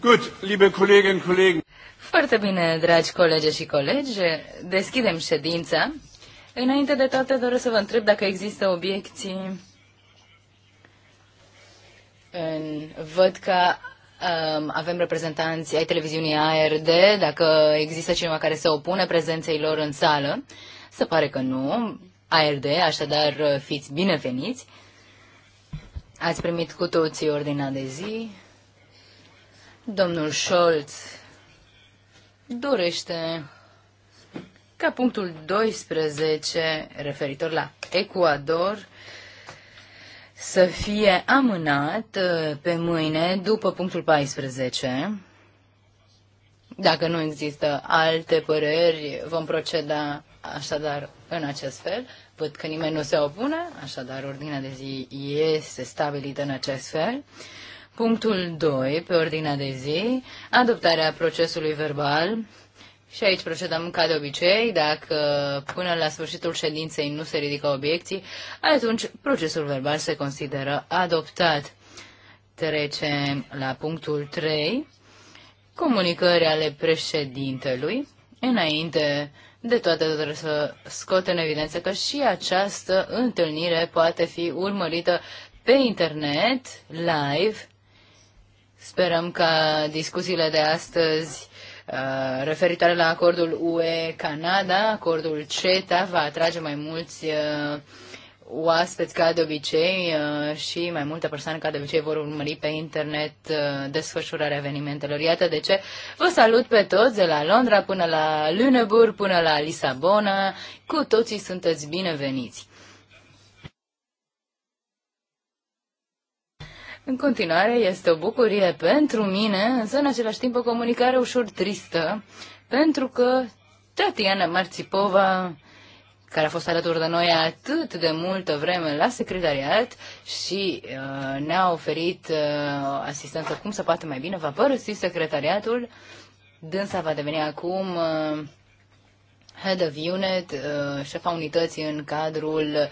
Good, liebe Kolleginnen und Kollegen. Foarte bine, dragi colegi și colegi, deschidem ședința. Înainte de toate, doresc să vă întreb dacă există obiecții. În... Văd că um, avem reprezentanți ai televiziunii ARD, dacă există cineva care se opune prezenței lor în sală. Se pare că nu. ARD, așadar fiți bineveniți. Ați primit cu toții ordinea de zi. Domnul Scholz dorește ca punctul 12 referitor la Ecuador să fie amânat uh, pe mâine după punctul 14. Dacă nu există alte păreri, vom proceda așadar în acest fel. Văd că nimeni nu se opune, așadar ordinea de zi este stabilită în acest fel. Punctul 2, pe ordinea de zi, adoptarea procesului verbal. Și aici procedăm ca de obicei, dacă până la sfârșitul ședinței nu se ridică obiecții, atunci procesul verbal se consideră adoptat. Trecem la punctul 3, comunicări ale președintelui. Înainte de toate trebuie să scot în evidență că și această întâlnire poate fi urmărită pe internet, live, Sperăm ca discuțiile de astăzi uh, referitoare la acordul UE-Canada, acordul CETA, va atrage mai mulți uh, oaspeți ca de obicei uh, și mai multe persoane ca de obicei vor urmări pe internet desfășurarea evenimentelor. Iată de ce vă salut pe toți de la Londra până la Lüneburg, până la Lisabona. Cu toții sunteți bineveniți! În continuare, este o bucurie pentru mine, însă în același timp o comunicare ușor tristă, pentru că Tatiana Marțipova, care a fost alături de noi atât de multă vreme la secretariat și uh, ne-a oferit uh, asistență cum să poate mai bine, va părăsi secretariatul. Dânsa va deveni acum uh, Head of Unit, uh, șefa unității în cadrul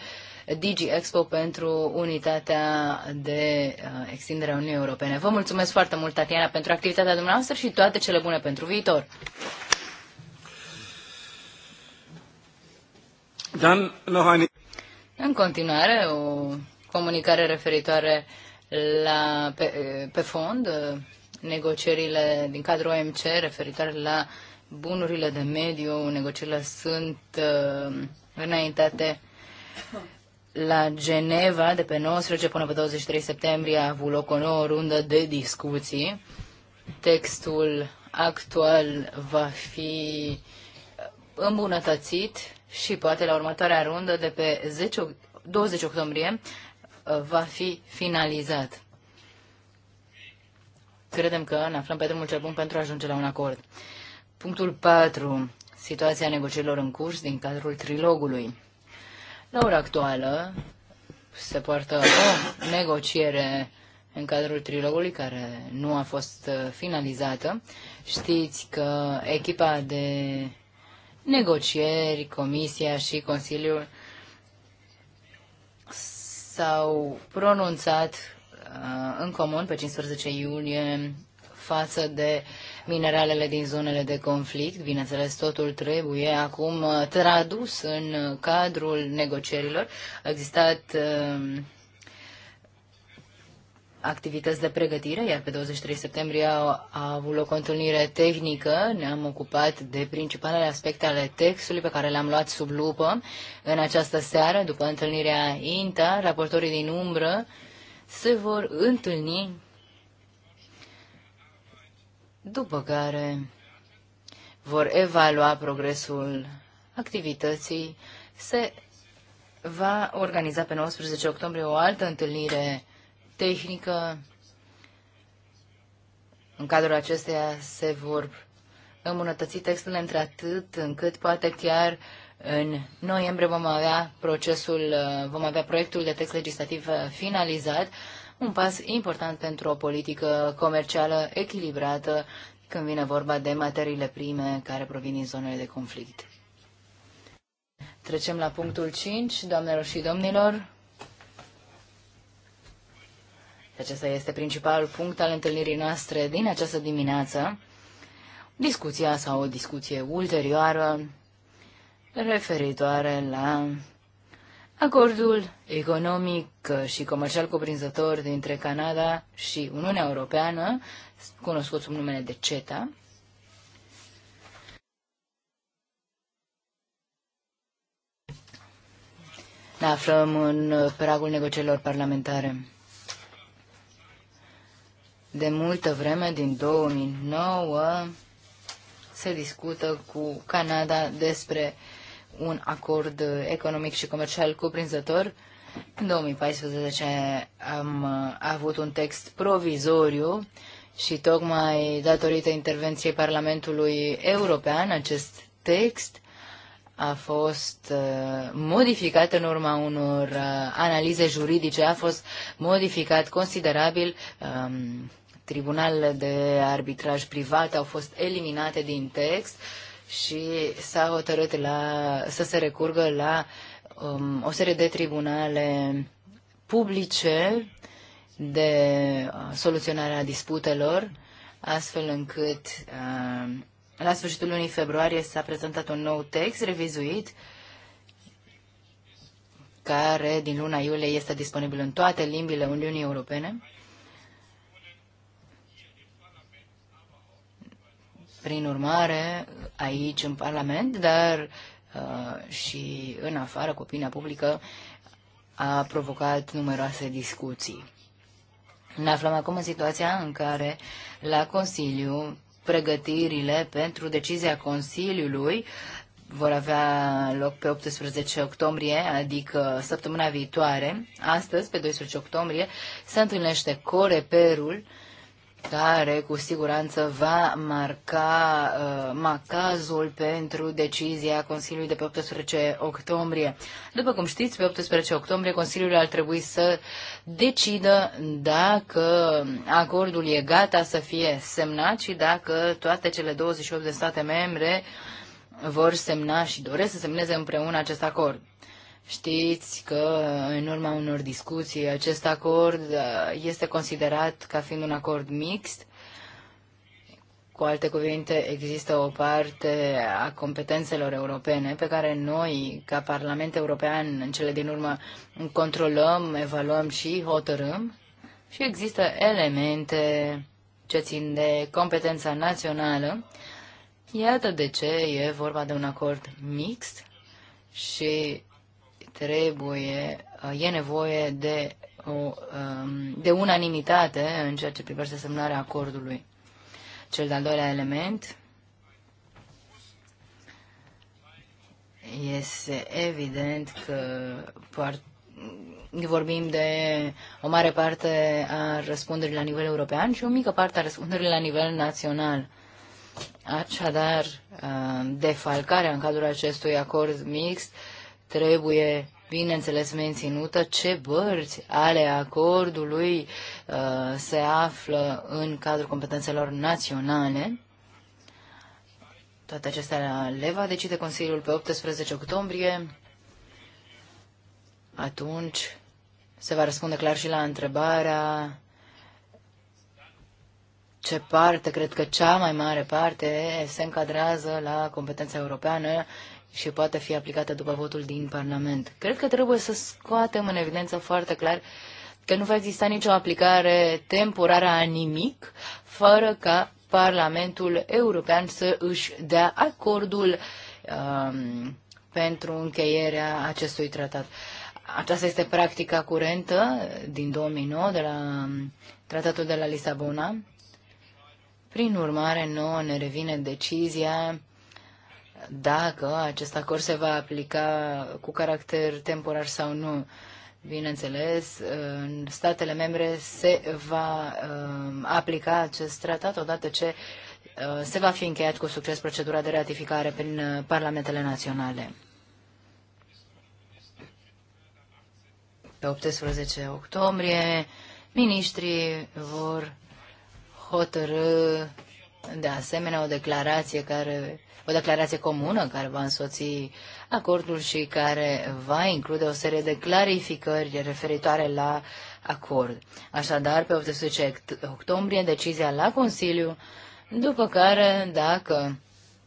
Digi Expo pentru unitatea de uh, extindere a Uniunii Europene. Vă mulțumesc foarte mult, Tatiana, pentru activitatea dumneavoastră și toate cele bune pentru viitor. Dan, În continuare, o comunicare referitoare la, pe, pe fond, negocierile din cadrul OMC referitoare la bunurile de mediu, negocierile sunt uh, înaintate la Geneva, de pe 19 până pe 23 septembrie, a avut loc o nouă rundă de discuții. Textul actual va fi uh, îmbunătățit și poate la următoarea rundă de pe 10, 20 octombrie uh, va fi finalizat. Credem că ne aflăm pe drumul cel bun pentru a ajunge la un acord. Punctul 4. Situația negocierilor în curs din cadrul trilogului. La ora actuală se poartă o negociere în cadrul trilogului care nu a fost uh, finalizată. Știți că echipa de negocieri, Comisia și Consiliul s-au pronunțat uh, în comun pe 15 iulie față de uh, mineralele din zonele de conflict. Bineînțeles, totul trebuie acum uh, tradus în uh, cadrul negocierilor. A existat um, activități de pregătire, iar pe 23 septembrie a, a avut loc o întâlnire tehnică. Ne-am ocupat de principalele aspecte ale textului pe care le-am luat sub lupă în această seară, după întâlnirea INTA, raportorii din umbră se vor întâlni după care vor evalua progresul activității. Se va organiza pe 19 octombrie o altă întâlnire tehnică. În cadrul acesteia se vor îmbunătăți textele între atât încât poate chiar în noiembrie vom avea procesul, uh, vom avea proiectul de text legislativ uh, finalizat un pas important pentru o politică comercială echilibrată când vine vorba de materiile prime care provin din zonele de conflict. Trecem la punctul 5, doamnelor și domnilor. Acesta este principalul punct al întâlnirii noastre din această dimineață. Discuția sau o discuție ulterioară referitoare la Acordul economic și comercial cuprinzător dintre Canada și Uniunea Europeană, cunoscut sub numele de CETA, Ne aflăm în pragul negocierilor parlamentare. De multă vreme, din 2009, se discută cu Canada despre uh, un acord economic și comercial cuprinzător. În 2014 am avut un text provizoriu și tocmai datorită intervenției Parlamentului European, acest text a fost uh, modificat în urma unor uh, analize juridice, a fost modificat considerabil. Um, tribunalele de arbitraj privat au fost eliminate din text. Uh, și s-a hotărât la, să se recurgă la um, o serie de tribunale publice de uh, soluționare a disputelor, astfel încât uh, la sfârșitul lunii februarie s-a prezentat un nou text revizuit care din luna iulie este disponibil în toate limbile Uniunii Europene Prin urmare, aici în Parlament, dar uh, și în afară, cu opinia publică, a provocat numeroase discuții. Ne aflăm acum în situația în care la Consiliu pregătirile pentru decizia Consiliului vor avea loc pe 18 octombrie, adică săptămâna viitoare. Astăzi, pe 12 octombrie, se întâlnește Coreperul uh, care cu siguranță va marca uh, macazul pentru decizia Consiliului de pe 18 octombrie. După cum știți, pe 18 octombrie Consiliul ar trebui să decidă dacă acordul e gata să fie semnat și dacă toate cele 28 de state membre vor semna și doresc să semneze împreună acest acord. Știți că, în urma unor discuții, acest acord uh, este considerat ca fiind un acord mixt. Cu alte cuvinte, există o parte a competențelor europene pe care noi, ca Parlament European, în cele din urmă, controlăm, evaluăm și hotărâm. Și există elemente ce țin de competența națională. Iată de ce e vorba de un acord mixt și trebuie, uh, e nevoie de, o, um, de unanimitate în ceea ce privește semnarea acordului. Cel de-al doilea element este evident că vorbim de o mare parte a răspunderii la nivel european și o mică parte a răspunderii la nivel național. Așadar, uh, defalcarea în cadrul acestui acord mixt trebuie, bineînțeles, menținută ce bărți ale acordului uh, se află în cadrul competențelor naționale. Toate acestea le va decide Consiliul pe 18 octombrie. Atunci se va răspunde clar și la întrebarea ce parte, cred că cea mai mare parte, se încadrează la competența europeană și poate fi aplicată după votul din Parlament. Cred că trebuie să scoatem în evidență foarte clar că nu va exista nicio aplicare temporară a nimic fără ca Parlamentul European să își dea acordul um, pentru încheierea acestui tratat. Aceasta este practica curentă din 2009 de la um, Tratatul de la Lisabona. Prin urmare, nouă ne revine decizia dacă acest acord se va aplica cu caracter temporar sau nu. Bineînțeles, în statele membre se va um, aplica acest tratat odată ce uh, se va fi încheiat cu succes procedura de ratificare prin uh, parlamentele naționale. Pe 18 octombrie, ministrii vor hotărâ de asemenea o declarație care o declarație comună care va însoți acordul și care va include o serie de clarificări referitoare la acord. Așadar, pe 18 octombrie, decizia la Consiliu, după care, dacă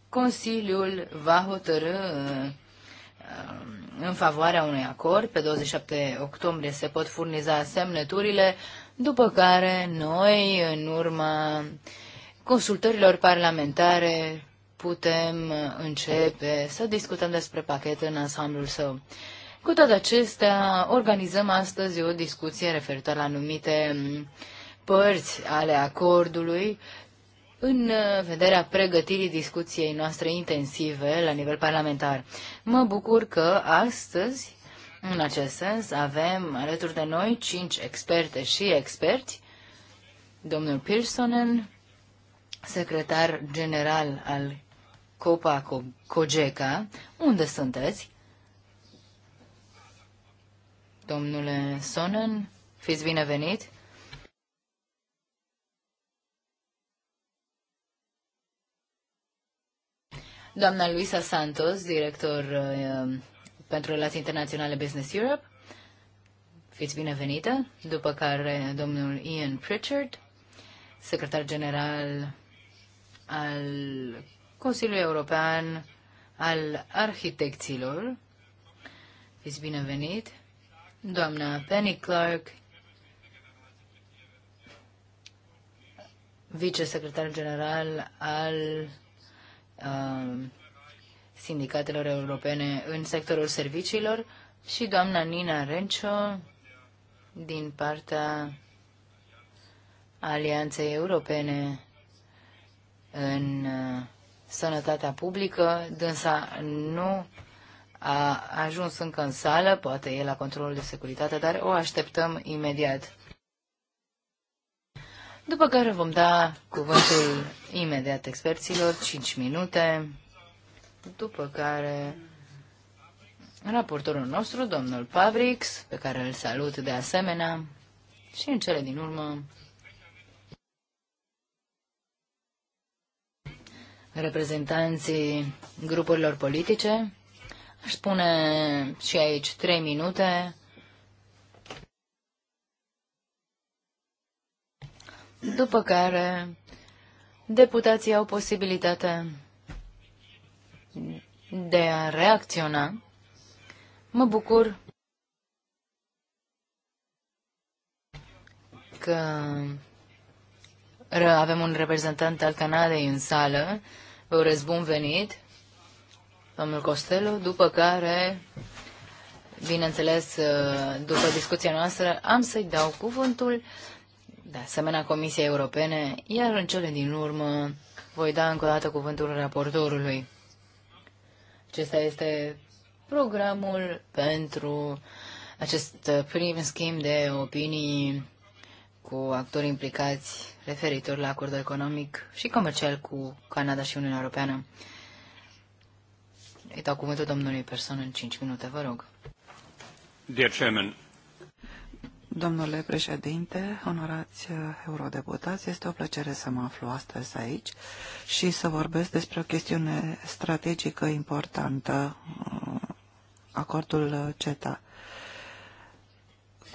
Consiliul va hotărâ um, în favoarea unui acord, pe 27 octombrie se pot furniza semnăturile, după care noi, în urma uh, consultărilor parlamentare putem începe să discutăm despre pachet în ansamblul său. Cu toate acestea, organizăm astăzi o discuție referitoare la anumite părți ale acordului în vederea pregătirii discuției noastre intensive la nivel parlamentar. Mă bucur că astăzi, în acest sens, avem alături de noi cinci experte și experți, domnul Pearsonen, secretar general al Copa Cogeca. Unde sunteți? Domnule Sonen, fiți binevenit. Doamna Luisa Santos, director uh, pentru relații internaționale Business Europe. Fiți binevenită. După care domnul Ian Pritchard, secretar general al Consiliului European al Arhitecților. Fiți binevenit, doamna Penny Clark, vicesecretar general al uh, sindicatelor europene în sectorul serviciilor și doamna Nina Rencio din partea Alianței Europene în uh, sănătatea publică. Dânsa nu a ajuns încă în sală, poate e la controlul de securitate, dar o așteptăm imediat. După care vom da cuvântul imediat experților, 5 minute, după care raportorul nostru, domnul Pavrix, pe care îl salut de asemenea, și în cele din urmă reprezentanții grupurilor politice. Aș spune și aici trei minute. După care deputații au posibilitatea de a reacționa. Mă bucur că avem un reprezentant al Canadei în sală Vă urez bun venit, domnul Costello, după care, bineînțeles, după discuția noastră, am să-i dau cuvântul de asemenea Comisiei Europene, iar în cele din urmă voi da încă o dată cuvântul raportorului. Acesta este programul pentru acest prim schimb de opinii cu actori implicați referitor la acordul economic și comercial cu Canada și Uniunea Europeană. Îi dau cuvântul domnului persoană în 5 minute, vă rog. Dear Chairman, Domnule președinte, onorați uh, eurodeputați, este o plăcere să mă aflu astăzi aici și să vorbesc despre o chestiune strategică importantă, uh, acordul CETA.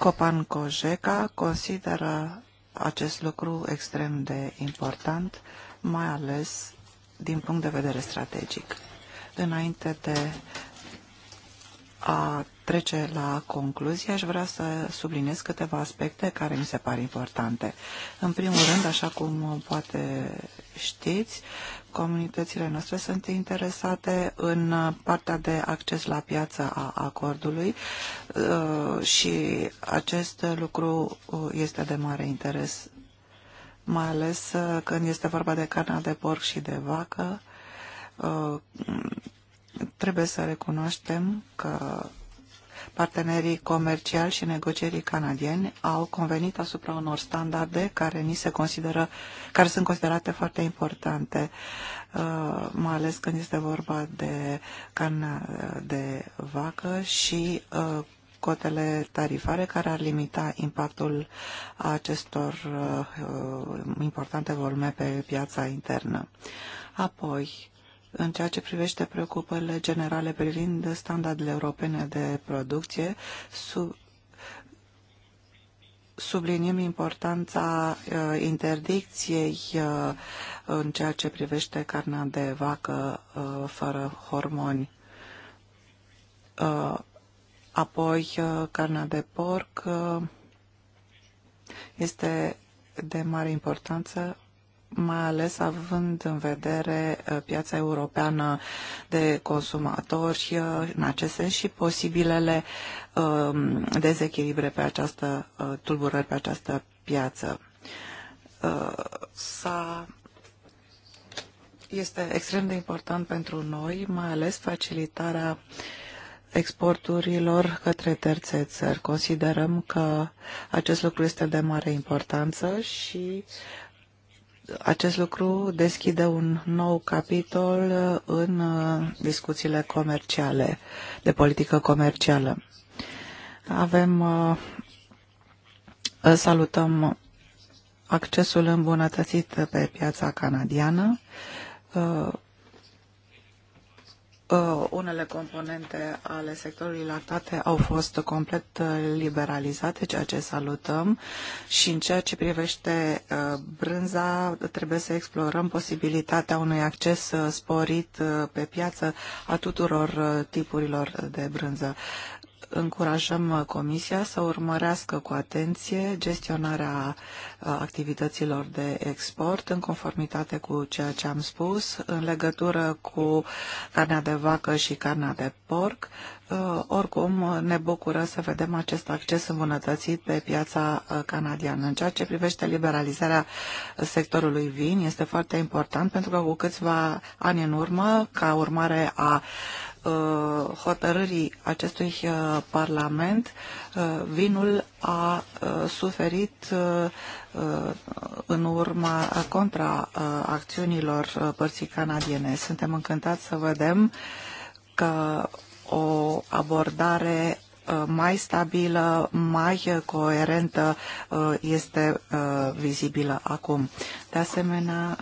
Copan Cojeca consideră acest lucru extrem de important, mai ales din punct de vedere strategic. Înainte de a trece la concluzie, aș vrea să subliniez câteva aspecte care mi se par importante. În primul rând, așa cum poate știți, comunitățile noastre sunt interesate în partea de acces la piață a acordului uh, și acest lucru uh, este de mare interes, mai ales uh, când este vorba de carnea de porc și de vacă. Trebuie să recunoaștem că Partenerii comerciali și negocierii canadieni au convenit asupra unor standarde care, ni se consideră, care sunt considerate foarte importante, uh, mai ales când este vorba de carne de vacă și uh, cotele tarifare care ar limita impactul acestor uh, importante volume pe piața internă. Apoi, în ceea ce privește preocupările generale privind standardele europene de producție, sub, subliniem importanța uh, interdicției uh, în ceea ce privește carnea de vacă uh, fără hormoni. Uh, apoi, uh, carnea de porc uh, este de mare importanță mai ales având în vedere uh, piața europeană de consumatori uh, în acest sens și posibilele um, dezechilibre pe această uh, tulburări pe această piață. S-a este extrem de important pentru noi, mai ales facilitarea exporturilor către terțe țări. Considerăm că acest lucru este de mare importanță și acest lucru deschide un nou capitol uh, în uh, discuțiile comerciale, de politică comercială. Avem, uh, salutăm accesul îmbunătățit pe piața canadiană, Uh, unele componente ale sectorului lactate au fost complet uh, liberalizate, ceea ce salutăm și în ceea ce privește uh, brânza trebuie să explorăm posibilitatea unui acces sporit pe piață a tuturor tipurilor de brânză încurajăm uh, Comisia să urmărească cu atenție gestionarea uh, activităților de export în conformitate cu ceea ce am spus în legătură cu carnea de vacă și carnea de porc. Uh, oricum, ne bucură să vedem acest acces îmbunătățit pe piața canadiană. În ceea ce privește liberalizarea sectorului vin, este foarte important pentru că cu câțiva ani în urmă, ca urmare a Uh, hotărârii acestui uh, Parlament, uh, vinul a suferit în urma contraacțiunilor părții canadiene. Suntem încântați să vedem că o abordare mai stabilă, mai coerentă este vizibilă acum. De asemenea,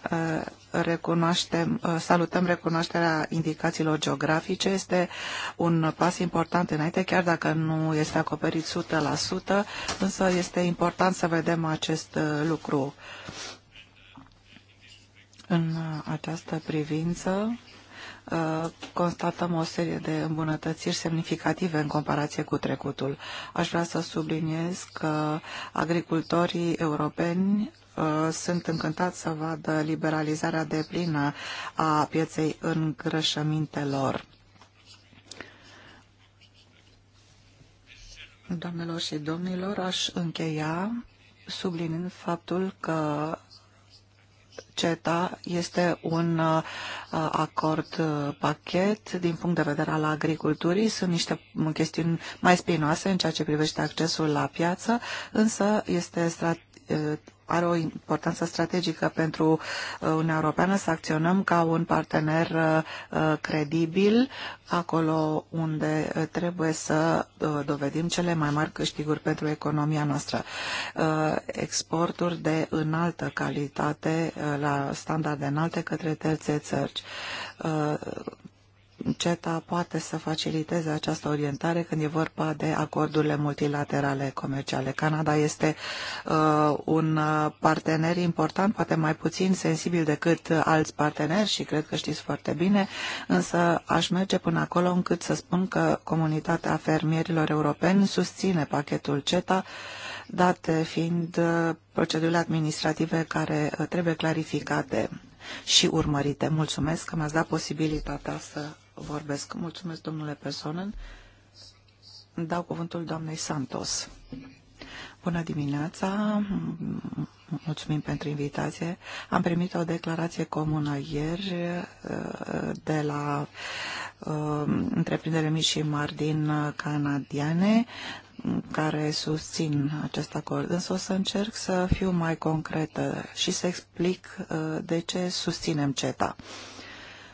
recunoaștem, uh, salutăm recunoașterea indicațiilor geografice. Este un pas important înainte, chiar dacă nu este acoperit 100%, însă este important să vedem acest uh, lucru. În uh, această privință, constatăm o serie de îmbunătățiri semnificative în comparație cu trecutul. Aș vrea să subliniez că agricultorii europeni Uh, sunt încântat să văd liberalizarea de plină a pieței îngrășămintelor. Doamnelor și domnilor, aș încheia sublinind faptul că CETA este un uh, acord uh, pachet din punct de vedere al agriculturii. Sunt niște chestiuni mai spinoase în ceea ce privește accesul la piață, însă este strategic Uh, are o importanță strategică pentru uh, Uniunea Europeană să acționăm ca un partener uh, credibil acolo unde trebuie să dovedim cele mai mari câștiguri pentru economia noastră. Exporturi de înaltă calitate la standarde înalte către terțe țări CETA poate să faciliteze această orientare când e vorba de acordurile multilaterale comerciale. Canada este uh, un uh, partener important, poate mai puțin sensibil decât alți parteneri și cred că știți foarte bine, însă aș merge până acolo încât să spun că comunitatea fermierilor europeni susține pachetul CETA, date fiind uh, procedurile administrative care uh, trebuie clarificate și urmărite. Mulțumesc că mi-ați dat posibilitatea să vorbesc. Mulțumesc, domnule Personen. Dau cuvântul doamnei Santos. Bună dimineața, mulțumim pentru invitație. Am primit o declarație comună ieri uh, de la uh, întreprindere mici și mari din canadiane care susțin acest acord, însă o să încerc să fiu mai concretă și să explic uh, de ce susținem CETA.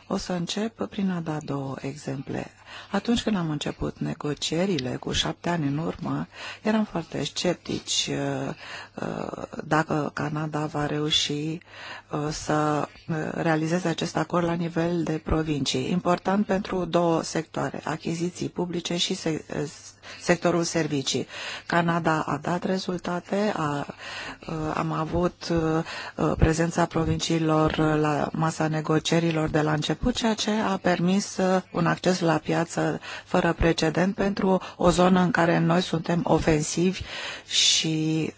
O să încep prin a da două exemple. Atunci când am început negocierile cu șapte ani în urmă, eram foarte sceptici uh, uh, dacă Canada va reuși uh, să realizeze acest acord la nivel de provincii. Important pentru două sectoare, achiziții publice și sectorul servicii. Canada a dat rezultate, a, am avut prezența provinciilor la masa negocierilor de la început, ceea ce a permis un acces la piață fără precedent pentru o zonă în care noi suntem ofensivi și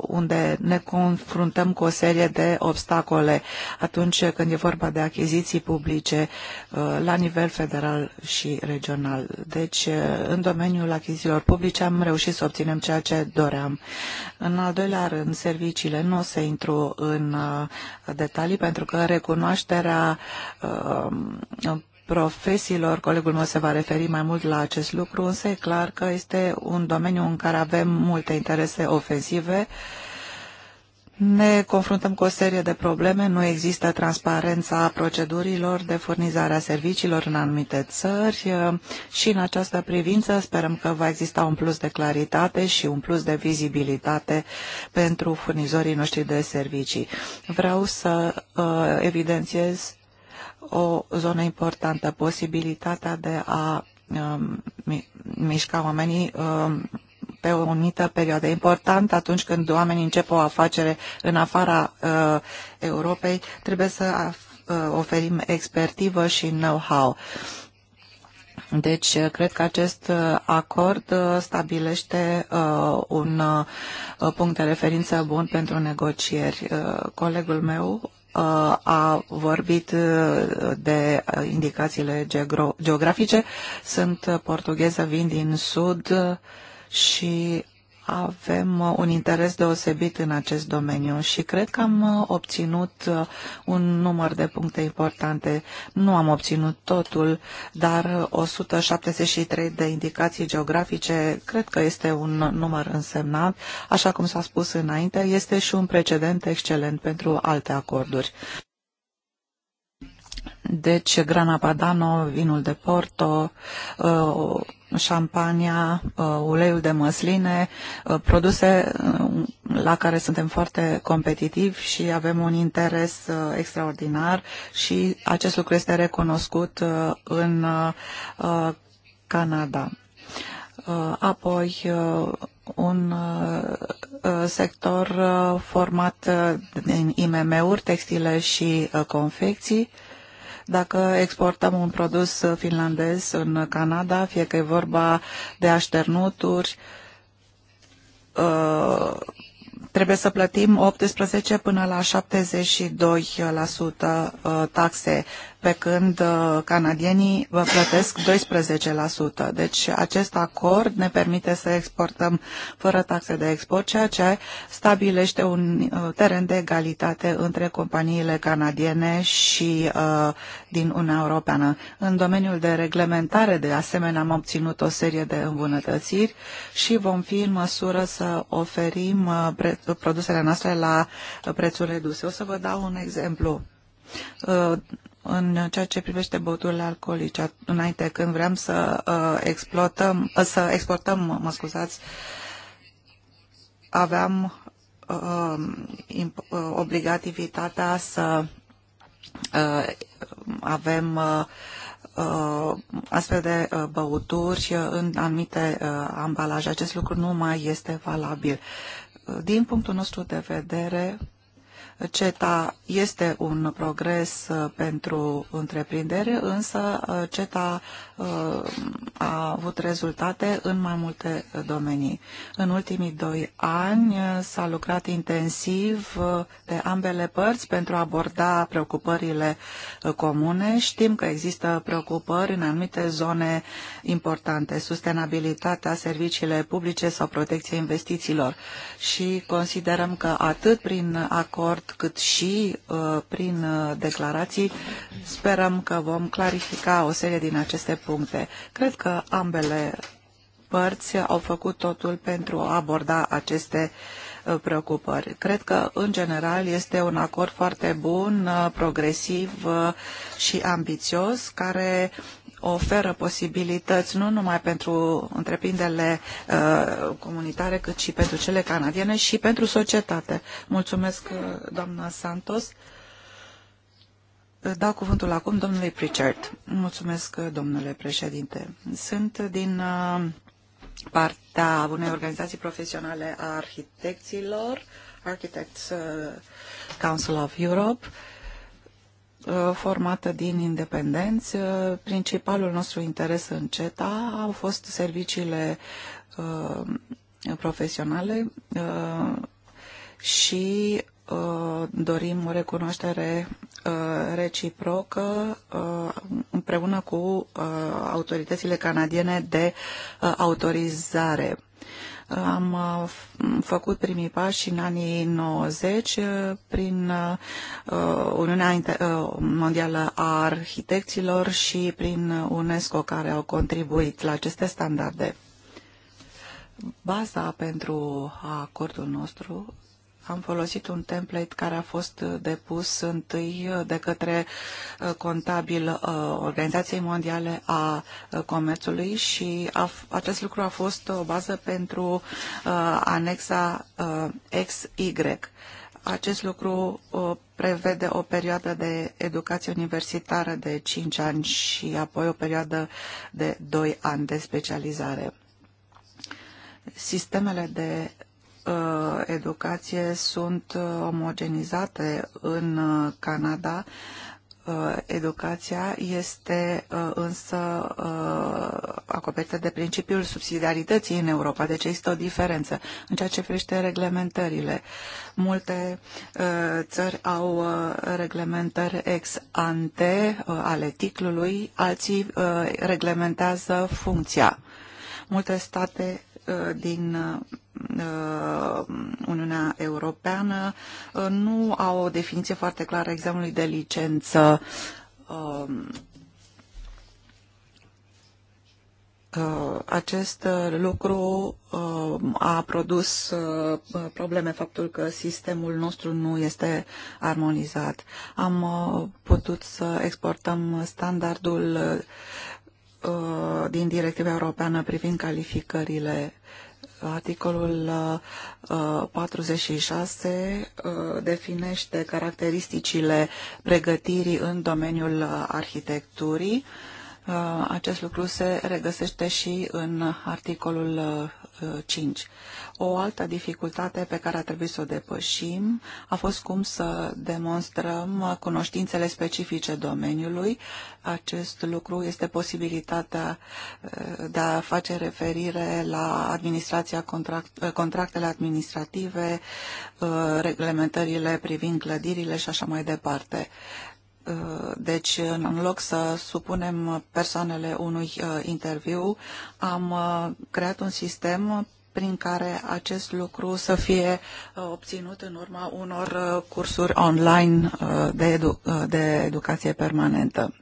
unde ne confruntăm cu o serie de obstacole atunci când e vorba de achiziții publice la nivel federal și regional. Deci, în domeniul achizițiilor publice am reușit să obținem ceea ce doream. În al doilea rând, serviciile, nu o să intru în uh, detalii pentru că recunoașterea uh, profesiilor, colegul meu se va referi mai mult la acest lucru, însă e clar că este un domeniu în care avem multe interese ofensive uh, ne confruntăm cu o serie de probleme, nu există transparența procedurilor de furnizare a serviciilor în anumite țări și în această privință sperăm că va exista un plus de claritate și un plus de vizibilitate pentru furnizorii noștri de servicii. Vreau să uh, evidențiez o zonă importantă, posibilitatea de a um, mișca oamenii um, pe o anumită perioadă. E important atunci când oamenii încep o afacere în afara uh, Europei, trebuie să uh, oferim expertivă și know-how. Deci, uh, cred că acest uh, acord stabilește un punct de referință bun pentru negocieri. Colegul meu a vorbit de indicațiile geografice. Sunt portugheză, vin din sud, și avem uh, un interes deosebit în acest domeniu și cred că am uh, obținut uh, un număr de puncte importante. Nu am obținut totul, dar 173 de indicații geografice cred că este un număr însemnat. Așa cum s-a spus înainte, este și un precedent excelent pentru alte acorduri. Deci, Grana Padano, vinul de Porto, șampania, uh, uleiul de măsline, uh, produse uh, la care suntem foarte competitivi și avem un interes extraordinar și acest lucru este recunoscut în Canada. Apoi, un sector format din IMM-uri, textile și confecții, dacă exportăm un produs finlandez în Canada, fie că e vorba de așternuturi, uh, trebuie să plătim 18 până la 72% uh, taxe pe când uh, canadienii vă plătesc 12%. Deci acest acord ne permite să exportăm fără taxe de export, ceea ce stabilește un uh, teren de egalitate între companiile canadiene și uh, din Uniunea Europeană. În domeniul de reglementare, de asemenea, am obținut o serie de îmbunătățiri și vom fi în măsură să oferim uh, produsele noastre la uh, prețuri reduse. O să vă dau un exemplu în ceea ce privește băuturile alcoolice. Înainte, când vrem să uh, uh, să exportăm, mă scuzați, aveam uh, uh, obligativitatea să uh, avem uh, uh, astfel de uh, băuturi în anumite uh, ambalaje. Acest lucru nu mai este valabil. Din punctul nostru de vedere, CETA este un progres uh, pentru întreprinderi, însă uh, CETA uh, a avut rezultate în mai multe domenii. În ultimii doi ani s-a lucrat intensiv de ambele părți pentru a aborda preocupările comune. Știm că există preocupări în anumite zone importante, sustenabilitatea, serviciile publice sau protecția investițiilor și considerăm că atât prin acord cât și uh, prin uh, declarații, sperăm că vom clarifica o serie din aceste puncte. Cred că ambele părți au făcut totul pentru a aborda aceste uh, preocupări. Cred că, în general, este un acord foarte bun, uh, progresiv și ambițios, care oferă posibilități nu numai pentru întreprinderile uh, comunitare, cât și pentru cele canadiene și pentru societate. Mulțumesc, uh, doamna Santos. Dau cuvântul acum domnului Pritchard. Mulțumesc, uh, domnule președinte. Sunt din uh, partea unei organizații profesionale a arhitecților, Architects uh, Council of Europe, Uh, formată din independenți. Uh, principalul nostru interes în CETA au fost serviciile uh, profesionale și dorim o recunoaștere reciprocă împreună cu autoritățile canadiene de autorizare. Am uh, făcut primii pași în anii 90 uh, prin uh, Uniunea Mondială a Arhitecților și prin UNESCO care au contribuit la aceste standarde. Baza pentru acordul nostru am folosit un template care a fost depus întâi de către uh, contabil uh, Organizației Mondiale a uh, Comerțului și a, acest lucru a fost o bază pentru anexa XY. Acest lucru prevede o perioadă de educație universitară de 5 ani și apoi o perioadă de 2 ani de specializare sistemele de Uh, educație sunt uh, omogenizate în uh, Canada. Educația este însă acoperită de principiul subsidiarității în Europa, deci există o diferență în ceea ce privește reglementările. Multe țări au reglementări ex ante ale titlului, alții reglementează funcția. Multe state Uh, din uh, Uniunea Europeană uh, nu au o definiție foarte clară a examenului de licență um, acest lucru a produs probleme faptul că sistemul nostru nu este armonizat. Am putut să exportăm standardul Uh, din Directiva Europeană privind calificările Articolul 46 uh, uh, definește caracteristicile pregătirii în domeniul arhitecturii. Acest lucru se regăsește și în articolul 5. O altă dificultate pe care a trebuit să o depășim a fost cum să demonstrăm cunoștințele specifice domeniului. Acest lucru este posibilitatea eh, de a face referire la administrația contract, eh, contractele administrative, eh, reglementările privind clădirile și așa mai departe. Uh, deci, în loc să supunem persoanele unui uh, interviu, am uh, creat un sistem prin care acest lucru să fie obținut în urma unor cursuri online de, edu de educație permanentă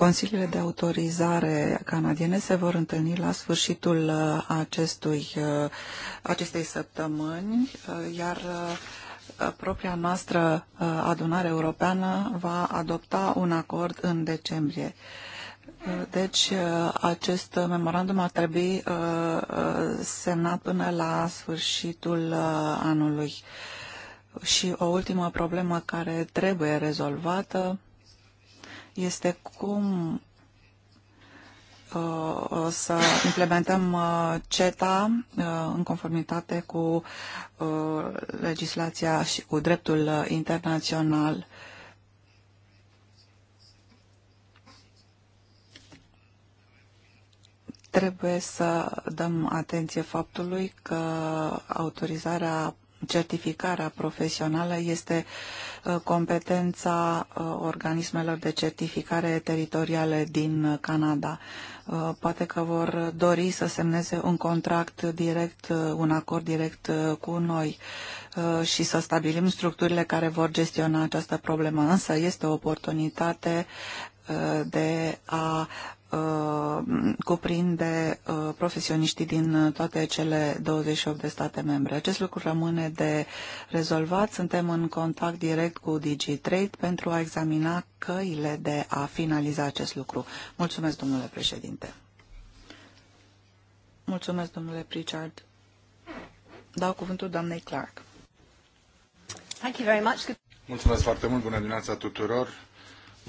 Consiliile de autorizare canadiene se vor întâlni la sfârșitul uh, acestui, uh, acestei săptămâni, uh, iar propria noastră adunare europeană va adopta un acord în decembrie. Deci, acest memorandum ar trebui semnat până la sfârșitul anului. Și o ultimă problemă care trebuie rezolvată este cum uh, să implementăm uh, CETA uh, în conformitate cu legislația și cu dreptul internațional. Trebuie să dăm atenție faptului că autorizarea certificarea profesională este uh, competența uh, organismelor de certificare teritoriale din Canada. Uh, poate că vor dori să semneze un contract direct, un acord direct cu noi și să stabilim structurile care vor gestiona această problemă. Însă este o oportunitate de a Uh, cuprinde uh, profesioniștii din toate cele 28 de state membre. Acest lucru rămâne de rezolvat. Suntem în contact direct cu DigiTrade pentru a examina căile de a finaliza acest lucru. Mulțumesc, domnule președinte. Mulțumesc, domnule Pritchard. Dau cuvântul doamnei Clark. Thank you very much. Mulțumesc foarte mult. Bună dimineața tuturor.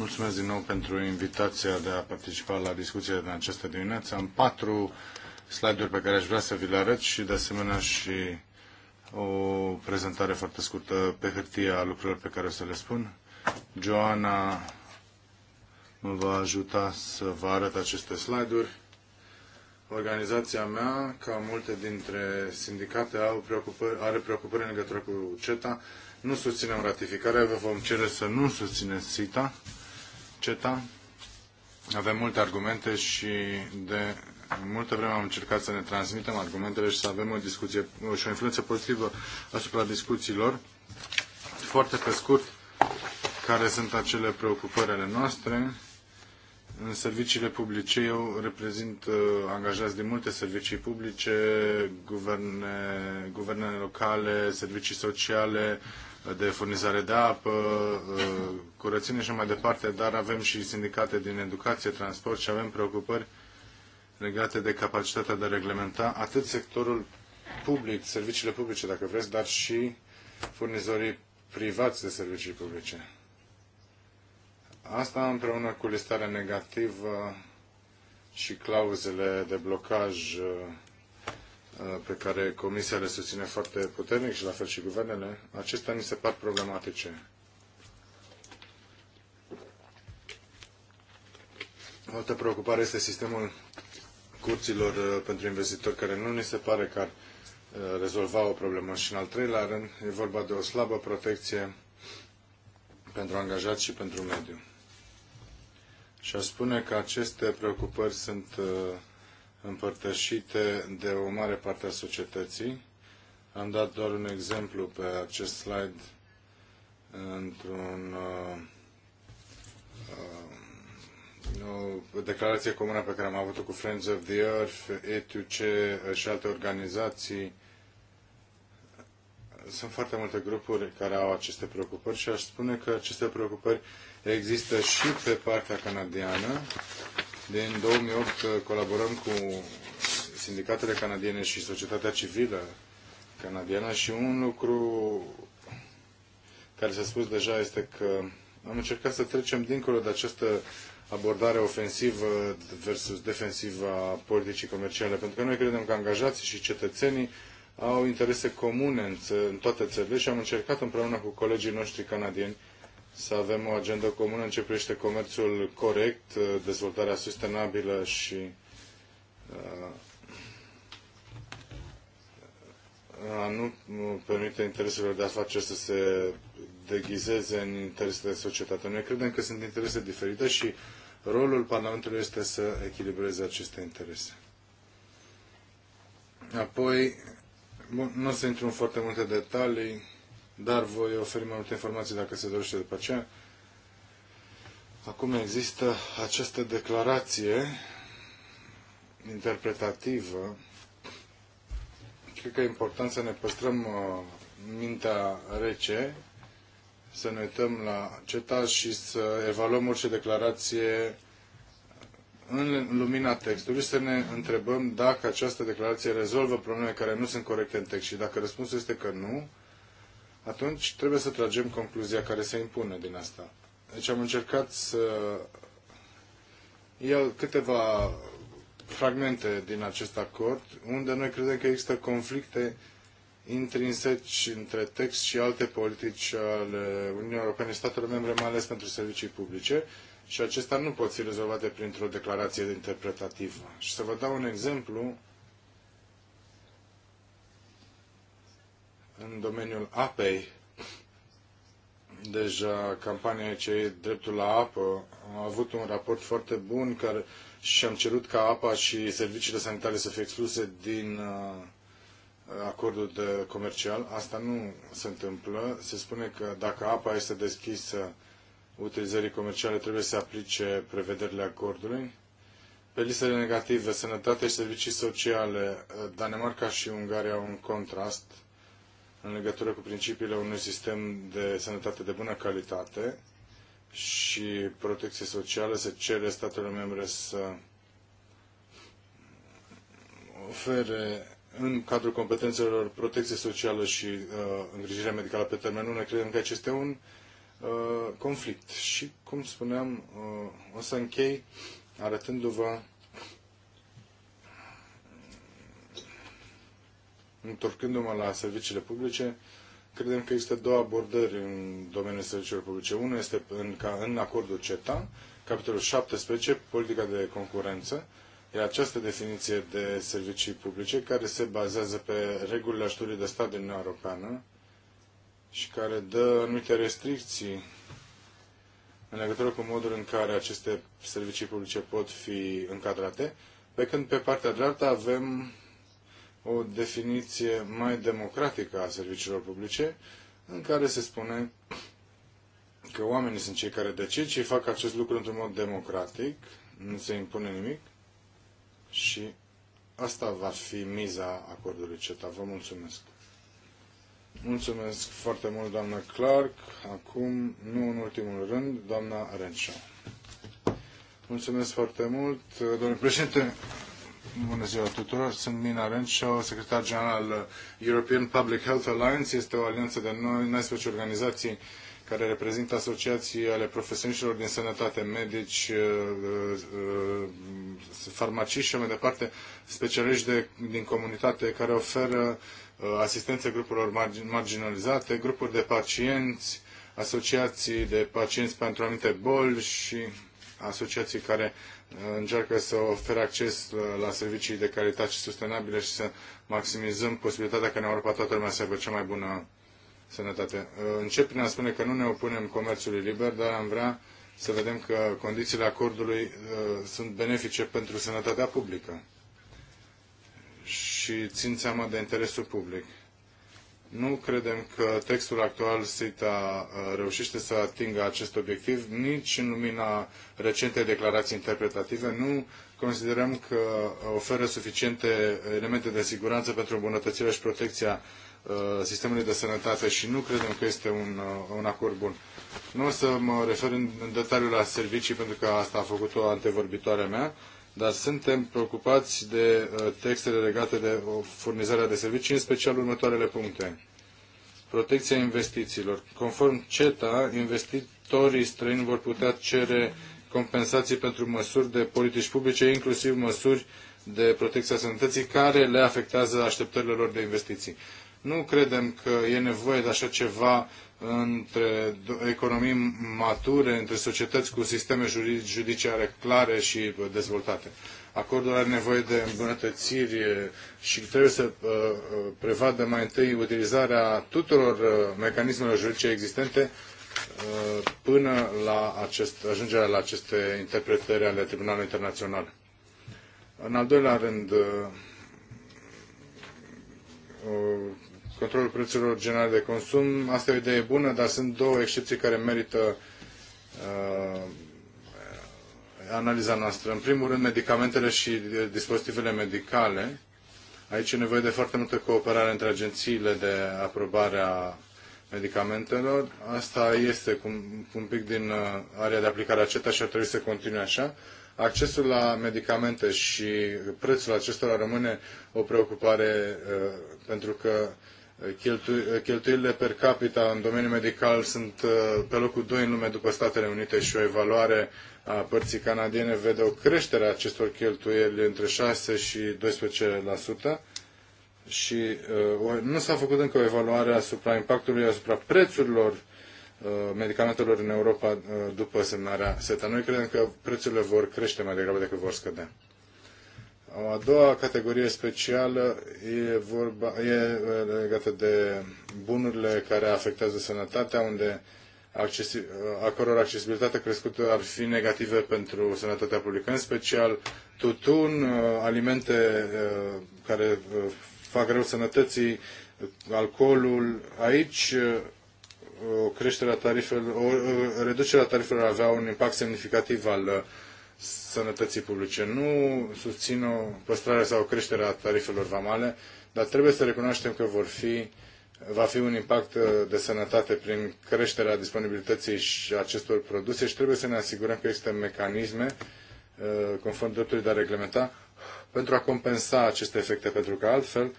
Mulțumesc din nou pentru invitația de a participa la discuția din această dimineață. Am patru slide-uri pe care aș vrea să vi le arăt și de asemenea și o prezentare foarte scurtă pe hârtie a lucrurilor pe care o să le spun. Joana mă va ajuta să vă arăt aceste slide-uri. Organizația mea, ca multe dintre sindicate, au preocupări, are preocupări în legătură cu CETA. Nu susținem ratificarea, vă vom cere să nu susțineți CETA. CETA. Avem multe argumente și de multă vreme am încercat să ne transmitem argumentele și să avem o discuție și o influență pozitivă asupra discuțiilor. Foarte pe scurt, care sunt acele preocupări ale noastre. În serviciile publice eu reprezint uh, angajați din multe servicii publice, guverne, guverne locale, servicii sociale, de furnizare de apă, uh, curățenie și mai departe, dar avem și sindicate din educație, transport și avem preocupări legate de capacitatea de a reglementa atât sectorul public, serviciile publice, dacă vreți, dar și furnizorii privați de servicii publice. Asta împreună cu listarea negativă și clauzele de blocaj uh, Uh, pe care Comisia le susține foarte puternic și la fel și guvernele, acestea ni se par problematice. O altă preocupare este sistemul curților uh, pentru investitori, care nu ni se pare că ar uh, rezolva o problemă. Și în al treilea rând, e vorba de o slabă protecție pentru angajați și pentru mediu. Și aș spune că aceste preocupări sunt împărtășite de o mare parte a societății. Am dat doar un exemplu pe acest slide într-un uh, uh, o declarație comună pe care am avut-o cu Friends of the Earth, ETUC și alte organizații. Sunt foarte multe grupuri care au aceste preocupări și aș spune că aceste preocupări există și pe partea canadiană de în 2008 uh, colaborăm cu sindicatele canadiene și societatea civilă canadiană și un lucru care s-a spus deja este că am încercat să trecem dincolo de această abordare ofensivă versus defensivă a politicii comerciale, pentru că noi credem că angajații și cetățenii au interese comune în, în toate țările și am încercat împreună cu colegii noștri canadieni să avem o agendă comună în ce privește comerțul corect, uh, dezvoltarea sustenabilă și uh, a nu permite intereselor de afaceri să se deghizeze în interesele de societate. Noi credem că sunt interese diferite și rolul Parlamentului este să echilibreze aceste interese. Apoi, bun, nu o să intru în foarte multe detalii, dar voi oferi mai multe informații dacă se dorește după aceea. Acum există această declarație interpretativă. Cred că e important să ne păstrăm uh, mintea rece, să ne uităm la CETA și să evaluăm orice declarație în lumina textului să ne întrebăm dacă această declarație rezolvă probleme care nu sunt corecte în text și dacă răspunsul este că nu, atunci trebuie să tragem concluzia care se impune din asta. Deci am încercat să iau câteva fragmente din acest acord, unde noi credem că există conflicte intrinseci între text și alte politici ale Uniunii Europene, statele membre, mai ales pentru servicii publice, și acestea nu pot fi rezolvate printr-o declarație interpretativă. Și să vă dau un exemplu în domeniul apei. Deja campania ce dreptul la apă a avut un raport foarte bun care și am cerut ca apa și serviciile sanitare să fie excluse din uh, acordul de comercial. Asta nu se întâmplă. Se spune că dacă apa este deschisă utilizării comerciale, trebuie să aplice prevederile acordului. Pe listele negative, sănătate și servicii sociale, uh, Danemarca și Ungaria au un contrast în legătură cu principiile unui sistem de sănătate de bună calitate și protecție socială se cere statelor membre să ofere în cadrul competențelor protecție socială și uh, îngrijirea medicală pe termen lung, credem că acesta este un uh, conflict. Și, cum spuneam, uh, o să închei arătându-vă Întorcându-mă la serviciile publice, credem că există două abordări în domeniul serviciilor publice. Unul este în, ca, în acordul CETA, capitolul 17, politica de concurență, iar această definiție de servicii publice, care se bazează pe regulile ajutorului de stat din Uniunea Europeană și care dă anumite restricții în legătură cu modul în care aceste servicii publice pot fi încadrate, pe când pe partea dreaptă avem o definiție mai democratică a serviciilor publice, în care se spune că oamenii sunt cei care decid și fac acest lucru într-un mod democratic, nu se impune nimic și asta va fi miza acordului CETA. Vă mulțumesc! Mulțumesc foarte mult, doamnă Clark. Acum, nu în ultimul rând, doamna Renshaw. Mulțumesc foarte mult, domnule președinte. Bună ziua tuturor, sunt Nina Rencio, secretar general al European Public Health Alliance. Este o alianță de 19 organizații care reprezintă asociații ale profesioniștilor din sănătate, medici, uh, uh, farmaciști și mai departe, specialiști de, din comunitate care oferă uh, asistență grupurilor marginalizate, grupuri de pacienți, asociații de pacienți pentru anumite boli și asociații care încearcă să ofere acces uh, la servicii de calitate și sustenabile și să maximizăm posibilitatea ca în Europa toată lumea să aibă cea mai bună sănătate. Uh, încep prin a spune că nu ne opunem comerțului liber, dar am vrea să vedem că condițiile acordului uh, sunt benefice pentru sănătatea publică și țin seama de interesul public. Nu credem că textul actual SITA uh, reușește să atingă acest obiectiv, nici în lumina recentei declarații interpretative. Nu considerăm că oferă suficiente elemente de siguranță pentru îmbunătățirea și protecția uh, sistemului de sănătate și nu credem că este un, uh, un acord bun. Nu o să mă refer în, detaliu la servicii, pentru că asta a făcut-o antevorbitoarea mea dar suntem preocupați de uh, textele legate de uh, furnizarea de servicii, în special următoarele puncte. Protecția investițiilor. Conform CETA, investitorii străini vor putea cere compensații pentru măsuri de politici publice, inclusiv măsuri de protecția sănătății care le afectează așteptările lor de investiții. Nu credem că e nevoie de așa ceva între economii mature, între societăți cu sisteme judiciare clare și dezvoltate. Acordul are nevoie de îmbunătățiri și trebuie să uh, uh, prevadă mai întâi utilizarea tuturor uh, mecanismelor juridice existente până la acest, ajungerea la aceste interpretări ale Tribunalului Internațional. În al doilea rând, controlul prețurilor generale de consum. Asta e o idee bună, dar sunt două excepții care merită uh, analiza noastră. În primul rând, medicamentele și dispozitivele medicale. Aici e nevoie de foarte multă cooperare între agențiile de aprobare a medicamentelor. Asta este cu un pic din uh, area de aplicare a CETA și ar trebui să continue așa. Accesul la medicamente și prețul acestora rămâne o preocupare uh, pentru că Cheltuielile per capita în domeniul medical sunt uh, pe locul 2 în lume după Statele Unite și o evaluare a părții canadiene vede o creștere a acestor cheltuieli între 6 și 12% și uh, nu s-a făcut încă o evaluare asupra impactului asupra prețurilor uh, medicamentelor în Europa după semnarea SETA. Noi credem că prețurile vor crește mai degrabă decât vor scădea. O a doua categorie specială e, vorba, e legată de bunurile care afectează sănătatea, unde accesi, a căror accesibilitate crescută ar fi negative pentru sănătatea publică, în special tutun, uh, alimente uh, care uh, fac rău sănătății, alcoolul. Aici o creștere a tarifelor, o reducere a tarifelor avea un impact semnificativ al sănătății publice. Nu susțin o păstrare sau o creștere a tarifelor vamale, dar trebuie să recunoaștem că vor fi, va fi un impact uh, de sănătate prin creșterea disponibilității și acestor produse și trebuie să ne asigurăm că există mecanisme uh, conform dreptului de a reglementa pentru a compensa aceste efecte, pentru că altfel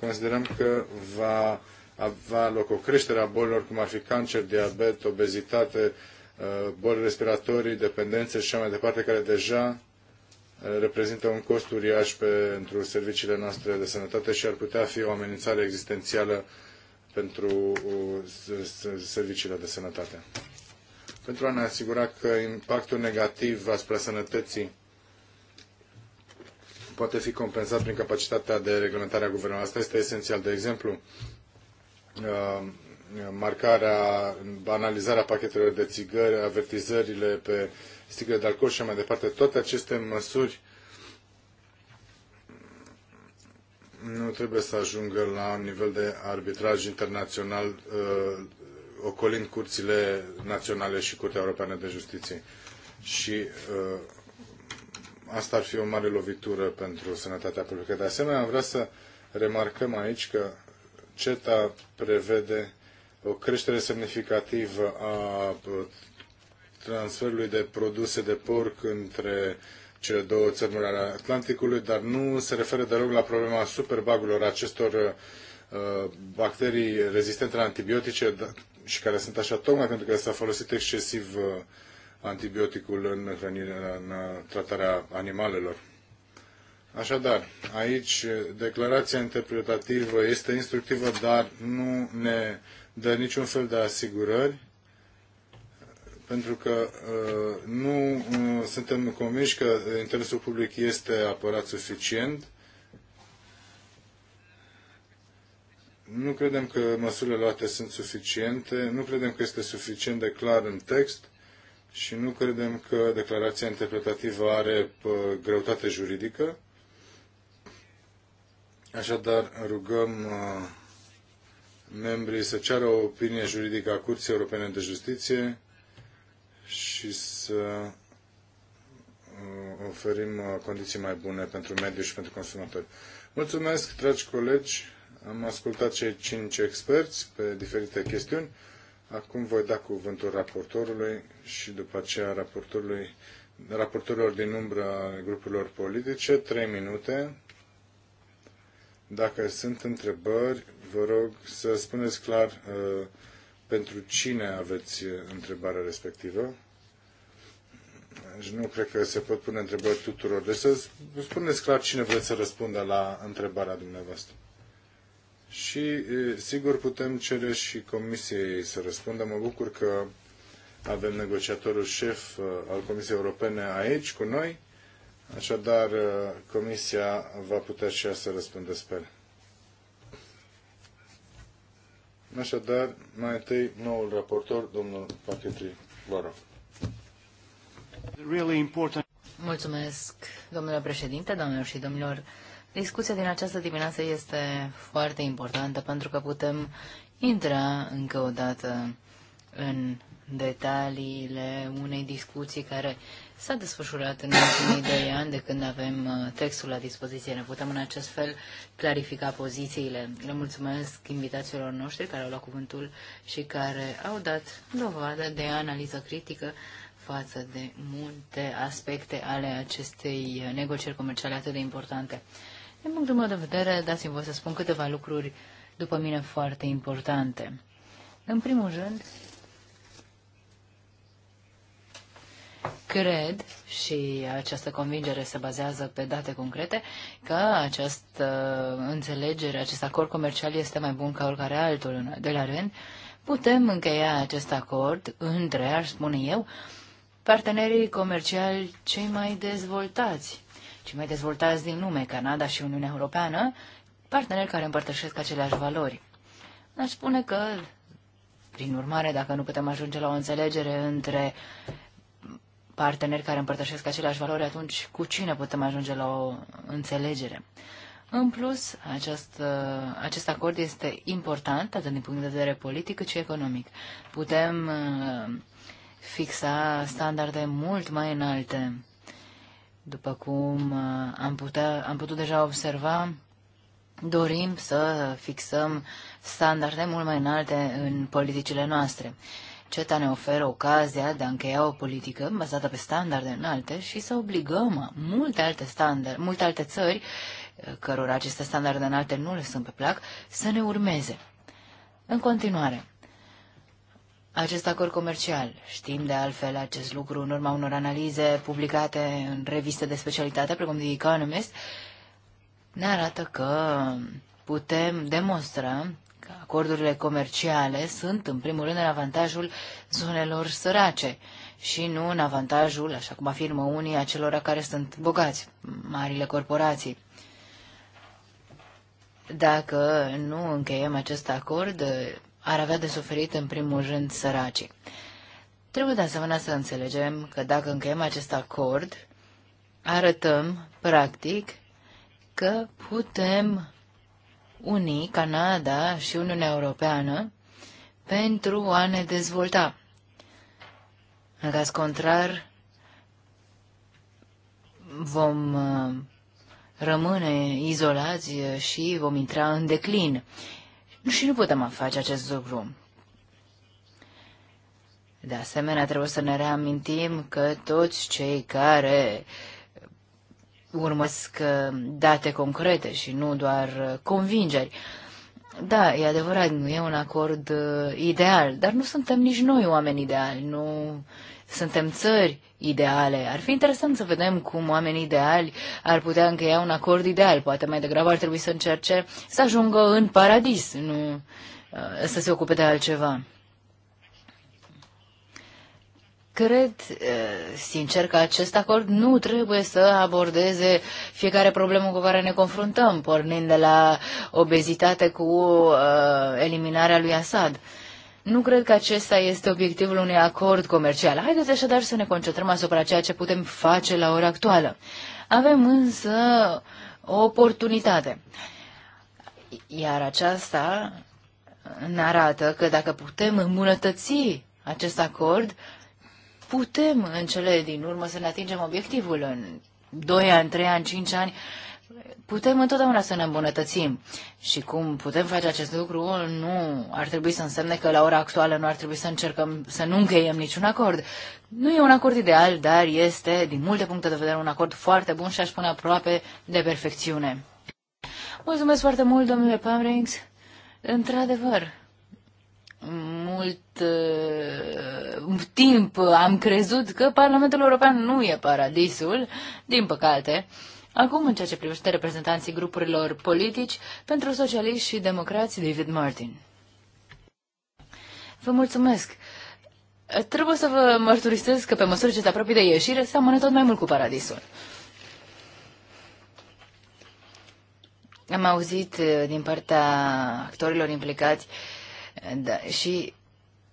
considerăm că va avea loc o creștere a bolilor cum ar fi cancer, diabet, obezitate, Uh, boli respiratorii, dependențe și așa mai departe, care deja uh, reprezintă un cost uriaș pentru serviciile noastre de sănătate și ar putea fi o amenințare existențială pentru uh, serviciile de sănătate. Pentru a ne asigura că impactul negativ asupra sănătății poate fi compensat prin capacitatea de reglementare a guvernului. Asta este esențial. De exemplu, marcarea, analizarea pachetelor de țigări, avertizările pe sticle de alcool și mai departe, toate aceste măsuri nu trebuie să ajungă la un nivel de arbitraj internațional uh, ocolind curțile naționale și Curtea Europeană de Justiție. Și uh, asta ar fi o mare lovitură pentru sănătatea publică. De asemenea, vrea să remarcăm aici că CETA prevede o creștere semnificativă a transferului de produse de porc între cele două țări ale Atlanticului, dar nu se referă deloc la problema superbagurilor acestor uh, bacterii rezistente la antibiotice da, și care sunt așa tocmai pentru că s-a folosit excesiv uh, antibioticul în, hrănire, în uh, tratarea animalelor. Așadar, aici declarația interpretativă este instructivă, dar nu ne dă niciun fel de asigurări, pentru că uh, nu uh, suntem convinși că interesul public este apărat suficient. Nu credem că măsurile luate sunt suficiente, nu credem că este suficient de clar în text și nu credem că declarația interpretativă are uh, greutate juridică. Așadar, rugăm membrii să ceară o opinie juridică a Curții Europene de Justiție și să uh, oferim uh, condiții mai bune pentru mediu și pentru consumatori. Mulțumesc, dragi colegi! Am ascultat cei cinci experți pe diferite chestiuni. Acum voi da cuvântul raportorului și după aceea raportorului, raportorilor din umbră grupurilor politice, trei minute. Dacă sunt întrebări, vă rog să spuneți clar uh, pentru cine aveți uh, întrebarea respectivă. Deci nu cred că se pot pune întrebări tuturor. Deci să spuneți clar cine vreți să răspundă la întrebarea dumneavoastră. Și uh, sigur putem cere și comisiei să răspundă. Mă bucur că avem negociatorul șef al Comisiei Europene aici cu noi. Așadar, comisia va putea și ea să răspundă, sper. Așadar, mai întâi, noul raportor, domnul Pachetri, vă rog. Really important... Mulțumesc, domnule președinte, domnilor și domnilor. Discuția din această dimineață este foarte importantă pentru că putem intra încă o dată în detaliile unei discuții care s-a desfășurat în ultimii doi ani de când avem uh, textul la dispoziție. Ne putem în acest fel clarifica pozițiile. Le mulțumesc invitațiilor noștri care au luat cuvântul și care au dat dovadă de analiză critică față de multe aspecte ale acestei uh, negocieri comerciale atât de importante. Din punctul meu de vedere, dați-mi voi să spun câteva lucruri după mine foarte importante. În primul rând, Cred, și această convingere se bazează pe date concrete, că această înțelegere, acest acord comercial este mai bun ca oricare altul. În de la rând, putem încheia acest acord între, aș spune eu, partenerii comerciali cei mai dezvoltați, cei mai dezvoltați din lume, Canada și Uniunea Europeană, parteneri care împărtășesc aceleași valori. Aș spune că, prin urmare, dacă nu putem ajunge la o înțelegere între parteneri care împărtășesc aceleași valori, atunci cu cine putem ajunge la o înțelegere? În plus, acest, uh, acest acord este important, atât din punct de vedere politic cât și economic. Putem uh, fixa standarde mult mai înalte. După cum uh, am, putea, am putut deja observa, dorim să fixăm standarde mult mai înalte în politicile noastre. CETA ne oferă ocazia de a încheia o politică bazată pe standarde înalte și să obligăm multe alte, standard, multe alte țări, cărora aceste standarde înalte nu le sunt pe plac, să ne urmeze. În continuare, acest acord comercial. Știm de altfel acest lucru în urma unor analize publicate în reviste de specialitate, precum The Economist, ne arată că putem demonstra acordurile comerciale sunt, în primul rând, în avantajul zonelor sărace și nu în avantajul, așa cum afirmă unii, acelora care sunt bogați, marile corporații. Dacă nu încheiem acest acord, ar avea de suferit, în primul rând, săracii. Trebuie de asemenea să înțelegem că dacă încheiem acest acord, arătăm, practic, că putem unii, Canada și Uniunea Europeană, pentru a ne dezvolta. În caz contrar, vom uh, rămâne izolați și vom intra în declin. Și nu putem face acest lucru. De asemenea, trebuie să ne reamintim că toți cei care uh, urmăsc uh, date concrete și nu doar uh, convingeri. Da, e adevărat, nu e un acord uh, ideal, dar nu suntem nici noi oameni ideali, nu suntem țări ideale. Ar fi interesant să vedem cum oamenii ideali ar putea încheia un acord ideal. Poate mai degrabă ar trebui să încerce să ajungă în paradis, nu să se ocupe de altceva. Cred eh, sincer că acest acord nu trebuie să abordeze fiecare problemă cu care ne confruntăm, pornind de la obezitate cu eh, eliminarea lui Assad. Nu cred că acesta este obiectivul unui acord comercial. Haideți așadar să ne concentrăm asupra ceea ce putem face la ora actuală. Avem însă o oportunitate. Iar aceasta ne arată că dacă putem îmbunătăți acest acord, putem în cele din urmă să ne atingem obiectivul în 2 ani, 3 ani, 5 ani, putem întotdeauna să ne îmbunătățim. Și cum putem face acest lucru, nu ar trebui să însemne că la ora actuală nu ar trebui să încercăm să nu încheiem niciun acord. Nu e un acord ideal, dar este, din multe puncte de vedere, un acord foarte bun și aș spune aproape de perfecțiune. Mulțumesc foarte mult, domnule Pamrings. Într-adevăr, mult uh, timp am crezut că Parlamentul European nu e paradisul, din păcate. Acum, în ceea ce privește reprezentanții grupurilor politici, pentru socialiști și democrați, David Martin. Vă mulțumesc! Trebuie să vă mărturisesc că pe măsură ce se apropie de ieșire, seamănă tot mai mult cu paradisul. Am auzit uh, din partea actorilor implicați uh, da, și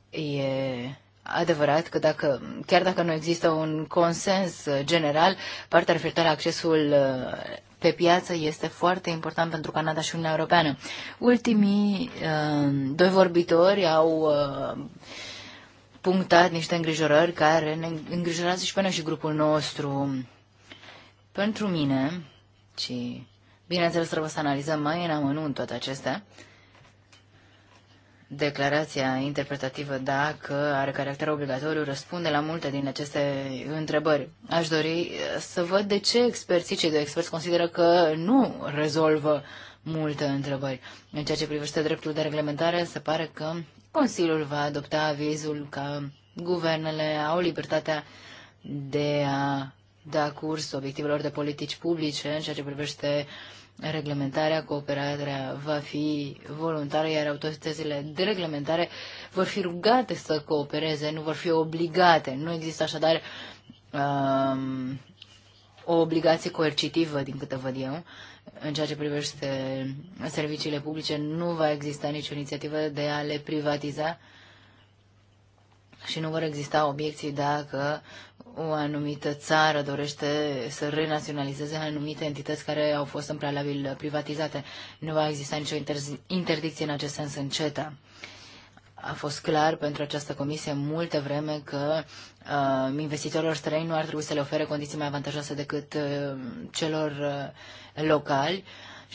e adevărat că dacă, chiar dacă nu există un consens general, partea referitoare la accesul uh, pe piață este foarte important pentru Canada și Uniunea Europeană. Ultimii uh, doi vorbitori au uh, punctat niște îngrijorări care ne îngrijorează și pe noi și grupul nostru. Pentru mine, și bineînțeles trebuie să analizăm mai în amănunt toate acestea, uh, declarația interpretativă, dacă are caracter obligatoriu, răspunde la multe din aceste întrebări. Aș dori uh, să văd de ce experții, cei de experți, consideră că nu rezolvă multe întrebări. În ceea ce privește dreptul de reglementare, se pare că Consiliul va adopta avizul că guvernele au libertatea de a da curs obiectivelor de politici publice în ceea ce privește uh, reglementarea, cooperarea va fi voluntară, iar autoritățile de reglementare vor fi rugate să coopereze, nu vor fi obligate. Nu există așadar um, o obligație coercitivă, din câte văd eu, în ceea ce privește serviciile publice. Nu va exista nicio inițiativă de a le privatiza și nu vor exista obiecții dacă o anumită țară dorește să renaționalizeze anumite entități care au fost în prealabil privatizate. Nu va exista nicio interdicție în acest sens în CETA. A fost clar pentru această comisie multe vreme că uh, investitorilor străini nu ar trebui să le ofere condiții mai avantajoase decât uh, celor uh, locali. Uh,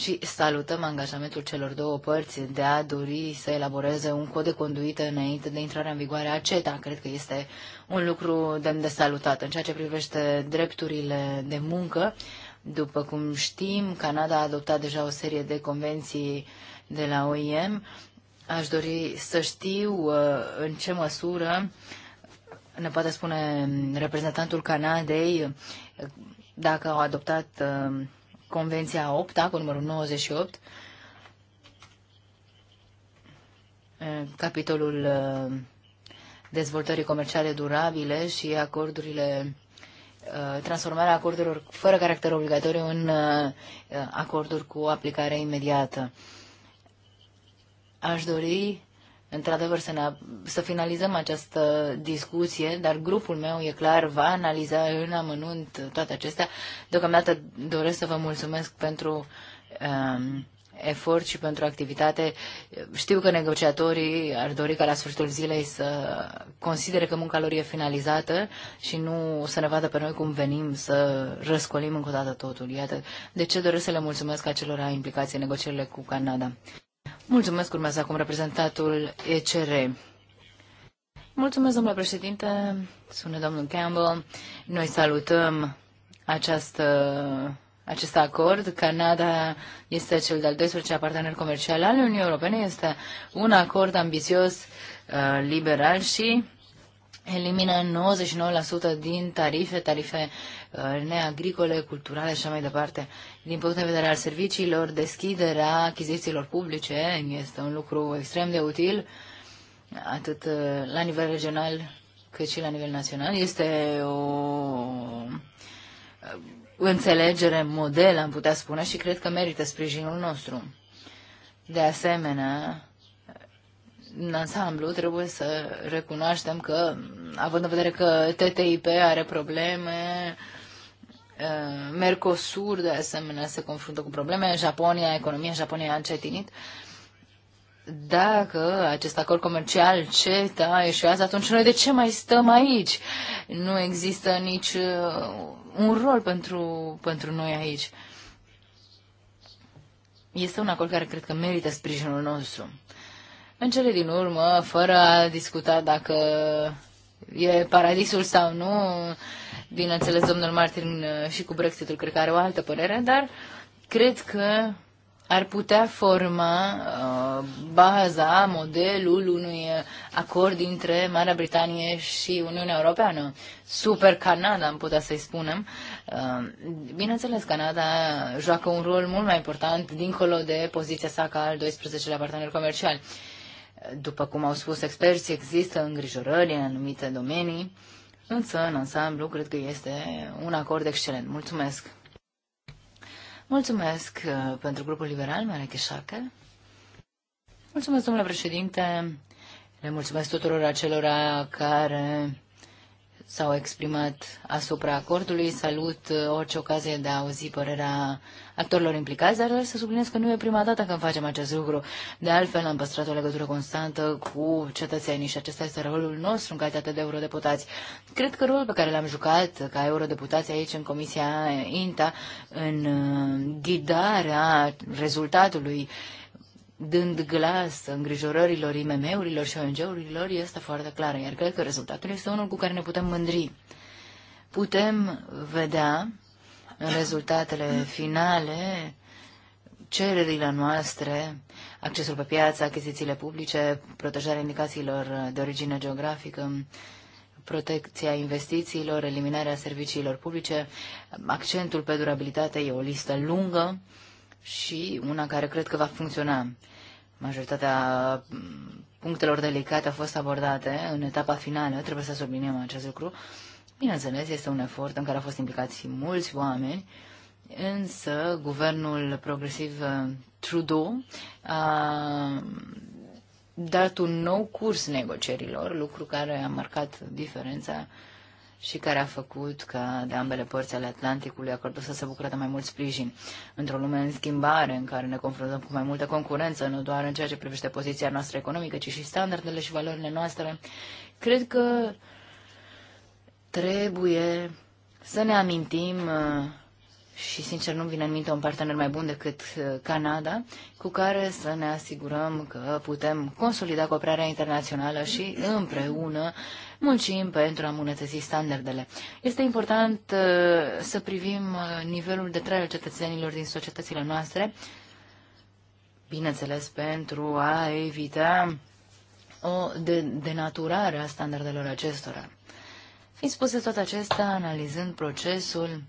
și salutăm angajamentul celor două părți de a dori să elaboreze un cod de conduită înainte de intrarea în vigoare a CETA. Cred că este un lucru demn de salutat. În ceea ce privește drepturile de muncă, după cum știm, Canada a adoptat deja o serie de convenții de la OIM. Aș dori să știu uh, în ce măsură ne poate spune reprezentantul Canadei uh, dacă au adoptat uh, Convenția 8, cu numărul 98, capitolul dezvoltării comerciale durabile și acordurile transformarea acordurilor fără caracter obligatoriu în acorduri cu aplicare imediată. Aș dori într-adevăr să, ne, să finalizăm această discuție, dar grupul meu, e clar, va analiza în amănunt toate acestea. Deocamdată doresc să vă mulțumesc pentru um, efort și pentru activitate. Știu că negociatorii ar dori ca la sfârșitul zilei să considere că munca lor e finalizată și nu să ne vadă pe noi cum venim să răscolim încă o dată totul. Iată de ce doresc să le mulțumesc acelora implicați în negocierile cu Canada. Mulțumesc, urmează acum reprezentatul ECR. Mulțumesc, domnule președinte, sună domnul Campbell. Noi salutăm această, acest acord. Canada este cel de-al 12-lea partener comercial al Uniunii Europene. Este un acord ambițios, uh, liberal și elimină 99% din tarife, tarife Uh, neagricole, culturale și așa mai departe. Din punct de vedere al serviciilor, deschiderea achizițiilor publice este un lucru extrem de util, atât uh, la nivel regional cât și la nivel național. Este o uh, înțelegere model, am putea spune, și cred că merită sprijinul nostru. De asemenea, în ansamblu trebuie să recunoaștem că, având în vedere că TTIP are probleme, Eh, Mercosur, de asemenea, se confruntă cu probleme. Japonia, economia Japonia a încetinit. Dacă acest acord comercial CETA eșuează, atunci noi de ce mai stăm aici? Nu există nici eh, un rol pentru, pentru noi aici. Este un acord care cred că merită sprijinul nostru. În cele din urmă, fără a discuta dacă e paradisul sau nu. Bineînțeles, domnul Martin uh, și cu Brexitul cred că are o altă părere, dar cred că ar putea forma uh, baza, modelul unui acord între Marea Britanie și Uniunea Europeană. Super Canada, am putea să-i spunem. Uh, bineînțeles, Canada joacă un rol mult mai important dincolo de poziția sa ca al 12-lea partener comercial. Uh, după cum au spus experții, există îngrijorări în anumite domenii, însă, în ansamblu, cred că este un acord excelent. Mulțumesc! Mulțumesc uh, pentru grupul liberal, Marek Eșacă. Mulțumesc, domnule președinte. Le mulțumesc tuturor acelora care s-au exprimat asupra acordului. Salut uh, orice ocazie de a auzi părerea actorilor implicați, dar să subliniez că nu e prima dată când facem acest lucru. De altfel, am păstrat o legătură constantă cu cetățenii și acesta este rolul nostru în calitate de eurodeputați. Cred că rolul pe care l-am jucat ca eurodeputați aici în Comisia INTA, în uh, ghidarea rezultatului dând glas îngrijorărilor IMM-urilor și ONG-urilor este foarte clar, iar cred că rezultatul este unul cu care ne putem mândri. Putem vedea în rezultatele finale, cererile noastre, accesul pe piață, achizițiile publice, protejarea indicațiilor de origine geografică, protecția investițiilor, eliminarea serviciilor publice, accentul pe durabilitate e o listă lungă și una care cred că va funcționa. Majoritatea mm, punctelor delicate au fost abordate în etapa finală, trebuie să subliniem acest lucru, Bineînțeles, este un efort în care au fost implicați mulți oameni, însă guvernul progresiv uh, Trudeau a dat un nou curs negocierilor, lucru care a marcat diferența și care a făcut ca de ambele părți ale Atlanticului acordul să se bucure de mai mult sprijin. Într-o lume în schimbare, în care ne confruntăm cu mai multă concurență, nu doar în ceea ce privește poziția noastră economică, ci și standardele și valorile noastre, cred că Trebuie să ne amintim uh, și sincer nu vine în minte un partener mai bun decât uh, Canada, cu care să ne asigurăm că putem consolida cooperarea internațională și împreună muncim pentru a îmbunătăți standardele. Este important uh, să privim nivelul de trai al cetățenilor din societățile noastre, bineînțeles pentru a evita o denaturare a standardelor acestora. Fiind spuse tot acesta, analizând procesul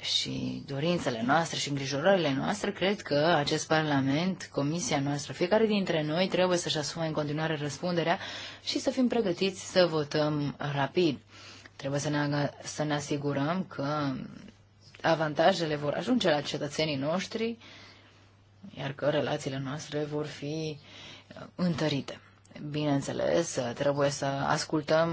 și dorințele noastre și îngrijorările noastre, cred că acest Parlament, Comisia noastră, fiecare dintre noi trebuie să-și asume în continuare răspunderea și să fim pregătiți să votăm rapid. Trebuie să ne, să ne asigurăm că avantajele vor ajunge la cetățenii noștri, iar că relațiile noastre vor fi uh, întărite. Bineînțeles, trebuie să ascultăm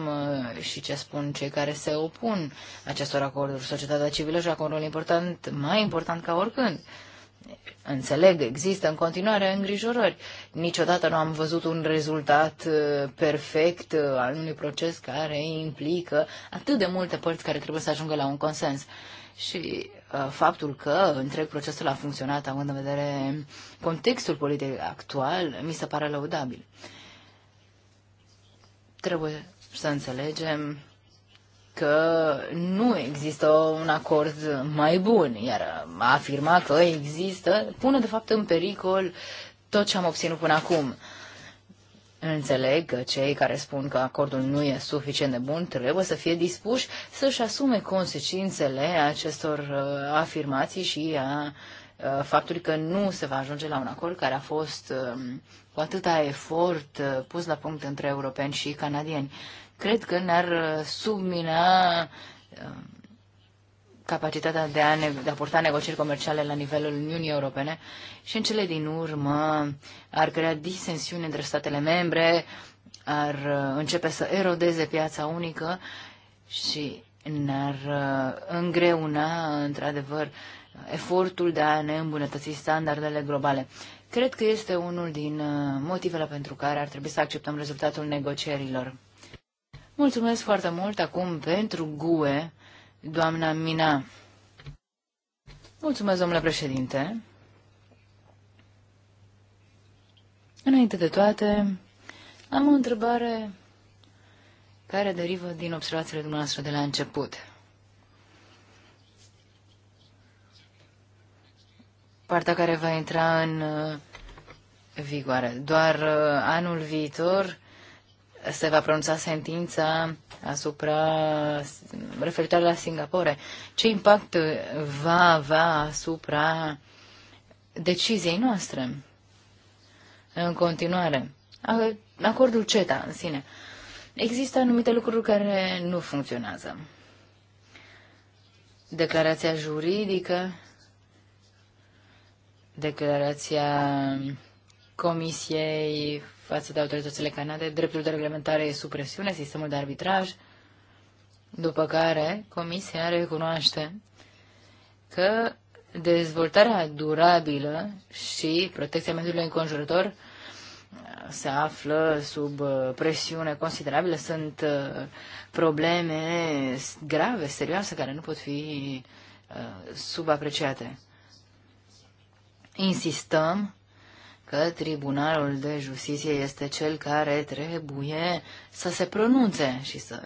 uh, și ce spun cei care se opun acestor acorduri. Societatea civilă joacă un rol important, mai important ca oricând. Înțeleg, există în continuare îngrijorări. Niciodată nu am văzut un rezultat uh, perfect uh, al unui proces care implică atât de multe părți care trebuie să ajungă la un consens. Și faptul că întreg procesul a funcționat, având în vedere contextul politic actual, mi se pare lăudabil. Trebuie să înțelegem că nu există un acord mai bun, iar a afirma că există pune de fapt în pericol tot ce am obținut până acum. Înțeleg că cei care spun că acordul nu e suficient de bun trebuie să fie dispuși să-și asume consecințele acestor uh, afirmații și a Uh, faptului că nu se va ajunge la un acord care a fost um, cu atâta efort uh, pus la punct între europeni și canadieni. Cred că ne-ar uh, submina um, capacitatea de a, ne- de a purta negocieri comerciale la nivelul Uniunii Europene și în cele din urmă ar crea disensiuni între statele membre, ar începe să erodeze piața unică și ne-ar îngreuna, într-adevăr, efortul de a ne îmbunătăți standardele globale. Cred că este unul din uh, motivele pentru care ar trebui să acceptăm rezultatul negocierilor. Mulțumesc foarte mult acum pentru GUE, doamna Mina. Mulțumesc, domnule președinte. Înainte de toate, am o întrebare care derivă din observațiile dumneavoastră de la început. partea care va intra în uh, vigoare. Doar uh, anul viitor se va pronunța sentința asupra referitoare la Singapore. Ce impact uh, va avea asupra deciziei noastre? În continuare, acordul CETA în sine. Există anumite lucruri care nu funcționează. Declarația juridică declarația Comisiei față de autoritățile canade, dreptul de reglementare e supresiune, sistemul de arbitraj, după care Comisia recunoaște că dezvoltarea durabilă și protecția mediului înconjurător se află sub uh, presiune considerabilă, sunt uh, probleme grave, serioase, care nu pot fi uh, subapreciate insistăm că Tribunalul de Justiție este cel care trebuie să se pronunțe și să...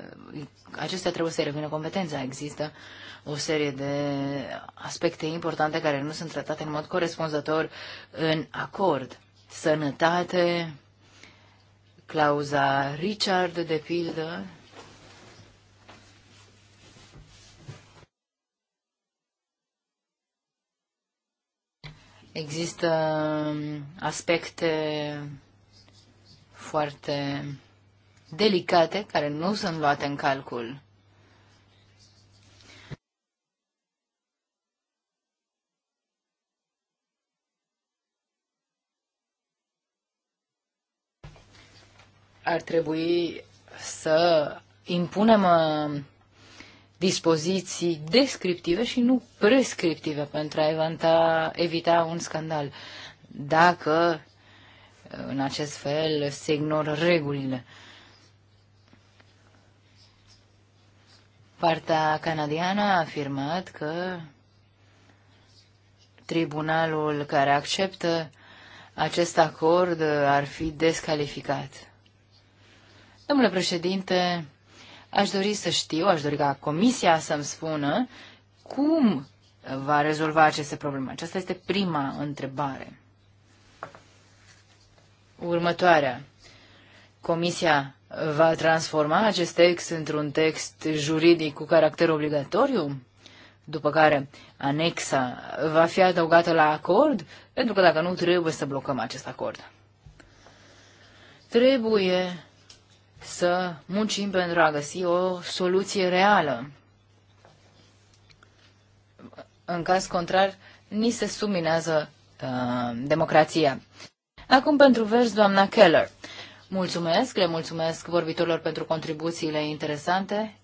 Acestea trebuie să revină competența. Există o serie de aspecte importante care nu sunt tratate în mod corespunzător în acord. Sănătate, clauza Richard, de pildă, Există um, aspecte foarte delicate care nu sunt luate în calcul. Ar trebui să impunem uh, dispoziții descriptive și nu prescriptive pentru a evita, evita un scandal. Dacă în acest fel se ignoră regulile. Partea canadiană a afirmat că tribunalul care acceptă acest acord ar fi descalificat. Domnule președinte, Aș dori să știu, aș dori ca Comisia să-mi spună cum va rezolva aceste probleme. Aceasta este prima întrebare. Următoarea. Comisia va transforma acest text într-un text juridic cu caracter obligatoriu? După care anexa va fi adăugată la acord? Pentru că dacă nu, trebuie să blocăm acest acord. Trebuie să muncim pentru a găsi o soluție reală. În caz contrar, ni se subminează uh, democrația. Acum pentru vers, doamna Keller. Mulțumesc, le mulțumesc vorbitorilor pentru contribuțiile interesante.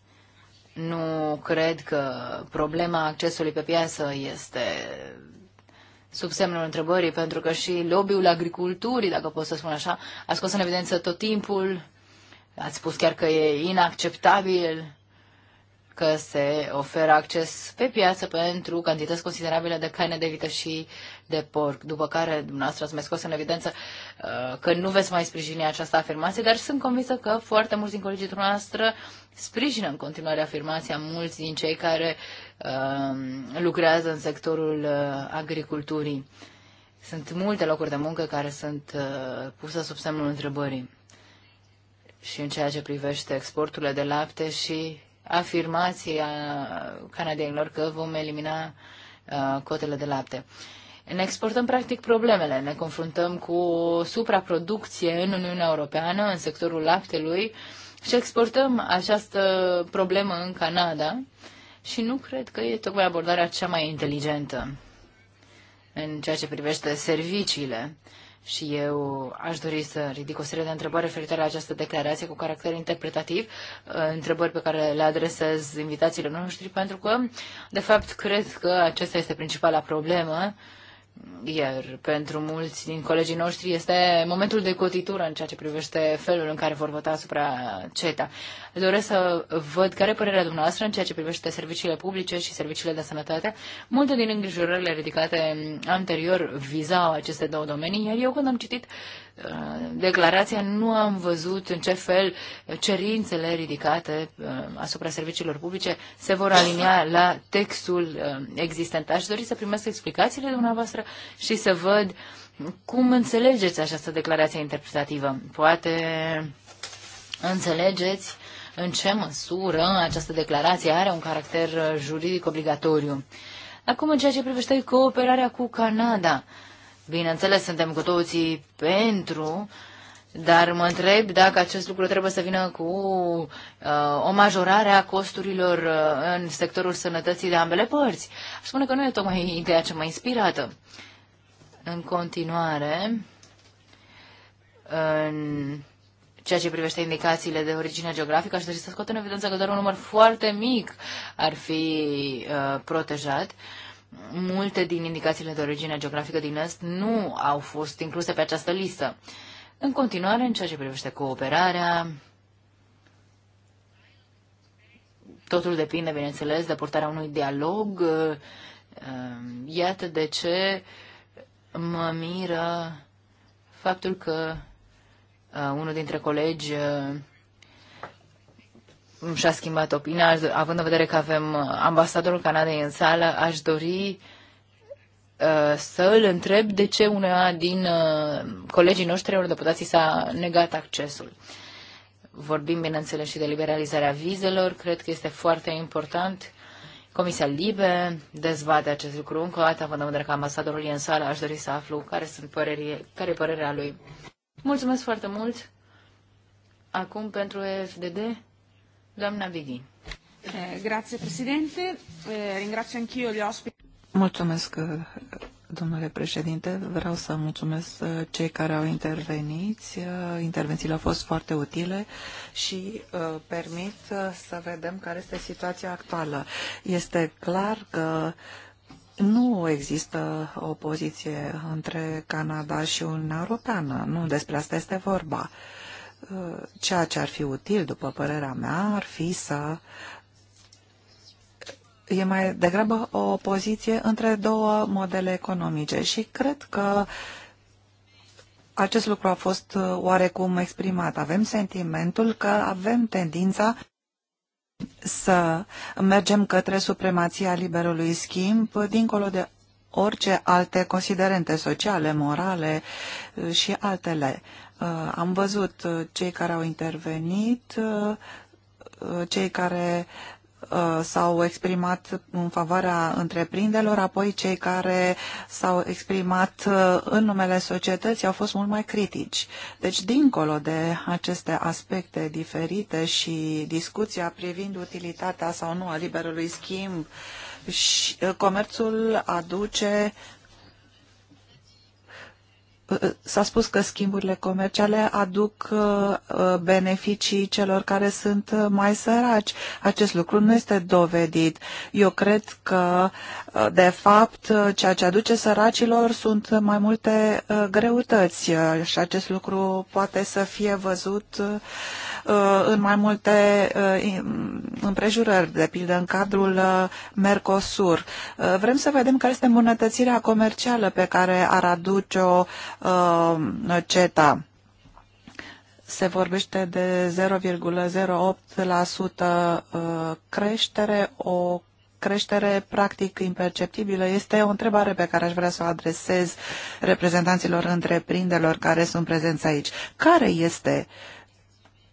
Nu cred că problema accesului pe piață este sub semnul întrebării, pentru că și lobby-ul agriculturii, dacă pot să spun așa, a scos în evidență tot timpul Ați spus chiar că e inacceptabil că se oferă acces pe piață pentru cantități considerabile de carne de vită și de porc, după care dumneavoastră ați mai scos în evidență uh, că nu veți mai sprijini această afirmație, dar sunt convinsă că foarte mulți din colegii dumneavoastră sprijină în continuare afirmația, mulți din cei care uh, lucrează în sectorul uh, agriculturii. Sunt multe locuri de muncă care sunt uh, puse sub semnul întrebării și în ceea ce privește exporturile de lapte și afirmația canadienilor că vom elimina uh, cotele de lapte. Ne exportăm practic problemele, ne confruntăm cu o supraproducție în Uniunea Europeană, în sectorul laptelui și exportăm această problemă în Canada și nu cred că e tocmai abordarea cea mai inteligentă în ceea ce privește serviciile. Uh, și eu aș dori să ridic o serie de întrebări referitoare la această declarație cu caracter interpretativ, uh, întrebări pe care le adresez invitațiilor noștri, pentru că, de fapt, cred că acesta este principala problemă iar pentru mulți din colegii noștri este momentul de cotitură în ceea ce privește felul în care vor vota asupra CETA. Doresc să văd care părerea dumneavoastră în ceea ce privește serviciile publice și serviciile de sănătate. Multe din îngrijorările ridicate anterior vizau aceste două domenii, iar eu când am citit Uh, declarația, nu am văzut în ce fel cerințele ridicate uh, asupra serviciilor publice se vor alinia la textul uh, existent. Aș dori să primesc explicațiile dumneavoastră și să văd cum înțelegeți această declarație interpretativă. Poate înțelegeți în ce măsură această declarație are un caracter juridic obligatoriu. Acum, în ceea ce privește cooperarea cu Canada, uh, Bineînțeles, suntem cu toții pentru, dar mă întreb dacă acest lucru trebuie să vină cu uh, o majorare a costurilor uh, în sectorul sănătății de ambele părți. Aș spune că nu e tocmai ideea cea mai inspirată. În continuare, în ceea ce privește indicațiile de origine geografică, aș dori să scot în evidență că doar un număr foarte mic ar fi uh, protejat. Uh, multe din indicațiile de origine geografică din Est nu au fost incluse pe această listă. În continuare, în ceea ce privește cooperarea, totul depinde, bineînțeles, de portarea unui dialog. Ehm, iată de ce mă miră faptul că uh, unul dintre colegi uh, nu și-a schimbat opinia, având în vedere că avem uh, ambasadorul Canadei în sală, aș dori uh, să îl întreb de ce una din uh, colegii noștri eurodeputații s-a negat accesul. Vorbim, bineînțeles, și de liberalizarea vizelor. Cred că este foarte important. Comisia Libe dezbate acest lucru încă o dată, având în vedere că ambasadorul e în sală, aș dori să aflu care, sunt păreri, care e părerea lui. Mulțumesc foarte mult! Acum pentru FDD. Doamna Vighin. Eh, grazie, președinte. Eh, ringrazio anch'io gli ospiti. Mulțumesc, eh, domnule președinte. Vreau să mulțumesc cei care au intervenit. Intervențiile au fost foarte utile și permit să vedem care este situația actuală. Este clar că nu există o poziție între Canada și Uniunea Europeană. Nu despre asta este vorba. Uh, Uh, ceea ce ar fi util, după părerea mea, ar fi să e mai degrabă o opoziție între două modele economice și cred că acest lucru a fost uh, oarecum exprimat. Avem sentimentul că avem tendința să mergem către supremația liberului schimb, dincolo de orice alte considerente sociale, morale uh, și altele. Uh, am văzut uh, cei care au intervenit, uh, cei care s-au exprimat în favoarea întreprinderilor, apoi cei care s-au exprimat în numele societății au fost mult mai critici. Deci, dincolo de aceste aspecte diferite și discuția privind utilitatea sau nu a liberului schimb, și comerțul aduce S-a spus că schimburile comerciale aduc uh, uh, beneficii celor care sunt uh, mai săraci. Acest lucru nu este dovedit. Eu cred că Uh, de fapt, uh, ceea ce aduce săracilor sunt mai multe uh, greutăți și acest lucru poate să fie văzut în mai multe împrejurări, de pildă în cadrul Mercosur. Vrem să vedem care este îmbunătățirea comercială pe care ar aduce-o CETA se vorbește de 0,08% creștere, o creștere practic imperceptibilă. Este o întrebare pe care aș vrea să o adresez reprezentanților întreprinderilor care sunt prezenți aici. Care este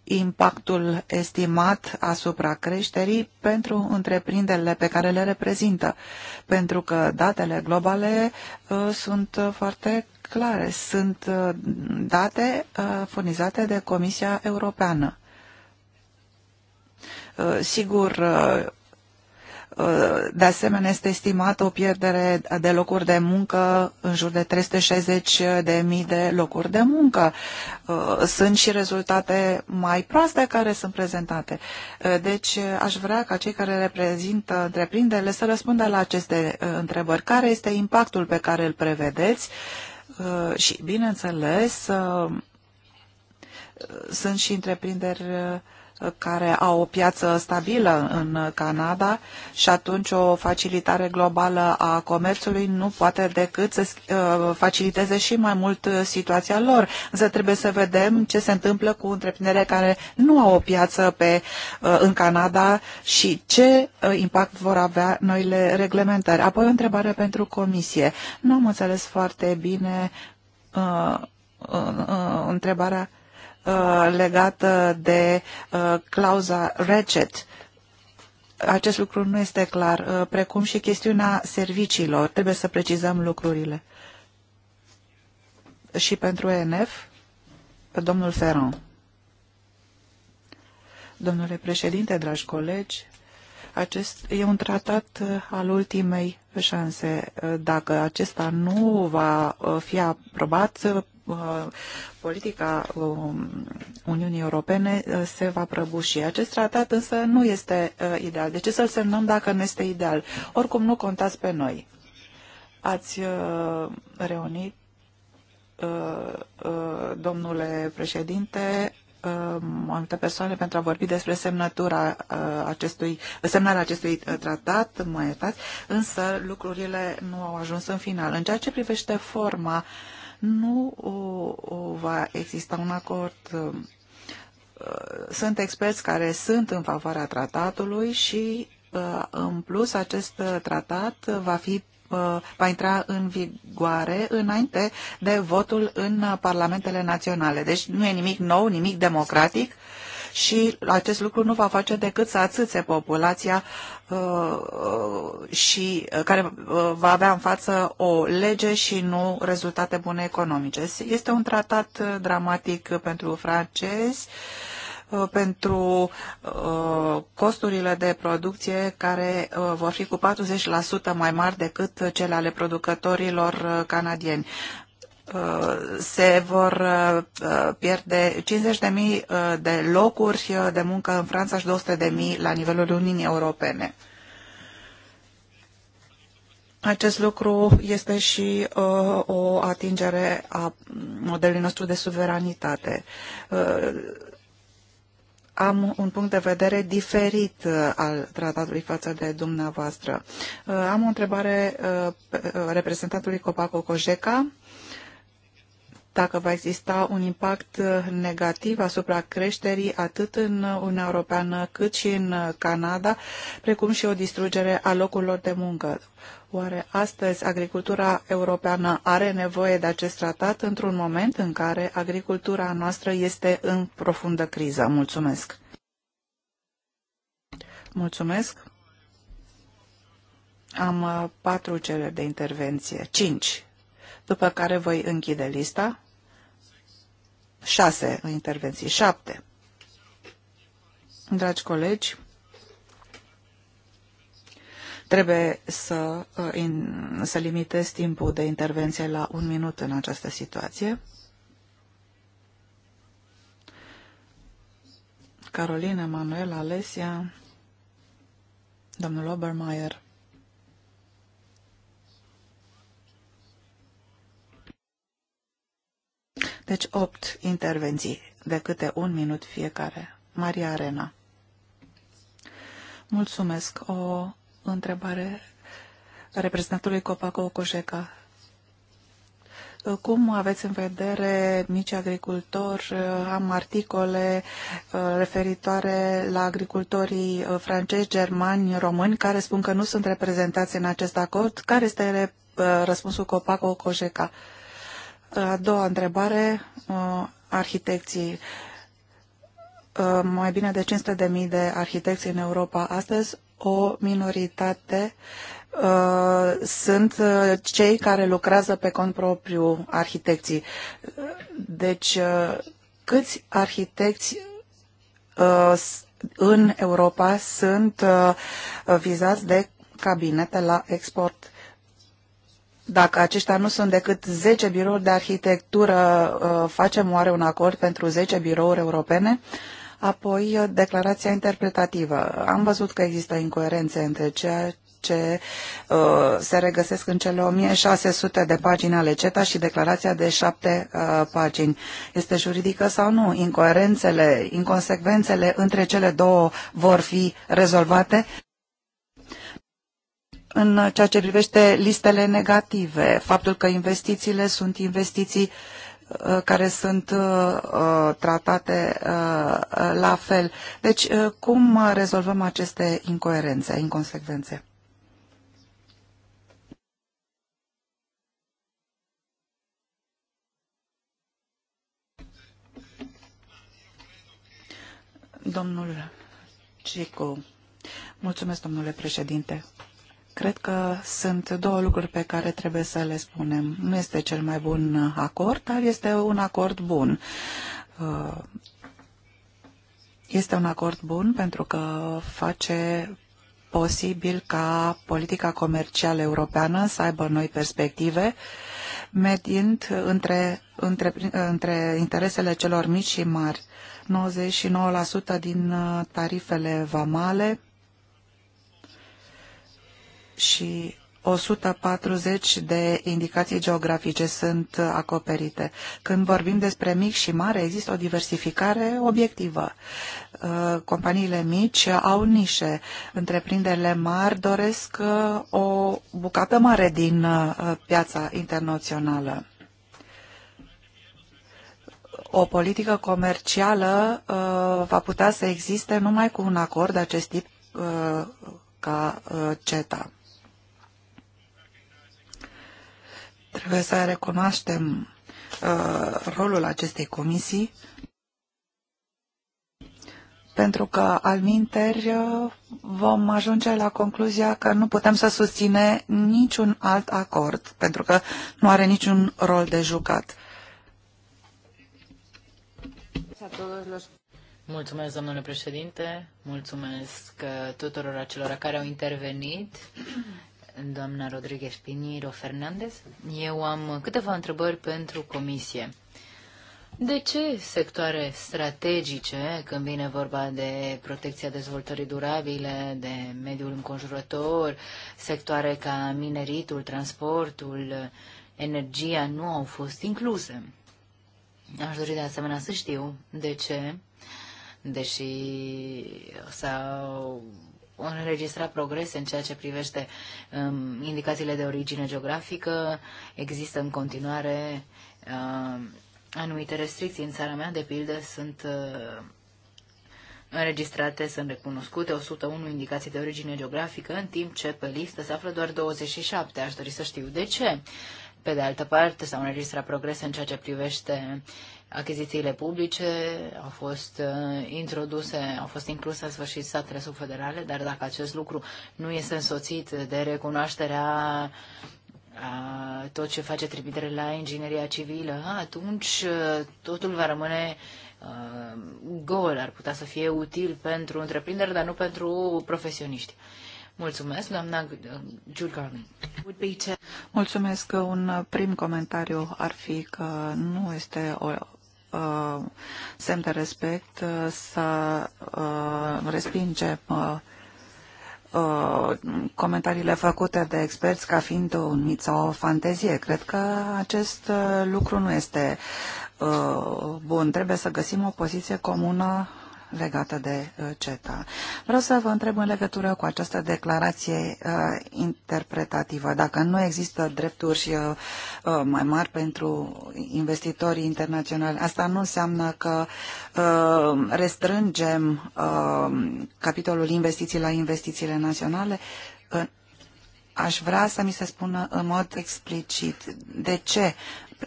impactul estimat asupra creșterii pentru întreprinderile pe care le reprezintă? Pentru că datele globale uh, sunt foarte clare. Sunt uh, date uh, furnizate de Comisia Europeană. Uh, sigur, uh, Uh, de asemenea, este estimată o pierdere de locuri de muncă în jur de 360 de mii de locuri de muncă. Uh, sunt și rezultate mai proaste care sunt prezentate. Uh, deci, aș vrea ca cei care reprezintă întreprinderile să răspundă la aceste întrebări. Care este impactul pe care îl prevedeți? Și, bineînțeles, sunt și întreprinderi care au o piață stabilă în Canada și atunci o facilitare globală a comerțului nu poate decât să uh, faciliteze și mai mult situația lor. Însă trebuie să vedem ce se întâmplă cu întreprinderile care nu au o piață pe, uh, în Canada și ce uh, impact vor avea noile reglementări. Apoi o întrebare pentru comisie. Nu am înțeles foarte bine uh, uh, uh, întrebarea Uh, legată de uh, clauza Ratchet. Acest lucru nu este clar, uh, precum și chestiunea serviciilor. Trebuie să precizăm lucrurile. Și pentru ENF, domnul Ferron. Domnule președinte, dragi colegi, acest e un tratat al ultimei șanse. Dacă acesta nu va fi aprobat, Uh, politica um, Uniunii Europene uh, se va prăbuși. Acest tratat însă nu este uh, ideal. De deci ce să-l semnăm dacă nu este ideal? Oricum nu contați pe noi. Ați reunit domnule președinte, multe persoane pentru a vorbi despre semnătura acestui, semnarea acestui tratat, mai iertați, însă lucrurile nu au ajuns în final. În ceea ce privește forma uh, nu va exista un acord. Sunt experți care sunt în favoarea tratatului și, uh, în plus, acest tratat va fi uh, va intra în vigoare înainte de votul în parlamentele naționale. Deci nu e nimic nou, nimic democratic, și acest lucru nu va face decât să atâțe populația uh, uh, și uh, care va avea în față o lege și nu rezultate bune economice. Este un tratat dramatic pentru francezi pentru costurile de producție care vor fi cu 40% mai mari decât cele ale producătorilor canadieni se vor uh, pierde 50.000 uh, de locuri uh, de muncă în Franța și 200.000 la nivelul Uniunii Europene. Acest lucru este și uh, o atingere a modelului nostru de suveranitate. Uh, am un punct de vedere diferit uh, al tratatului față de dumneavoastră. Uh, am o întrebare uh, reprezentantului Copaco Cojeca dacă va exista un impact uh, negativ asupra creșterii atât în Uniunea Europeană cât și în uh, Canada, precum și o distrugere a locurilor de muncă. Oare astăzi agricultura europeană are nevoie de acest tratat într-un moment în care agricultura noastră este în profundă criză? Mulțumesc! Mulțumesc! Am uh, patru cereri de intervenție. Cinci după care voi închide lista. 6 intervenții, 7. Dragi colegi, trebuie să, uh, in, să limitez timpul de intervenție la un minut în această situație. Carolina, Manuela, Alessia, domnul Obermeier. Deci opt intervenții, de câte un minut fiecare. Maria Arena. Mulțumesc. O întrebare reprezentantului Copaco Coșeca. Cum aveți în vedere mici agricultori? Uh, am articole uh, referitoare la agricultorii uh, francezi, germani, români, care spun că nu sunt reprezentați în acest acord. Care este răspunsul Copaco Coșeca? A doua întrebare, uh, arhitecții. Uh, mai bine de 500.000 de arhitecți în Europa astăzi, o minoritate uh, sunt cei care lucrează pe cont propriu arhitecții. Deci, câți arhitecți în Europa sunt vizați de cabinete la export? Dacă aceștia nu sunt decât 10 birouri de arhitectură, uh, facem oare un acord pentru 10 birouri europene? Apoi, uh, declarația interpretativă. Am văzut că există incoerențe între ceea ce uh, se regăsesc în cele 1600 de pagini ale CETA și declarația de șapte uh, pagini. Este juridică sau nu? Incoerențele, inconsecvențele între cele două vor fi rezolvate? în ceea ce privește listele negative, faptul că investițiile sunt investiții uh, care sunt uh, uh, tratate la fel. Deci, cum rezolvăm aceste incoerențe, inconsecvențe? Domnul Cicu. Mulțumesc, domnule președinte. Cred că sunt două lucruri pe care trebuie să le spunem. Nu este cel mai bun acord, dar este un acord bun. Uh, este un acord bun pentru că face posibil ca politica comercială europeană să aibă noi perspective, medind între, între, între interesele celor mici și mari. 99% din uh, tarifele vamale și 140 de indicații geografice sunt acoperite. Când vorbim despre mic și mare, există o diversificare obiectivă. Uh, companiile mici au nișe. Întreprinderile mari doresc uh, o bucată mare din uh, piața internațională o politică comercială va putea să existe numai cu un acord de acest tip ca CETA. Trebuie să recunoaștem uh, rolul acestei comisii pentru că al minteri uh, vom ajunge la concluzia că nu putem să susține niciun alt acord, pentru că nu are niciun rol de jucat. Mulțumesc, domnule președinte, mulțumesc uh, tuturor acelora care au intervenit doamna Rodriguez Piniro Fernandez. Eu am câteva întrebări pentru comisie. De ce sectoare strategice, când vine vorba de protecția dezvoltării durabile, de mediul înconjurător, sectoare ca mineritul, transportul, energia, nu au fost incluse? Aș dori de asemenea să știu de ce, deși s-au înregistra progrese în ceea ce privește um, indicațiile de origine geografică. Există în continuare um, anumite restricții în țara mea, de pildă, sunt uh, înregistrate, sunt recunoscute 101 indicații de origine geografică, în timp ce pe listă se află doar 27. Aș dori să știu de ce. Pe de altă parte, s-au înregistrat progrese în ceea ce privește achizițiile publice au fost uh, introduse, au fost incluse în sfârșit statele subfederale, dar dacă acest lucru nu este însoțit de recunoașterea a uh, tot ce face trimitere la ingineria civilă, atunci uh, totul va rămâne uh, gol, ar putea să fie util pentru întreprinderi, dar nu pentru profesioniști. Mulțumesc, doamna Giurgani. Mulțumesc. că Un prim comentariu ar fi că nu este o uh, semn de respect uh, să uh, respingem uh, uh, comentariile făcute de experți ca fiind un mit sau o fantezie. Cred că acest uh, lucru nu este uh, bun. Trebuie să găsim o poziție comună legată de uh, CETA. Vreau să vă întreb în legătură cu această declarație uh, interpretativă, dacă nu există drepturi uh, mai mari pentru investitorii internaționali, asta nu înseamnă că restrângem capitolul investiții la investițiile naționale? aș vrea să mi se spună în mod explicit de ce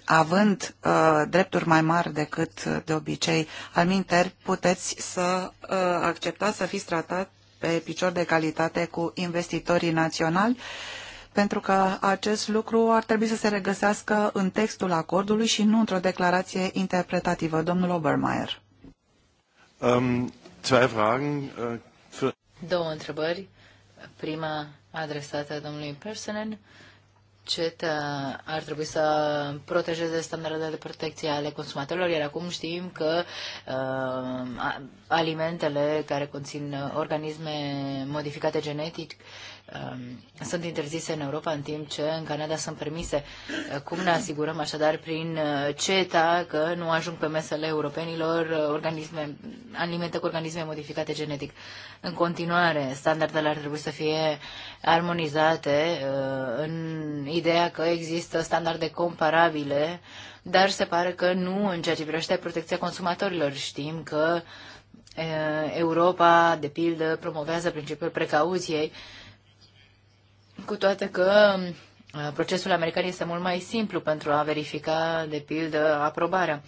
având uh, drepturi mai mari decât uh, de obicei, al minter, puteți să uh, acceptați să fiți tratat pe picior de calitate cu investitorii naționali, pentru că acest lucru ar trebui să se regăsească în textul acordului și nu într-o declarație interpretativă. Domnul Obermeier. Um, fragen, uh, für... Două întrebări. Prima adresată domnului Persenen. Uh, CETA uh, ar trebui să protejeze standardele de protecție ale consumatorilor, iar acum știm că uh, alimentele care conțin uh, organisme modificate genetic Um, sunt interzise în Europa, în timp ce în Canada sunt permise. Uh, cum ne asigurăm așadar prin uh, CETA că nu ajung pe mesele europenilor uh, organisme, alimente cu organisme modificate genetic? În continuare, standardele ar trebui să fie armonizate în ideea că există standarde comparabile, dar se pare că nu în ceea ce privește protecția consumatorilor. Știm că Europa, de pildă, promovează principiul precauției, cu toate că uh, procesul american este mult mai simplu pentru a verifica, de pildă, aprobarea.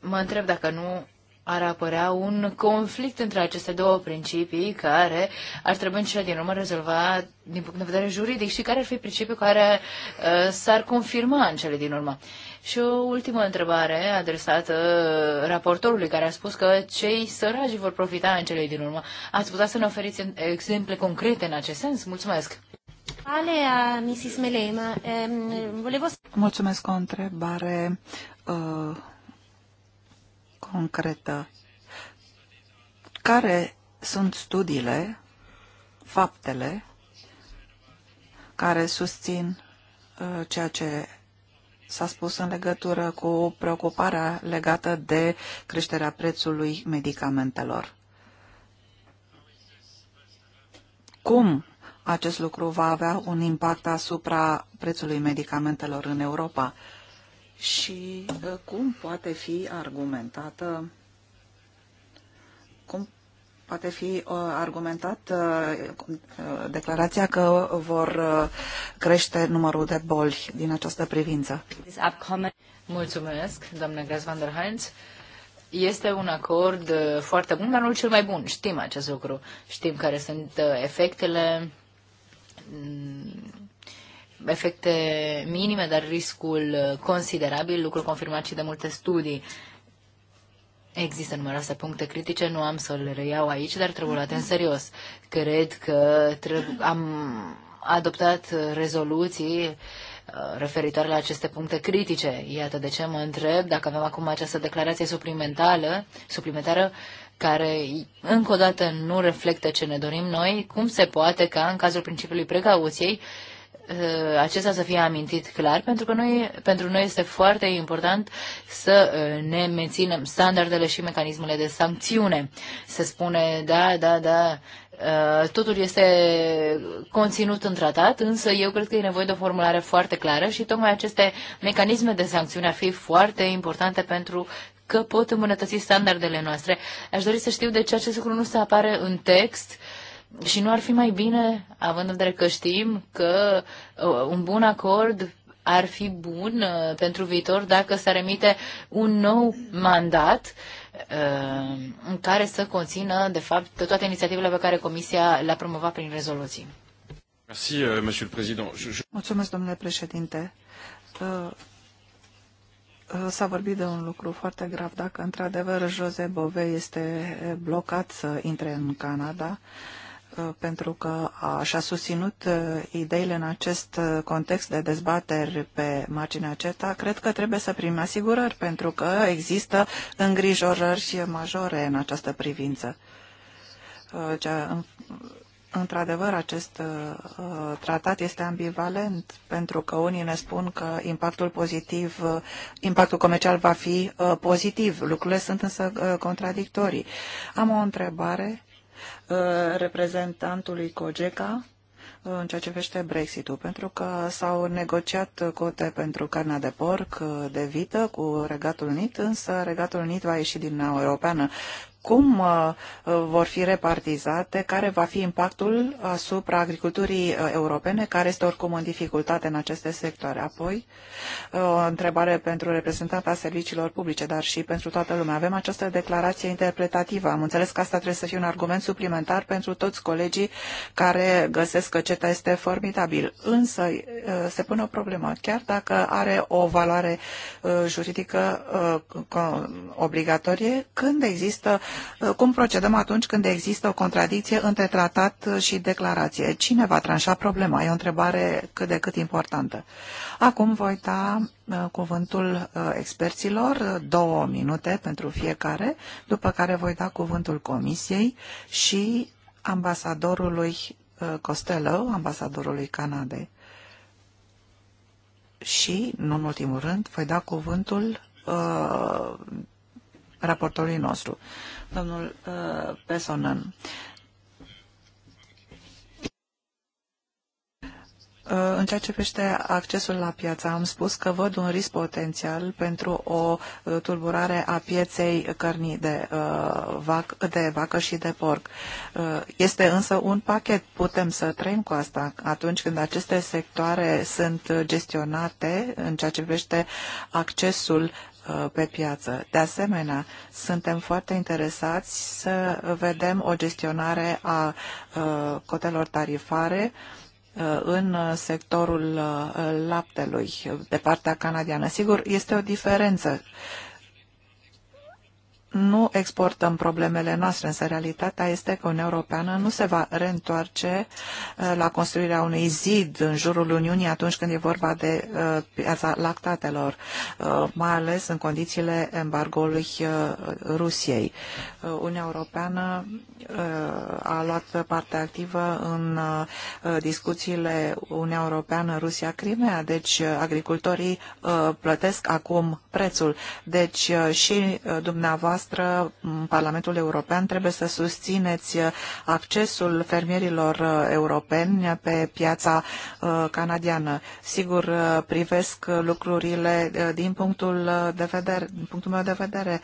Mă întreb dacă nu ar apărea un conflict între aceste două principii care ar trebui în cele din urmă rezolvat din punct de vedere juridic și care ar fi principiul care uh, s-ar confirma în cele din urmă. Și o ultimă întrebare adresată uh, raportorului care a spus că cei săragi vor profita în cele din urmă. Ați putea să ne oferiți exemple concrete în acest sens? Mulțumesc! Ale a Mrs. Melema, ehm, volevo... Mulțumesc o întrebare uh, concretă. Care sunt studiile, faptele care susțin uh, ceea ce s-a spus în legătură cu preocuparea legată de creșterea prețului medicamentelor? Cum acest lucru va avea un impact asupra prețului medicamentelor în Europa. Și uh, cum poate fi argumentată cum poate fi uh, argumentat uh, declarația că vor crește numărul de boli din această privință. Mulțumesc, domnule Gras van der Heinz. Este un acord foarte bun, dar nu cel mai bun. Știm acest lucru. Știm care sunt efectele Mm, efecte minime, dar riscul considerabil, lucru confirmat și de multe studii. Există numeroase puncte critice, nu am să le reiau aici, dar trebuie luate în serios. Cred că am adoptat rezoluții uh, referitoare la aceste puncte critice. Iată de ce mă întreb dacă avem acum această declarație suplimentară, suplimentară care încă o dată nu reflectă ce ne dorim noi, cum se poate ca în cazul principiului precauției ă, acesta să fie amintit clar, pentru că noi, pentru noi este foarte important să ă, ne menținem standardele și mecanismele de sancțiune. Se spune, da, da, da, ă, totul este conținut în tratat, însă eu cred că e nevoie de o formulare foarte clară și tocmai aceste mecanisme de sancțiune ar fi foarte importante pentru că pot îmbunătăți standardele noastre. Aș dori să știu de ce acest lucru nu se apare în text și nu ar fi mai bine, având în vedere că știm că uh, un bun acord ar fi bun uh, pentru viitor dacă s-ar emite un nou mandat uh, în care să conțină, de fapt, toate inițiativele pe care Comisia le-a promovat prin rezoluții. Euh, Mulțumesc, domnule președinte. S-a vorbit de un lucru foarte grav. Dacă într-adevăr Jose Bove este blocat să intre în Canada, uh, pentru că și-a susținut uh, ideile în acest uh, context de dezbateri pe marginea CETA, cred că trebuie să primim asigurări, pentru că există îngrijorări majore în această privință. Într-adevăr, acest uh, tratat este ambivalent, pentru că unii ne spun că impactul pozitiv, uh, impactul comercial va fi uh, pozitiv. Lucrurile sunt însă uh, contradictorii. Am o întrebare uh, reprezentantului COGECA uh, în ceea ce vește Brexit-ul, pentru că s-au negociat cote pentru carnea de porc, uh, de vită cu Regatul Unit, însă Regatul Unit va ieși din Uniunea Europeană cum uh, uh, vor fi repartizate, care va fi impactul asupra agriculturii uh, europene, care este oricum în dificultate în aceste sectoare. Apoi, o întrebare pentru reprezentanta serviciilor publice, dar și pentru toată lumea. Avem această declarație interpretativă. Am înțeles că asta trebuie să fie un argument suplimentar pentru toți colegii care găsesc că CETA este formidabil. Însă se pune o problemă. Chiar dacă are o valoare juridică obligatorie, când există Uh, cum procedăm atunci când există o contradicție între tratat și declarație? Cine va tranșa problema? E o întrebare cât de cât importantă. Acum voi da uh, cuvântul uh, experților, două minute pentru fiecare, după care voi da cuvântul comisiei și ambasadorului Costello, ambasadorului Canadei. Și, nu în ultimul rând, voi da cuvântul uh, raportorului nostru domnul uh, Pesonan. Uh, în ceea ce privește accesul la piață, am spus că văd un risc potențial pentru o uh, tulburare a pieței cărnii de, vac, de vacă și de porc. Este însă un pachet, putem să trăim cu asta atunci când aceste sectoare sunt gestionate în ceea ce privește accesul Uh, pe piață. De asemenea, suntem foarte interesați să vedem o gestionare a uh, cotelor tarifare uh, în sectorul laptelui de partea canadiană. Sigur, este o diferență nu exportăm problemele noastre, însă realitatea este că Uniunea Europeană nu se va reîntoarce uh, la construirea unui zid în jurul Uniunii atunci când e vorba de uh, piața lactatelor, uh, mai ales în condițiile embargoului Rusiei. Uniunea Europeană a luat parte activă în discuțiile Uniunea Europeană-Rusia-Crimea, deci agricultorii plătesc acum prețul. Deci și dumneavoastră dumneavoastră, Parlamentul European, trebuie să susțineți accesul fermierilor uh, europeni pe piața uh, canadiană. Sigur, uh, privesc lucrurile din punctul, de vedere, din punctul meu de vedere.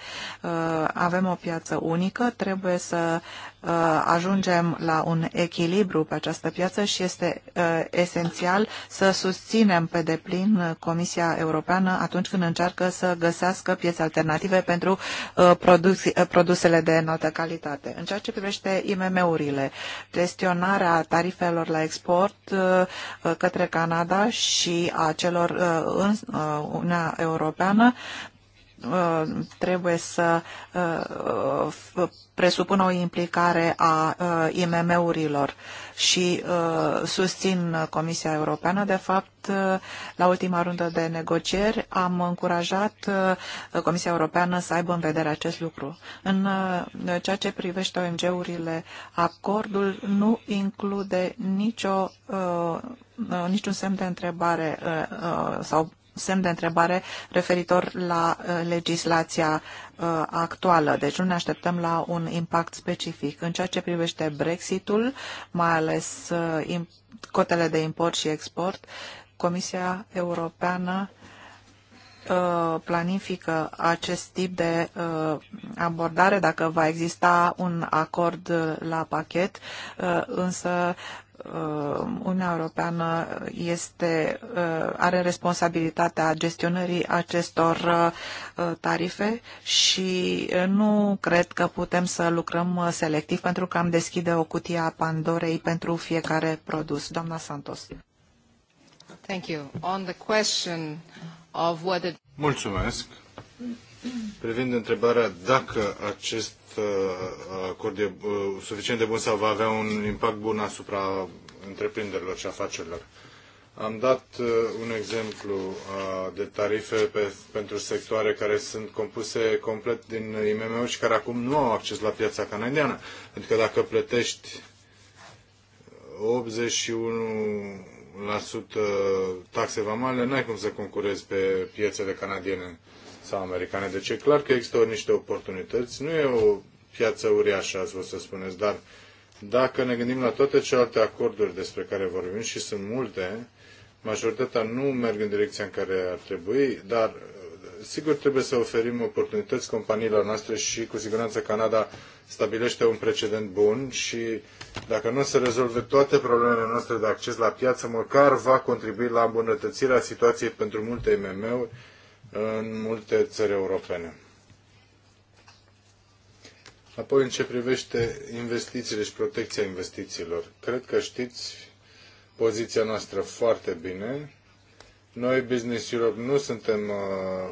Avem o piață unică, trebuie să Uh, ajungem la un echilibru pe această piață și este uh, esențial să susținem pe deplin Comisia Europeană atunci când încearcă să găsească piețe alternative pentru uh, produsele de înaltă calitate. În ceea ce privește IMM-urile, gestionarea tarifelor la export către Canada și a celor în Uniunea Europeană Uh, trebuie să uh, uh, presupună o implicare a IMM-urilor și susțin Comisia Europeană. De fapt, la ultima rundă de negocieri am încurajat Comisia Europeană să aibă în vedere acest lucru. În ceea ce privește OMG-urile, acordul nu include nicio, niciun semn de întrebare sau semn de întrebare referitor la uh, legislația uh, actuală. Deci nu ne așteptăm la un impact specific. În ceea ce privește Brexitul, mai ales uh, cotele de import și export, Comisia Europeană planifică acest tip de abordare dacă va exista un acord la pachet, însă Uh, Uniunea Europeană este, uh, are responsabilitatea gestionării acestor uh, tarife și nu cred că putem să lucrăm selectiv pentru că am deschide o cutie a Pandorei pentru fiecare produs. Doamna Santos. Thank you. On the question of whether... Mulțumesc privind întrebarea dacă acest uh, acord e uh, suficient de bun sau va avea un impact bun asupra întreprinderilor și afacerilor. Am dat uh, un exemplu de tarife pe, pentru sectoare care sunt compuse complet din IMM-uri și care acum nu au acces la piața canadiană. Pentru că dacă plătești 81 taxe vamale, n-ai cum să concurezi pe piețele canadiene sau americane. Deci e clar că există ori niște oportunități. Nu e o piață uriașă, ați vrut să spuneți, dar dacă ne gândim la toate celelalte acorduri despre care vorbim și sunt multe, majoritatea nu merg în direcția în care ar trebui, dar uh, sigur trebuie să oferim oportunități companiilor noastre și cu siguranță Canada stabilește un precedent bun și dacă nu se rezolve toate problemele noastre de acces la piață, măcar va contribui la îmbunătățirea situației pentru multe IMM-uri în multe țări europene. Apoi, în ce privește investițiile și protecția investițiilor, cred că știți poziția noastră foarte bine. Noi, Business Europe, nu suntem uh,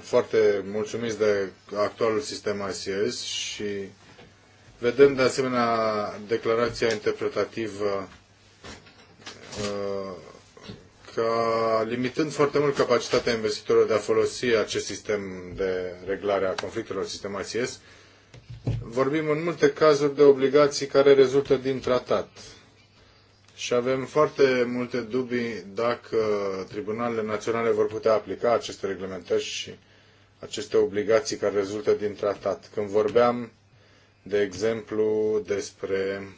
foarte mulțumiți de actualul sistem ICS și vedem de asemenea declarația interpretativă uh, limitând foarte mult capacitatea investitorilor de a folosi acest sistem de reglare a conflictelor, sistem ICS, vorbim în multe cazuri de obligații care rezultă din tratat. Și avem foarte multe dubii dacă tribunalele naționale vor putea aplica aceste reglementări și aceste obligații care rezultă din tratat. Când vorbeam, de exemplu, despre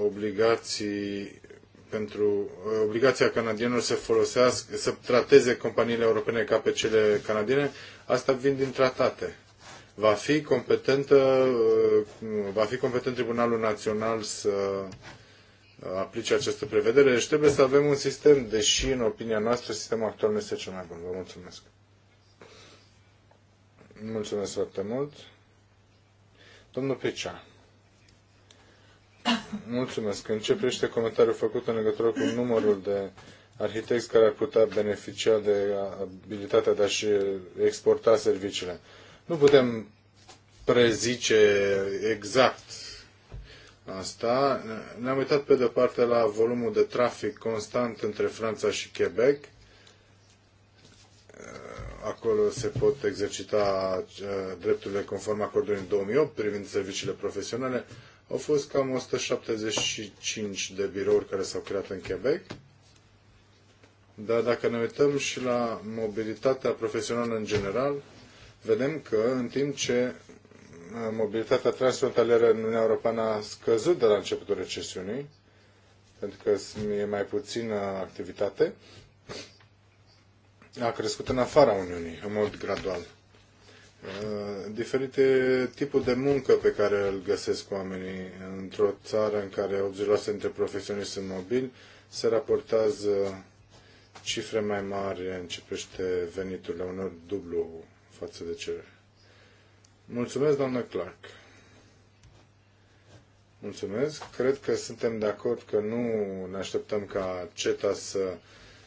obligații pentru uh, obligația canadienilor să folosească, să trateze companiile europene ca pe cele canadiene, asta vin din tratate. Va fi competentă, uh, va fi competent Tribunalul Național să uh, aplice această prevedere. Deci trebuie să avem un sistem, deși, în opinia noastră, sistemul actual nu este cel mai bun. Vă mulțumesc. Mulțumesc foarte mult. Domnul Picea. Mulțumesc. În ce privește comentariul făcut în legătură cu numărul de arhitecți care ar putea beneficia de abilitatea de a-și exporta serviciile. Nu putem prezice exact asta. Ne-am uitat pe de parte la volumul de trafic constant între Franța și Quebec. Acolo se pot exercita uh, drepturile conform acordului în 2008 privind serviciile profesionale. Au fost cam 175 de birouri care s-au creat în Quebec. Dar dacă ne uităm și la mobilitatea profesională în general, vedem că în timp ce uh, mobilitatea transfrontalieră în Uniunea Europeană a scăzut de la începutul recesiunii, pentru că e mai puțină activitate, a crescut în afara Uniunii, în mod gradual. Uh, diferite tipuri de muncă pe care îl găsesc oamenii într-o țară în care 80% dintre profesioniști sunt mobili, se raportează cifre mai mari în ce privește veniturile unor dublu față de cerere. Mulțumesc, doamnă Clark. Mulțumesc. Cred că suntem de acord că nu ne așteptăm ca CETA să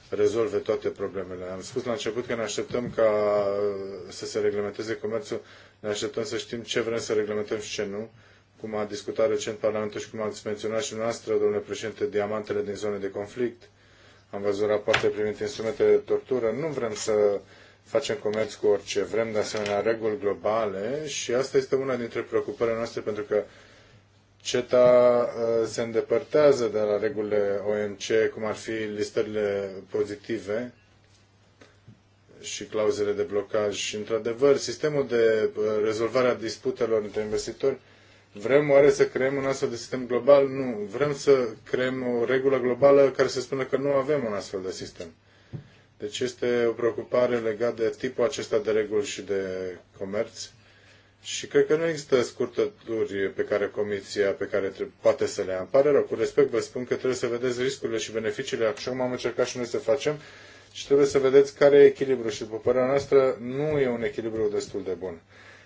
rezolve toate problemele. Am spus la început că ne așteptăm ca uh, să se reglementeze comerțul, ne așteptăm să știm ce vrem să reglementăm și ce nu, cum a discutat recent Parlamentul și cum ați menționat și noastră, domnule președinte, diamantele din zone de conflict. Am văzut rapoarte privind instrumentele de tortură. Nu vrem să facem comerț cu orice. Vrem, de asemenea, reguli globale și asta este una dintre preocupările noastre, pentru că CETA uh, se îndepărtează de la regulile OMC, cum ar fi listările pozitive și clauzele de blocaj. Și, într-adevăr, sistemul de uh, rezolvare a disputelor între investitori, vrem oare să creăm un astfel de sistem global? Nu. Vrem să creăm o regulă globală care să spună că nu avem un astfel de sistem. Deci este o preocupare legată de tipul acesta de reguli și de comerț și cred că nu există scurtături pe care comisia pe care poate să le am. Pare rău, cu respect vă spun că trebuie să vedeți riscurile și beneficiile, așa cum am încercat și noi să facem, și trebuie să vedeți care e echilibru. Și după părerea noastră, nu e un echilibru destul de bun.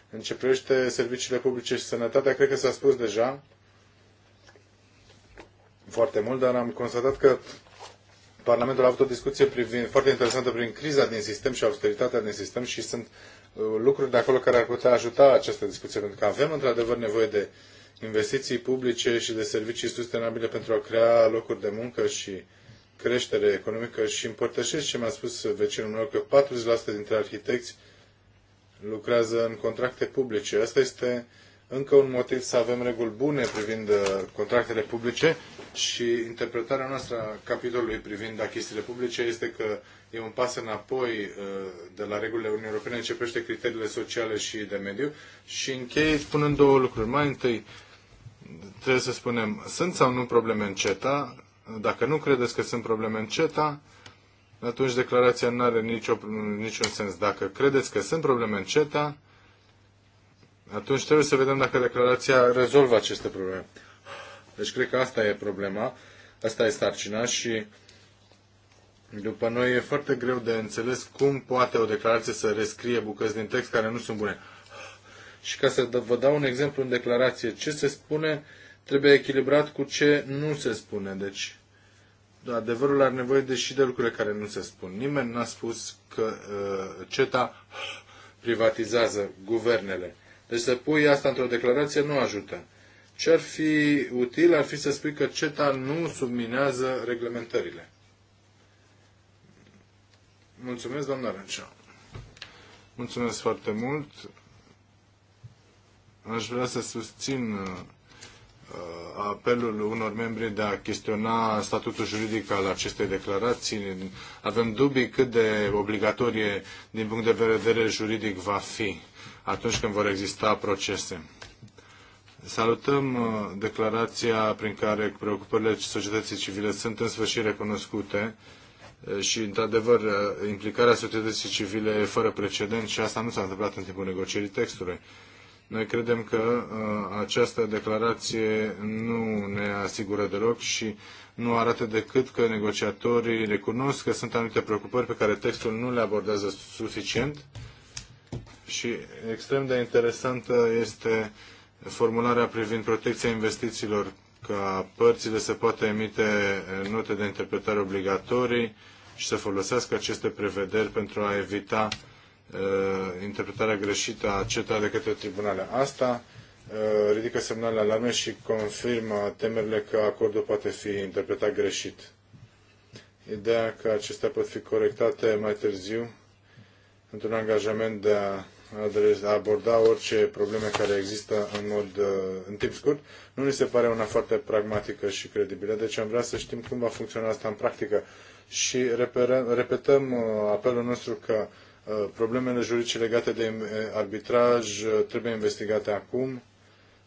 În ce privește serviciile publice și sănătatea, cred că s-a spus deja foarte mult, dar am constatat că Parlamentul a avut o discuție privind, foarte interesantă prin criza din sistem și austeritatea din sistem și sunt Uh, lucruri de acolo care ar putea ajuta această discuție, pentru că avem într-adevăr nevoie de investiții publice și de servicii sustenabile pentru a crea locuri de muncă și creștere economică și împărtășesc ce mi-a spus vecinul meu că 40% dintre arhitecți lucrează în contracte publice. Asta este încă un motiv să avem reguli bune privind uh, contractele publice și interpretarea noastră a capitolului privind achizițiile publice este că e un pas înapoi uh, de la regulile Uniunii Europene, începește criteriile sociale și de mediu și închei spunând două lucruri. Mai întâi, trebuie să spunem, sunt sau nu probleme în CETA? Dacă nu credeți că sunt probleme în CETA, atunci declarația nu are nicio, niciun sens. Dacă credeți că sunt probleme în CETA, atunci trebuie să vedem dacă declarația rezolvă aceste probleme. Deci cred că asta e problema, asta e sarcina și după noi e foarte greu de înțeles cum poate o declarație să rescrie bucăți din text care nu sunt bune. Și ca să vă dau un exemplu în declarație, ce se spune trebuie echilibrat cu ce nu se spune. Deci, adevărul are nevoie de și de lucrurile care nu se spun. Nimeni n-a spus că uh, CETA privatizează guvernele. Deci să pui asta într-o declarație nu ajută. Ce ar fi util ar fi să spui că CETA nu subminează reglementările. Mulțumesc, doamna Răncea. Mulțumesc foarte mult. Aș vrea să susțin uh, uh, apelul unor membri de a chestiona statutul juridic al acestei declarații. Avem dubii cât de obligatorie din punct de vedere juridic va fi atunci când vor exista procese. Salutăm uh, declarația prin care preocupările societății civile sunt în sfârșit recunoscute și, într-adevăr, implicarea societății civile e fără precedent și asta nu s-a întâmplat în timpul negocierii textului. Noi credem că uh, această declarație nu ne asigură deloc și nu arată decât că negociatorii recunosc că sunt anumite preocupări pe care textul nu le abordează suficient și extrem de interesantă este formularea privind protecția investițiilor ca părțile să poată emite eh, note de interpretare obligatorii și să folosească aceste prevederi pentru a evita uh, interpretarea greșită a CETA de către tribunale. Asta uh, ridică semnale alarme și confirmă temerile că acordul poate fi interpretat greșit. Ideea că acestea pot fi corectate mai târziu într-un angajament de a a aborda orice probleme care există în, mod, uh, în timp scurt, nu ni se pare una foarte pragmatică și credibilă. Deci am vrea să știm cum va funcționa asta în practică. Și repetăm uh, apelul nostru că uh, problemele juridice legate de arbitraj trebuie investigate acum.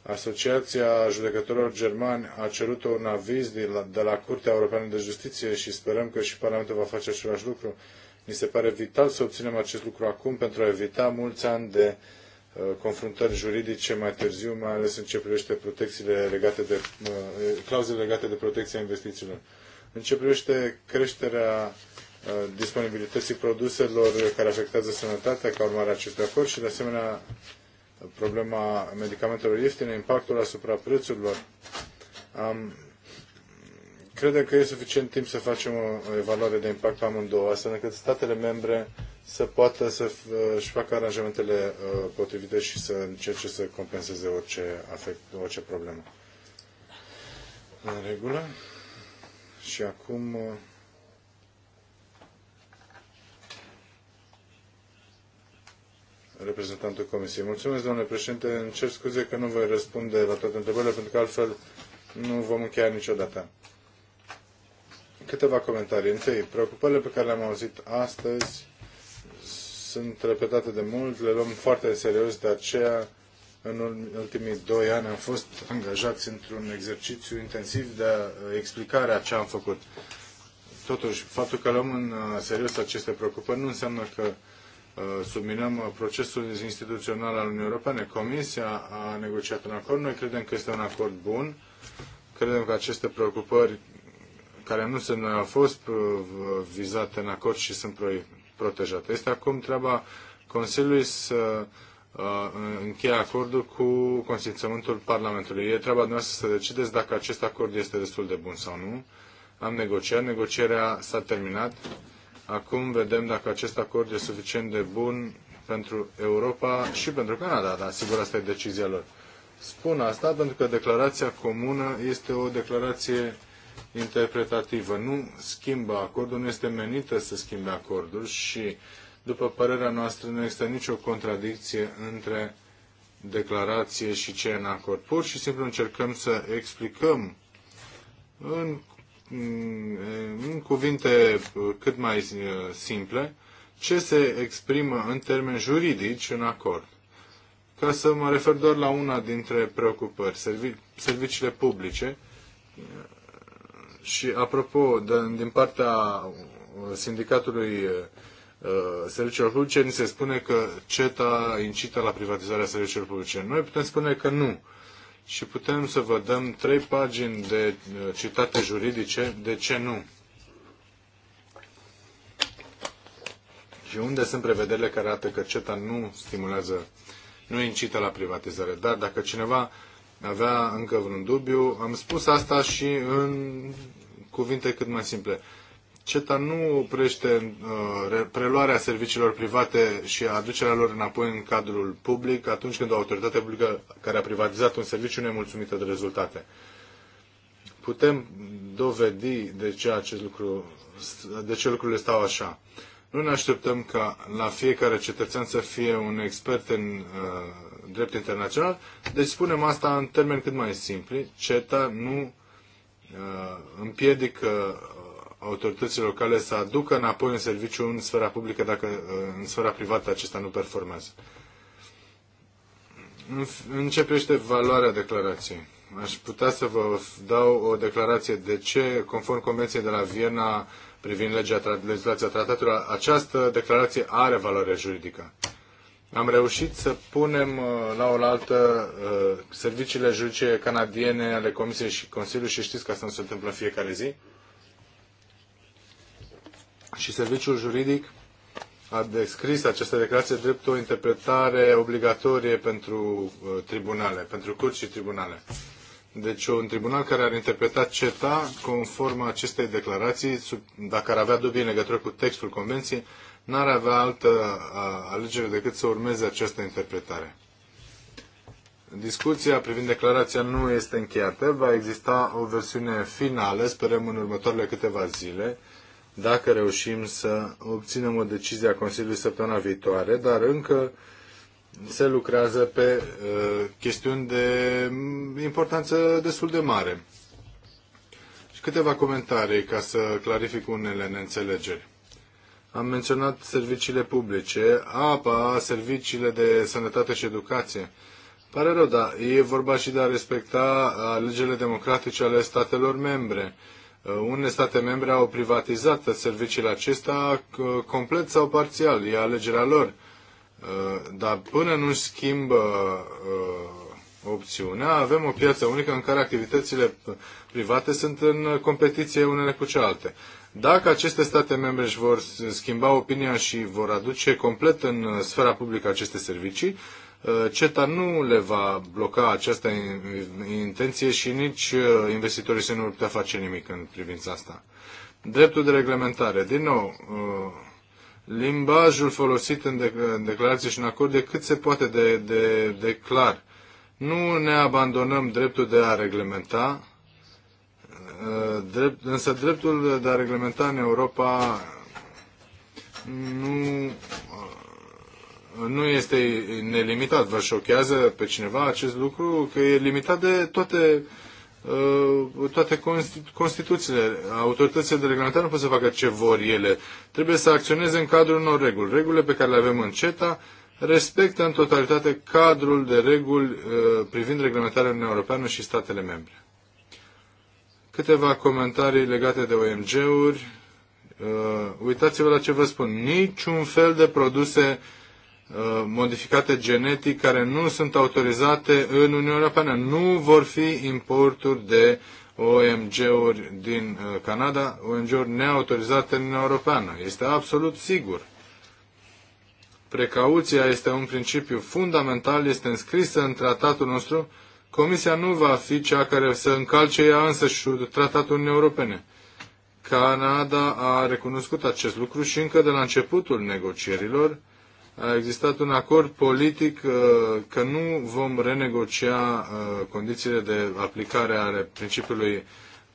Asociația judecătorilor germani a cerut un aviz de la, de la Curtea Europeană de Justiție și sperăm că și Parlamentul va face același lucru mi se pare vital să obținem acest lucru acum pentru a evita mulți ani de uh, confruntări juridice mai târziu, mai ales în ce privește protecțiile legate de, uh, clauzele legate de protecția investițiilor. În ce privește creșterea uh, disponibilității produselor care afectează sănătatea ca urmare a acestui acord și, de asemenea, problema medicamentelor ieftine, impactul asupra prețurilor. Am credem că e suficient timp să facem o evaluare de impact pe amândouă, astfel încât statele membre să poată să își facă aranjamentele uh, potrivite și să încerce să compenseze orice, afect, orice problemă. În regulă. Și acum uh, reprezentantul Comisiei. Mulțumesc, domnule președinte. Încerc cer scuze că nu voi răspunde la toate întrebările, pentru că altfel nu vom încheia niciodată. Câteva comentarii. Întâi, preocupările pe care le-am auzit astăzi sunt repetate de mult, le luăm foarte serios, de aceea în ultimii doi ani am fost angajați într-un exercițiu intensiv de explicare a uh, ce am făcut. Totuși, faptul că luăm în uh, serios aceste preocupări nu înseamnă că uh, subminăm procesul instituțional al Uniunii Europene. Comisia a negociat un acord, noi credem că este un acord bun, credem că aceste preocupări care nu sunt au fost uh, vizate în acord și sunt protejate. Este acum treaba Consiliului să uh, încheie acordul cu consimțământul Parlamentului. E treaba noastră să decideți dacă acest acord este destul de bun sau nu. Am negociat, negocierea s-a terminat. Acum vedem dacă acest acord e suficient de bun pentru Europa și pentru Canada, dar sigur asta e decizia lor. Spun asta pentru că declarația comună este o declarație interpretativă. Nu schimbă acordul, nu este menită să schimbe acordul și, după părerea noastră, nu există nicio contradicție între declarație și ce e în acord. Pur și simplu încercăm să explicăm în, mm, în cuvinte cât mai uh, simple ce se exprimă în termeni juridici în acord. Ca să mă refer doar la una dintre preocupări, serviciile publice, și apropo, de, din partea sindicatului uh, serviciilor publice, ni se spune că CETA incită la privatizarea serviciilor publice. Noi putem spune că nu. Și putem să vă dăm trei pagini de uh, citate juridice de ce nu. Și unde sunt prevederile care arată că CETA nu stimulează, nu incită la privatizare. Dar dacă cineva avea încă vreun dubiu. Am spus asta și în cuvinte cât mai simple. CETA nu oprește uh, preluarea serviciilor private și aducerea lor înapoi în cadrul public atunci când o autoritate publică care a privatizat un serviciu nu e mulțumită de rezultate. Putem dovedi de ce, acest lucru, de ce lucrurile stau așa. Nu ne așteptăm ca la fiecare cetățean să fie un expert în uh, drept internațional. Deci spunem asta în termeni cât mai simpli. CETA nu uh, împiedică uh, autoritățile locale să aducă înapoi în serviciu în sfera publică dacă uh, în sfera privată acesta nu performează. Începește valoarea declarației. Aș putea să vă dau o declarație de ce, conform Convenției de la Viena privind legea, legislația tratatului, această declarație are valoare juridică am reușit să punem uh, la oaltă uh, serviciile juridice canadiene ale Comisiei și Consiliului și știți că asta nu se întâmplă în fiecare zi. Și serviciul juridic a descris această declarație drept o interpretare obligatorie pentru uh, tribunale, pentru curți și tribunale. Deci un tribunal care ar interpreta CETA conform acestei declarații, dacă ar avea dubii în legătură cu textul convenției, n-ar avea altă alegere decât să urmeze această interpretare. Discuția privind declarația nu este încheiată, va exista o versiune finală, sperăm în următoarele câteva zile, dacă reușim să obținem o decizie a Consiliului săptămâna viitoare, dar încă se lucrează pe uh, chestiuni de importanță destul de mare. Și câteva comentarii ca să clarific unele neînțelegeri. Am menționat serviciile publice, apa, serviciile de sănătate și educație. Pare rău, dar e vorba și de a respecta legile democratice ale statelor membre. Uh, unele state membre au privatizat serviciile acestea uh, complet sau parțial, e alegerea lor. Uh, dar până nu schimbă opțiunea, avem o piață unică în care activitățile private sunt în competiție unele cu cealaltă. Dacă aceste state membre își vor schimba opinia și vor aduce complet în sfera publică aceste servicii, uh, CETA nu le va bloca această intenție și nici uh, investitorii să nu putea face nimic în privința asta. Dreptul de reglementare. Din nou, uh, limbajul folosit în, declarație și în acord e cât se poate de, de, de clar. Nu ne abandonăm dreptul de a reglementa, drept, însă dreptul de a reglementa în Europa nu, uh, nu este nelimitat. Vă șochează pe cineva acest lucru? Că e limitat de toate, uh, toate Constituțiile. Autoritățile de reglementare nu pot să facă ce vor ele. Trebuie să acționeze în cadrul unor reguli. Regulile pe care le avem în CETA respectă în totalitate cadrul de reguli uh, privind reglementarea Uniunii Europeană și statele membre. Câteva comentarii legate de OMG-uri. Uh, uitați-vă la ce vă spun. Niciun fel de produse uh, modificate genetic care nu sunt autorizate în Uniunea Europeană. Nu vor fi importuri de OMG-uri din uh, Canada, OMG-uri neautorizate în Uniunea Europeană. Este absolut sigur. Precauția este un principiu fundamental, este înscrisă în tratatul nostru Comisia nu va fi cea care să încalce ea însăși tratatul Uniunii Europene. Canada a recunoscut acest lucru și încă de la începutul negocierilor a existat un acord politic uh, că nu vom renegocia uh, condițiile de aplicare ale principiului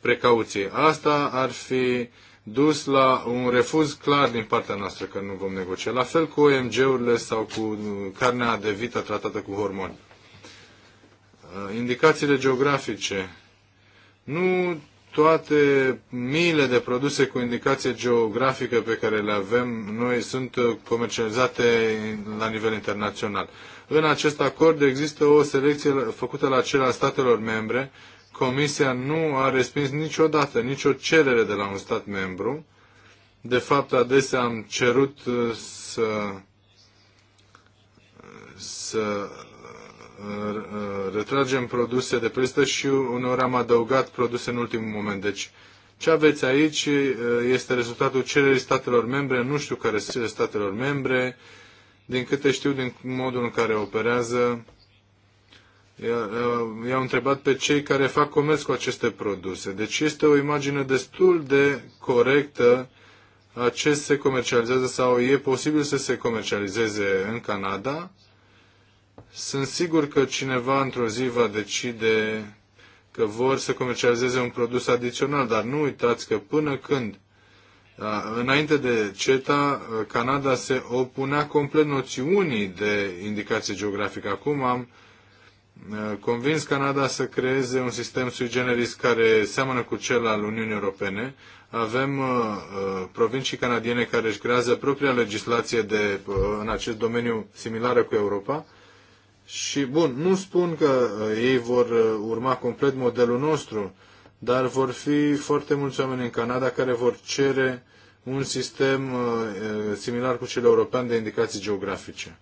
precauției. Asta ar fi dus la un refuz clar din partea noastră că nu vom negocia. La fel cu OMG-urile sau cu carnea de vită tratată cu hormoni. Uh, indicațiile geografice. Nu toate miile de produse cu indicație geografică pe care le avem noi sunt uh, comercializate la nivel internațional. În acest acord există o selecție făcută la cele a statelor membre. Comisia nu a respins niciodată nicio cerere de la un stat membru. De fapt, adesea am cerut uh, să, să retragem produse de pe și uneori am adăugat produse în ultimul moment. Deci ce aveți aici este rezultatul cererii statelor membre, nu știu care sunt statelor membre, din câte știu din modul în care operează, i-au întrebat pe cei care fac comerț cu aceste produse. Deci este o imagine destul de corectă a ce se comercializează sau e posibil să se comercializeze în Canada sunt sigur că cineva într-o zi va decide că vor să comercializeze un produs adițional, dar nu uitați că până când, înainte de CETA, Canada se opunea complet noțiunii de indicație geografică. Acum am convins Canada să creeze un sistem sui generis care seamănă cu cel al Uniunii Europene. Avem uh, provincii canadiene care își creează propria legislație de, uh, în acest domeniu similară cu Europa și bun, nu spun că uh, ei vor uh, urma complet modelul nostru, dar vor fi foarte mulți oameni în Canada care vor cere un sistem uh, similar cu cel european de indicații geografice.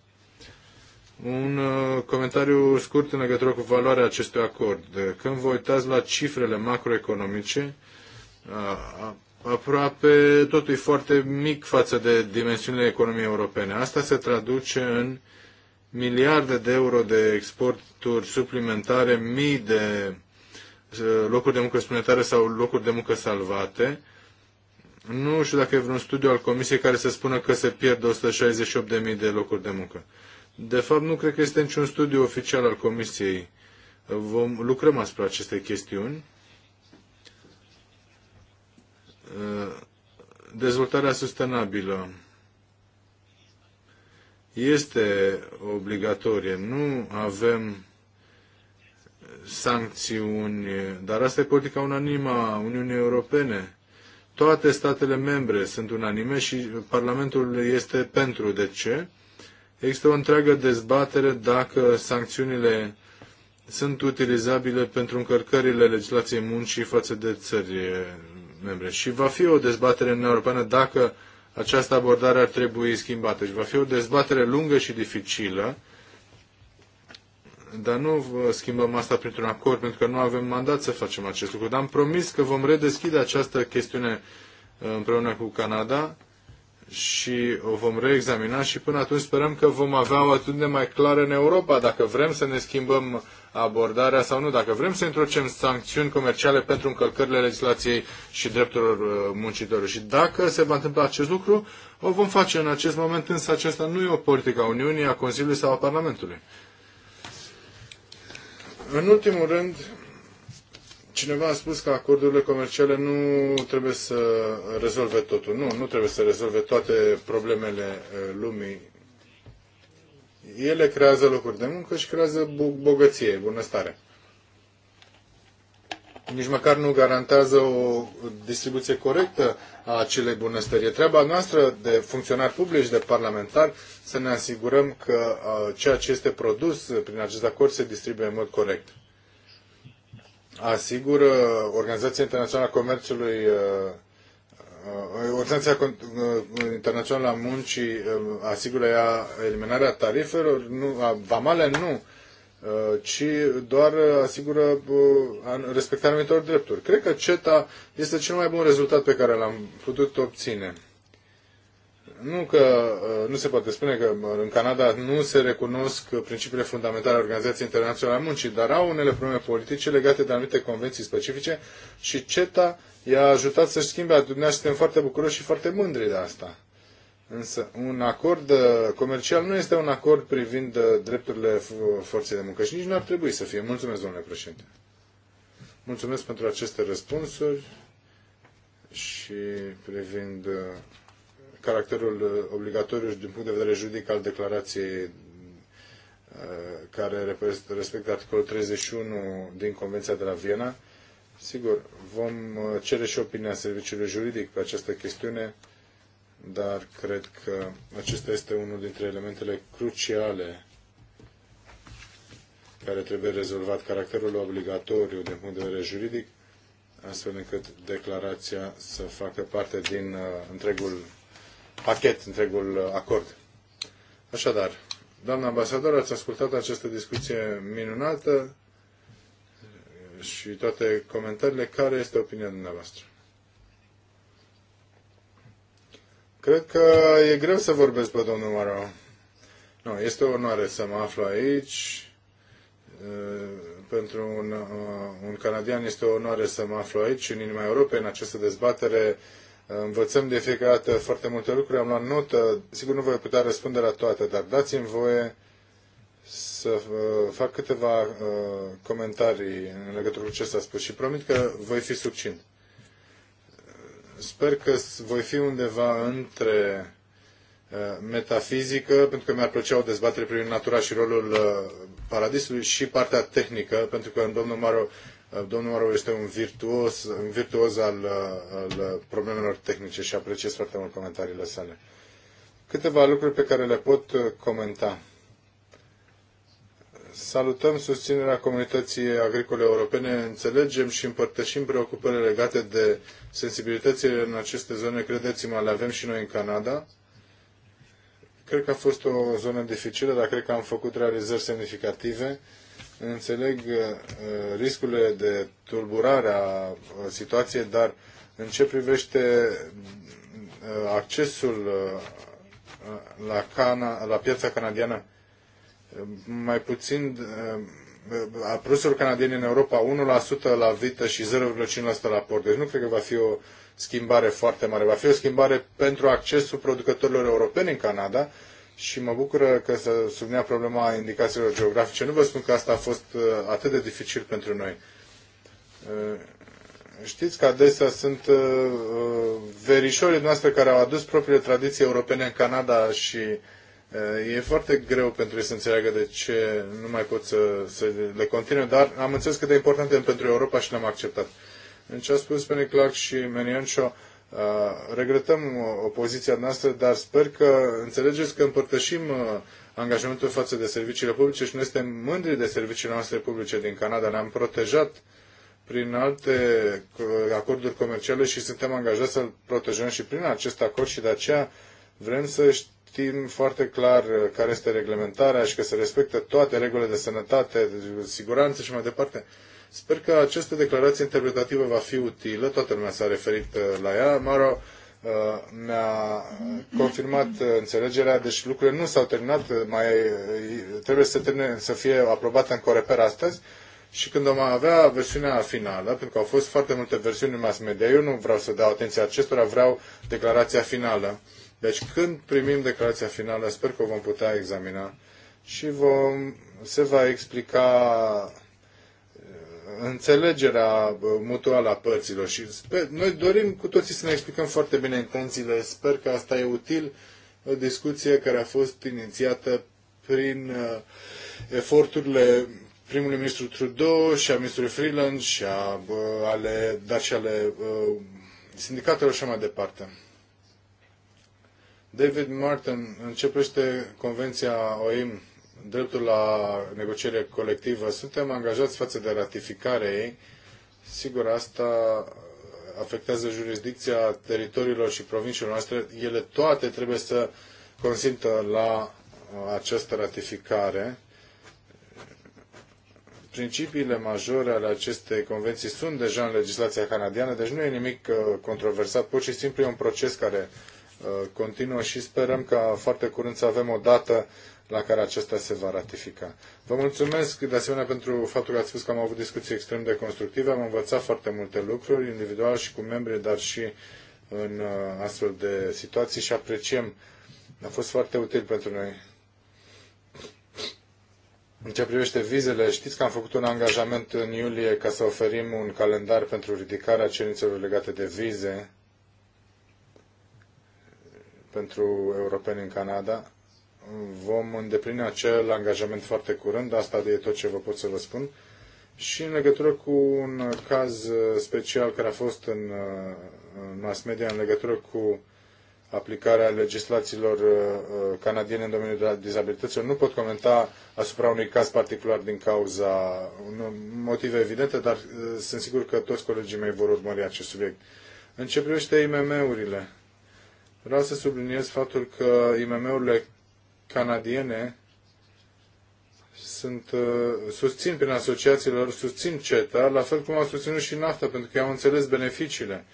Un comentariu scurt în legătură cu valoarea acestui acord. Când vă uitați la cifrele macroeconomice, aproape totul e foarte mic față de dimensiunile economiei europene. Asta se traduce în miliarde de euro de exporturi suplimentare, mii de uh, locuri de muncă suplimentare sau locuri de muncă salvate. Nu știu dacă e vreun studiu al Comisiei care să spună că se pierd 168.000 de locuri de muncă. De fapt, nu cred că este niciun studiu oficial al Comisiei. Vom, lucrăm asupra acestei chestiuni. Uh, dezvoltarea sustenabilă este obligatorie. Nu avem sancțiuni, dar asta e politica unanimă a Uniunii Europene. Toate statele membre sunt unanime și Parlamentul este pentru. De ce? Există o întreagă dezbatere dacă sancțiunile sunt utilizabile pentru încărcările legislației muncii față de țări membre. Și va fi o dezbatere în Europeană dacă această abordare ar trebui schimbată. Și va fi o dezbatere lungă și dificilă, dar nu schimbăm asta printr-un acord, pentru că nu avem mandat să facem acest lucru. Dar am promis că vom redeschide această chestiune uh, împreună cu Canada și o vom reexamina și până atunci sperăm că vom avea o atitudine mai clară în Europa dacă vrem să ne schimbăm abordarea sau nu, dacă vrem să introducem sancțiuni comerciale pentru încălcările legislației și drepturilor uh, muncitorilor. Și dacă se va întâmpla acest lucru, o vom face în acest moment, însă aceasta nu e o politică a Uniunii, a Consiliului sau a Parlamentului. În ultimul rând, Cineva a spus că acordurile comerciale nu trebuie să rezolve totul. Nu, nu trebuie să rezolve toate problemele lumii. Ele creează locuri de muncă și creează bogăție, bunăstare. Nici măcar nu garantează o distribuție corectă a acelei bunăstări. E treaba noastră de funcționari publici, de parlamentari, să ne asigurăm că ceea ce este produs prin acest acord se distribuie în mod corect. Asigur Organizația Internațională a Comerțului uh, uh, uh, Organizația Internațională a Muncii asigură ea eliminarea tarifelor, nu, a vamale nu, ci doar asigură respectarea anumitor drepturi. Cred că CETA este cel mai bun rezultat pe care l-am putut obține. Nu că uh, nu se poate spune că în Canada nu se recunosc principiile fundamentale ale Organizației Internaționale a Muncii, dar au unele probleme politice legate de anumite convenții specifice și CETA i-a ajutat să-și schimbe atitudinea și suntem foarte bucuroși și foarte mândri de asta. Însă un acord uh, comercial nu este un acord privind uh, drepturile forței de muncă și nici nu ar trebui să fie. Mulțumesc, domnule președinte. Mulțumesc pentru aceste răspunsuri și privind caracterul uh, obligatoriu din punct de vedere juridic al declarației uh, care respectă articolul 31 din Convenția de la Viena. Sigur, vom uh, cere și opinia serviciului juridic pe această chestiune, dar cred că acesta este unul dintre elementele cruciale care trebuie rezolvat caracterul obligatoriu din punct de vedere juridic, astfel încât declarația să facă parte din uh, întregul pachet, întregul acord. Așadar, doamna ambasador, ați ascultat această discuție minunată și toate comentariile. Care este opinia dumneavoastră? Cred că e greu să vorbesc pe domnul Marau. Nu, este o onoare să mă aflu aici. Uh, pentru un, uh, un canadian este o onoare să mă aflu aici, în inima Europei, în această dezbatere Învățăm de fiecare dată foarte multe lucruri, am luat notă, sigur nu voi putea răspunde la toate, dar dați-mi voie să uh, fac câteva uh, comentarii în legătură cu ce s-a spus și promit că voi fi succint. Sper că voi fi undeva între uh, metafizică, pentru că mi-ar plăcea o dezbatere privind natura și rolul paradisului și partea tehnică, pentru că domnul Maro Domnul Maro este un virtuos, un virtuos al, al problemelor tehnice și apreciez foarte mult comentariile sale. Câteva lucruri pe care le pot uh, comenta. Salutăm susținerea comunității agricole europene, înțelegem și împărtășim preocupările legate de sensibilitățile în aceste zone, credeți-mă, le avem și noi în Canada. Cred că a fost o zonă dificilă, dar cred că am făcut realizări semnificative înțeleg uh, riscurile de tulburare a uh, situației, dar în ce privește uh, accesul la, cana, la piața canadiană, mai puțin a produselor canadiene în Europa 1% la vită și 0,5% la port. Deci nu cred că va fi o schimbare foarte mare. Va fi o schimbare pentru accesul producătorilor europeni în Canada, și mă bucură că se sublinea problema indicațiilor geografice. Nu vă spun că asta a fost uh, atât de dificil pentru noi. Uh, știți că adesea sunt uh, verișorii noastre care au adus propriile tradiții europene în Canada și e foarte greu pentru ei să înțeleagă de ce nu mai pot să, să le continue, dar am înțeles cât de importante pentru Europa și le-am acceptat. Deci a spus Penny Clark și Meniancio, Uh, regretăm uh, opoziția noastră, dar sper că înțelegeți că împărtășim uh, angajamentul față de serviciile publice și noi suntem mândri de serviciile noastre publice din Canada. Ne-am protejat prin alte acorduri comerciale și suntem angajați să-l protejăm și prin acest acord și de aceea vrem să știm foarte clar care este reglementarea și că se respectă toate regulile de sănătate, de siguranță și mai departe. Sper că această declarație interpretativă va fi utilă, toată lumea s-a referit uh, la ea. Maro uh, mi-a confirmat uh, înțelegerea, deci lucrurile nu s-au terminat, mai trebuie să, termine, să fie aprobată în Coreper astăzi și când mai avea versiunea finală, pentru că au fost foarte multe versiuni în mass media, eu nu vreau să dau atenție acestora, vreau declarația finală. Deci când primim declarația finală, sper că o vom putea examina și vom, se va explica înțelegerea mutuală a părților și sper, noi dorim cu toții să ne explicăm foarte bine intențiile. Sper că asta e util. O discuție care a fost inițiată prin uh, eforturile primului ministru Trudeau și a ministrului Freeland și a, ale, dar și ale sindicatelor și mai departe. David Martin începește convenția OIM dreptul la negociere colectivă, suntem angajați față de ratificare. ei. Sigur, asta afectează jurisdicția teritoriilor și provinciilor noastre. Ele toate trebuie să consimtă la uh, această ratificare. Principiile majore ale acestei convenții sunt deja în legislația canadiană, deci nu e nimic uh, controversat, pur și simplu e un proces care uh, continuă și sperăm ca foarte curând să avem o dată la care acesta se va ratifica. Vă mulțumesc de asemenea pentru faptul că ați spus că am avut discuții extrem de constructive, am învățat foarte multe lucruri, individual și cu membrii, dar și în uh, astfel de situații și apreciem. A fost foarte util pentru noi. În ce privește vizele, știți că am făcut un angajament în iulie ca să oferim un calendar pentru ridicarea cerințelor legate de vize pentru europeni în Canada vom îndeplini acel angajament foarte curând, asta e tot ce vă pot să vă spun. Și în legătură cu un caz special care a fost în mass media, în legătură cu aplicarea legislațiilor uh, uh, canadiene în domeniul dizabilităților, nu pot comenta asupra unui caz particular din cauza unor motive evidente, dar uh, sunt sigur că toți colegii mei vor urmări acest subiect. În ce privește IMM-urile, vreau să subliniez faptul că IMM-urile canadiene sunt, uh, susțin prin asociațiile lor, susțin CETA, la fel cum au susținut și NAFTA, pentru că au înțeles beneficiile.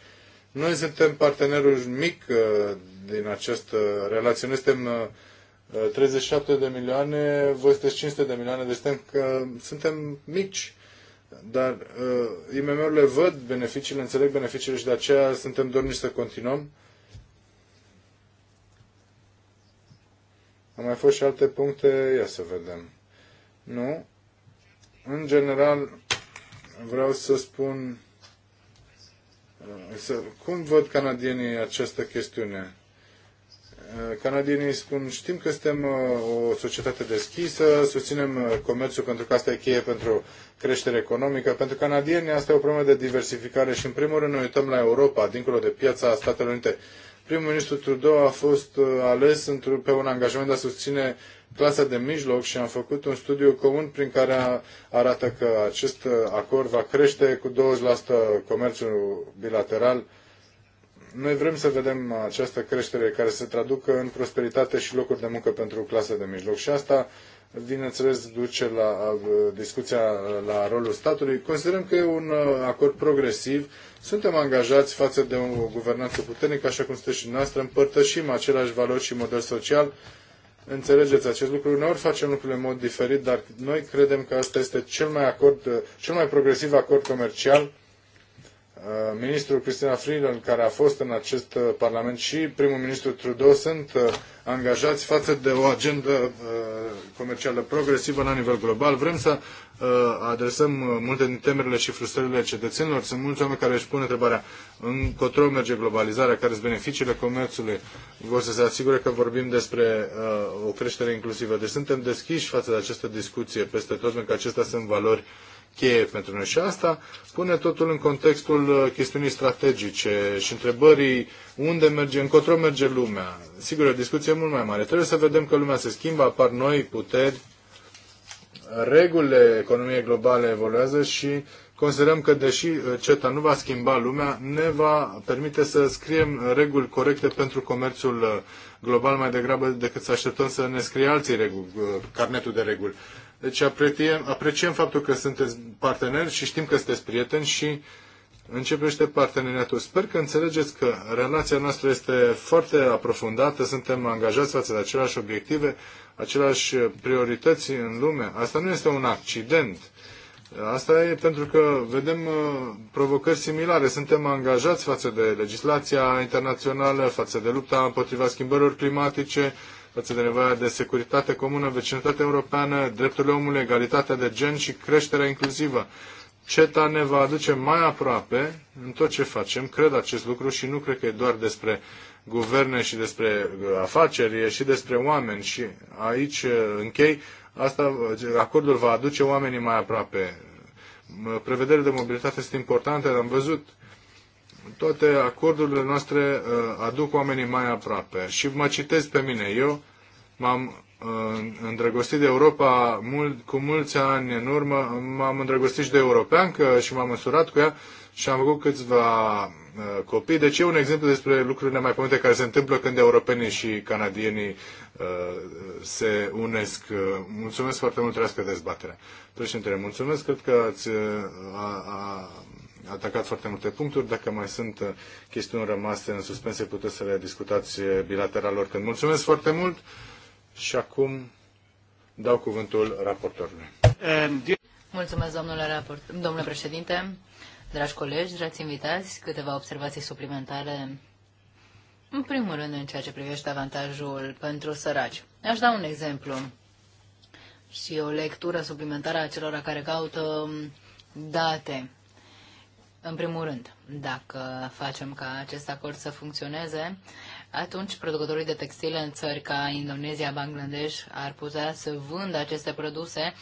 Noi suntem partenerul mic uh, din această relație. Noi suntem 37 uh, de milioane, voi sunteți 500 de milioane, deci suntem, că, suntem mici. Dar uh, IMM-urile văd beneficiile, înțeleg beneficiile și de aceea suntem dorniți să continuăm. Au mai fost și alte puncte, ia să vedem. Nu? În general, vreau să spun să, cum văd canadienii această chestiune. Canadienii spun, știm că suntem o societate deschisă, susținem comerțul pentru că asta e cheie pentru creștere economică. Pentru canadieni asta e o problemă de diversificare și în primul rând ne uităm la Europa, dincolo de piața Statelor Unite. Primul ministru Trudeau a fost uh, ales pe un angajament de a susține clasa de mijloc și am făcut un studiu comun prin care arată că acest uh, acord va crește cu 20% comerțul bilateral. Noi vrem să vedem această creștere care se traducă în prosperitate și locuri de muncă pentru clasa de mijloc și asta bineînțeles, duce la discuția la rolul statului. Considerăm că e un acord progresiv. Suntem angajați față de o guvernanță puternică, așa cum sunteți și noastră, împărtășim aceleași valori și model social. Înțelegeți acest lucru. Uneori facem lucrurile în mod diferit, dar noi credem că asta este cel mai, acord, cel mai progresiv acord comercial Uh, ministrul Cristina Freeland, care a fost în acest uh, Parlament, și primul ministru Trudeau sunt uh, angajați față de o agendă comercială progresivă la nivel global. Vrem să adresăm multe din temerile și frustrările cetățenilor. Sunt mulți oameni care își pun întrebarea încotro merge globalizarea, care sunt beneficiile comerțului. Vor să se asigure că vorbim despre o creștere inclusivă. Deci suntem deschiși față de această discuție peste tot, pentru că acestea sunt valori uh, cheie pentru noi. Și asta pune totul în contextul uh, chestiunii strategice și întrebării unde merge, încotro merge lumea. Sigur, o discuție mult mai mare. Trebuie să vedem că lumea se schimbă, apar noi puteri, regulile economiei globale evoluează și considerăm că deși uh, CETA nu va schimba lumea, ne va permite să scriem reguli corecte pentru comerțul uh, global mai degrabă decât să așteptăm să ne scrie alții reguli, carnetul de reguli. Deci apreciem, apreciem faptul că sunteți parteneri și știm că sunteți prieteni și începește parteneriatul. Sper că înțelegeți că relația noastră este foarte aprofundată, suntem angajați față de aceleași obiective, aceleași priorități în lume. Asta nu este un accident. Asta e pentru că vedem uh, provocări similare. Suntem angajați față de legislația internațională, față de lupta împotriva schimbărilor climatice, față de nevoia de securitate comună, vecinătate europeană, drepturile omului, egalitatea de gen și creșterea inclusivă. CETA ne va aduce mai aproape în tot ce facem, cred acest lucru și nu cred că e doar despre guverne și despre uh, afaceri, e și despre oameni și aici uh, închei, asta, uh, acordul va aduce oamenii mai aproape. Prevederile de mobilitate sunt importante, am văzut toate acordurile noastre uh, aduc oamenii mai aproape și mă citesc pe mine. Eu m-am uh, îndrăgostit de Europa mult, cu mulți ani în urmă, m-am îndrăgostit și de european că, și m-am măsurat cu ea și am făcut câțiva uh, copii. Deci e un exemplu despre lucrurile mai pământe care se întâmplă când europenii și canadienii uh, se unesc. Mulțumesc foarte mult, trească dezbaterea. Președintele, mulțumesc, cred că ați, uh, a, a, atacat foarte multe puncturi. Dacă mai sunt uh, chestiuni rămase în suspensie, puteți să le discutați uh, bilateral oricând. Mulțumesc foarte mult și acum dau cuvântul raportorului. Um, Mulțumesc, domnule, raport, domnule președinte, dragi colegi, dragi invitați, câteva observații suplimentare. În primul rând, în ceea ce privește avantajul pentru săraci. Aș da un exemplu și o lectură suplimentară a celor care caută um, date în primul rând, dacă facem ca acest acord să funcționeze, atunci producătorii de textile în țări ca Indonezia, Bangladesh ar putea să vândă aceste produse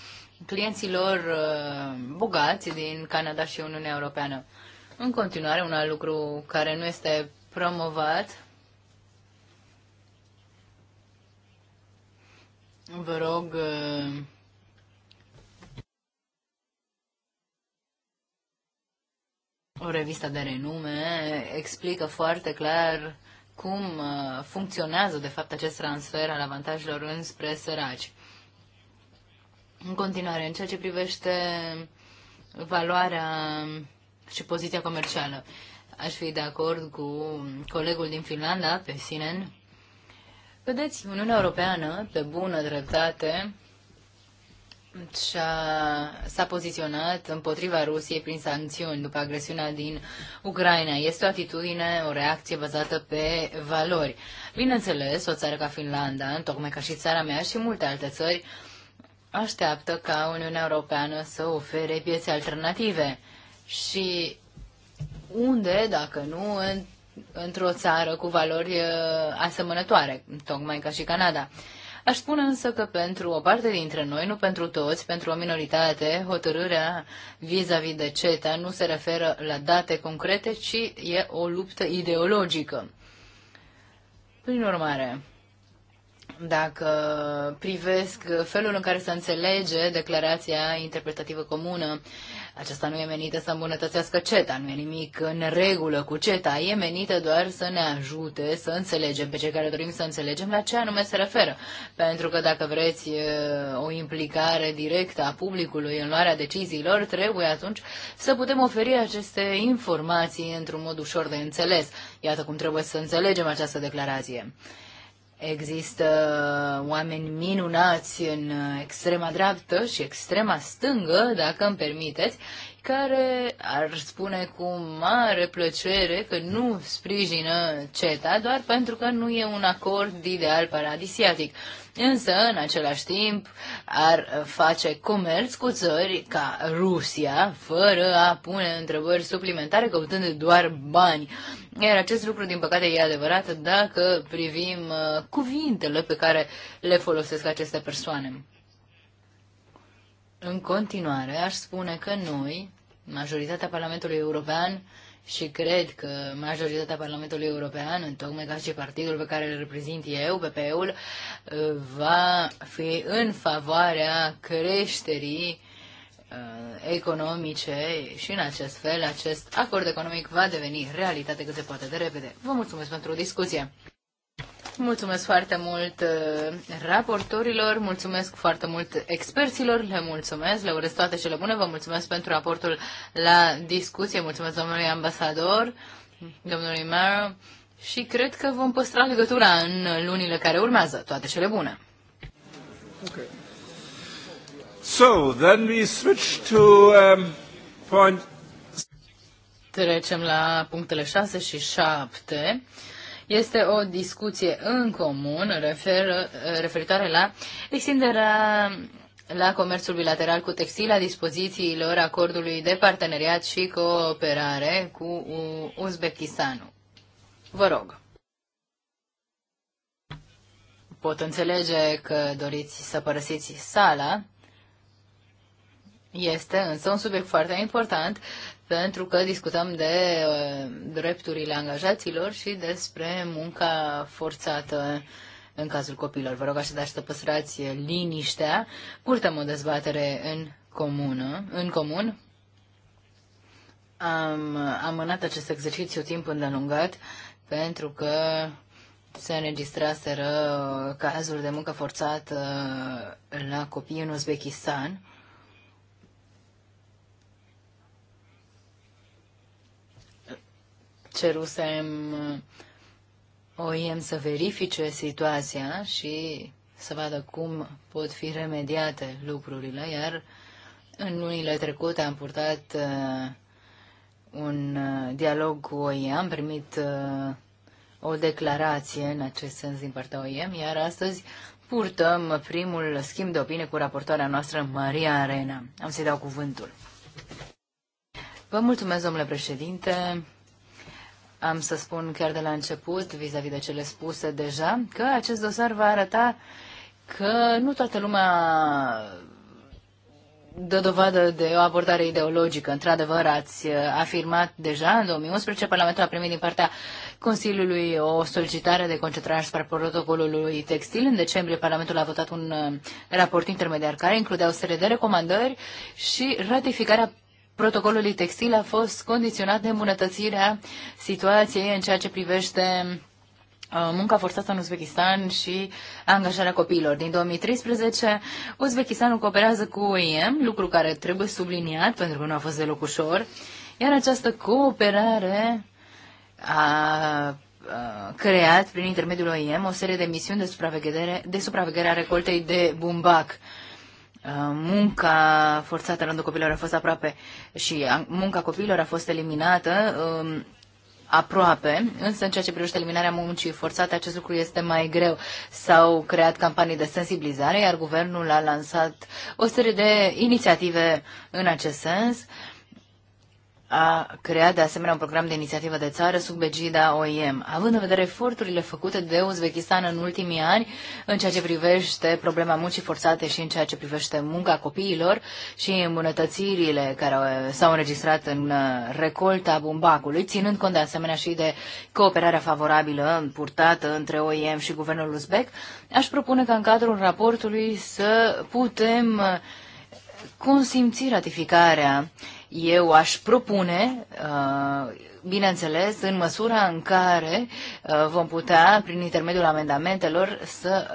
clienților uh, bogați din Canada și Uniunea Europeană. În continuare, un alt lucru care nu este promovat, vă rog uh, o revistă de renume, explică foarte clar cum uh, funcționează, de fapt, acest transfer al avantajelor înspre săraci. În continuare, în ceea ce privește valoarea și poziția comercială, aș fi de acord cu colegul din Finlanda, pe Sinen. Vedeți, Uniunea Europeană, pe bună dreptate, s-a poziționat împotriva Rusiei prin sancțiuni după agresiunea din Ucraina. Este o atitudine, o reacție bazată pe valori. Bineînțeles, o țară ca Finlanda, tocmai ca și țara mea și multe alte țări, așteaptă ca Uniunea Europeană să ofere piețe alternative. Și unde, dacă nu, în, într-o țară cu valori uh, asemănătoare, tocmai ca și Canada. Aș spune însă că pentru o parte dintre noi, nu pentru toți, pentru o minoritate, hotărârea vis-a-vis -vis de CETA nu se referă la date concrete, ci e o luptă ideologică. Prin urmare, dacă privesc felul în care se înțelege declarația interpretativă comună, aceasta nu e menită să îmbunătățească CETA, nu e nimic în regulă cu CETA, e menită doar să ne ajute să înțelegem pe cei care dorim să înțelegem la ce anume se referă. Pentru că dacă vreți o implicare directă a publicului în luarea deciziilor, trebuie atunci să putem oferi aceste informații într-un mod ușor de înțeles. Iată cum trebuie să înțelegem această declarație. Există oameni minunați în extrema dreaptă și extrema stângă, dacă îmi permiteți, care ar spune cu mare plăcere că nu sprijină CETA doar pentru că nu e un acord ideal paradisiatic. Însă, în același timp, ar face comerț cu țări ca Rusia, fără a pune întrebări suplimentare, căutând doar bani. Iar acest lucru, din păcate, e adevărat dacă privim uh, cuvintele pe care le folosesc aceste persoane. În continuare, aș spune că noi, majoritatea Parlamentului European și cred că majoritatea Parlamentului European, în tocmai ca și partidul pe care îl reprezint eu, pp ul va fi în favoarea creșterii uh, economice și în acest fel acest acord economic va deveni realitate cât se poate de repede. Vă mulțumesc pentru discuție! Mulțumesc foarte mult uh, raportorilor, mulțumesc foarte mult experților, le mulțumesc, le urez toate cele bune, vă mulțumesc pentru raportul la discuție, mulțumesc domnului ambasador, domnului Mara și cred că vom păstra legătura în lunile care urmează. Toate cele bune! Okay. So, then we switch to um, point... Trecem la punctele 6 și 7 este o discuție în comun refer, referitoare la extinderea la comerțul bilateral cu textil, a dispozițiilor acordului de parteneriat și cooperare cu Uzbekistanul. Vă rog. Pot înțelege că doriți să părăsiți sala. Este însă un subiect foarte important pentru că discutăm de uh, drepturile angajaților și despre munca forțată în cazul copilor. Vă rog așadar să păstrați liniștea. Purtăm o dezbatere în comună, în comun. Am amânat acest exercițiu timp îndelungat pentru că se înregistraseră cazuri de muncă forțată la copii în Uzbekistan cerusem OIM să verifice situația și să vadă cum pot fi remediate lucrurile, iar în lunile trecute am purtat uh, un uh, dialog cu OIM, am primit uh, o declarație în acest sens din partea OIM, iar astăzi purtăm primul schimb de opinie cu raportoarea noastră, Maria Arena. Am să-i dau cuvântul. Vă mulțumesc, domnule președinte. Am să spun chiar de la început, vis-a-vis -vis de cele spuse deja, că acest dosar va arăta că nu toată lumea dă dovadă de o abordare ideologică. Într-adevăr, ați uh, afirmat deja în 2011, Parlamentul a primit din partea Consiliului o solicitare de concentrare asupra protocolului textil. În decembrie, Parlamentul a votat un uh, raport intermediar care includea o serie de recomandări și ratificarea protocolului textil a fost condiționat de îmbunătățirea situației în ceea ce privește uh, munca forțată în Uzbekistan și angajarea copiilor. Din 2013, Uzbekistanul cooperează cu OIM, lucru care trebuie subliniat pentru că nu a fost deloc ușor, iar această cooperare a creat prin intermediul OIM o serie de misiuni de supraveghere, de supraveghere a recoltei de bumbac. Uh, munca forțată rândul copiilor a fost aproape și uh, munca copiilor a fost eliminată um, aproape, însă în ceea ce privește eliminarea muncii forțate, acest lucru este mai greu. S-au creat campanii de sensibilizare, iar guvernul a lansat o serie de inițiative în acest sens. Uh, a creat de asemenea un program de inițiativă de țară sub egida OIM, având în vedere eforturile făcute de Uzbekistan în ultimii ani în ceea ce privește problema muncii forțate și în ceea ce privește munca copiilor și îmbunătățirile care s-au înregistrat în uh, recolta bumbacului, ținând cont de asemenea și de cooperarea favorabilă purtată între OIM și guvernul uzbek, aș propune ca în cadrul raportului să putem uh, consimți ratificarea eu aș propune, uh, bineînțeles, în măsura în care uh, vom putea, prin intermediul amendamentelor, să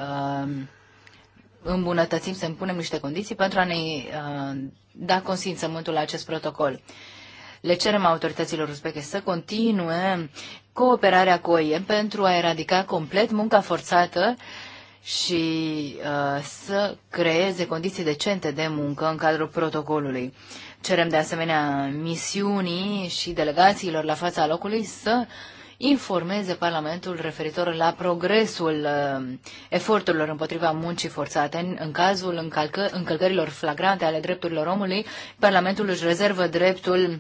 uh, îmbunătățim, să impunem niște condiții pentru a ne da consimțământul la acest protocol. Le cerem autorităților uzbeke să continue cooperarea cu OIM pentru a eradica complet munca forțată și uh, să creeze condiții decente de muncă în cadrul protocolului. Cerem de asemenea misiunii și delegațiilor la fața locului să informeze Parlamentul referitor la progresul uh, eforturilor împotriva muncii forțate. În, în cazul încălcă, încălcărilor flagrante ale drepturilor omului, Parlamentul își rezervă dreptul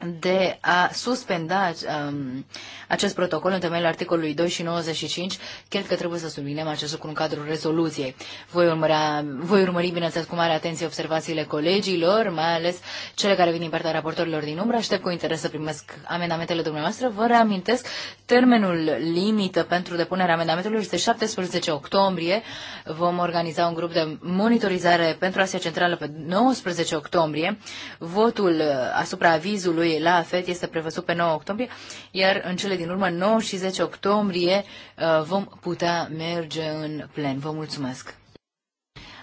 de a suspenda um, acest protocol în temeiul articolului 2 și 95, cred că trebuie să subliniem acest lucru în cadrul rezoluției. Voi, urmăra, voi urmări, bineînțeles, cu mare atenție observațiile colegilor, mai ales cele care vin din partea raportorilor din umbră. Aștept cu interes să primesc amendamentele dumneavoastră. Vă reamintesc, termenul limită pentru depunerea amendamentelor este 17 octombrie. Vom organiza un grup de monitorizare pentru Asia Centrală pe 19 octombrie. Votul uh, asupra avizului raportului la AFET este prevăzut pe 9 octombrie, iar în cele din urmă, 9 și 10 octombrie, uh, vom putea merge în plen. Vă mulțumesc!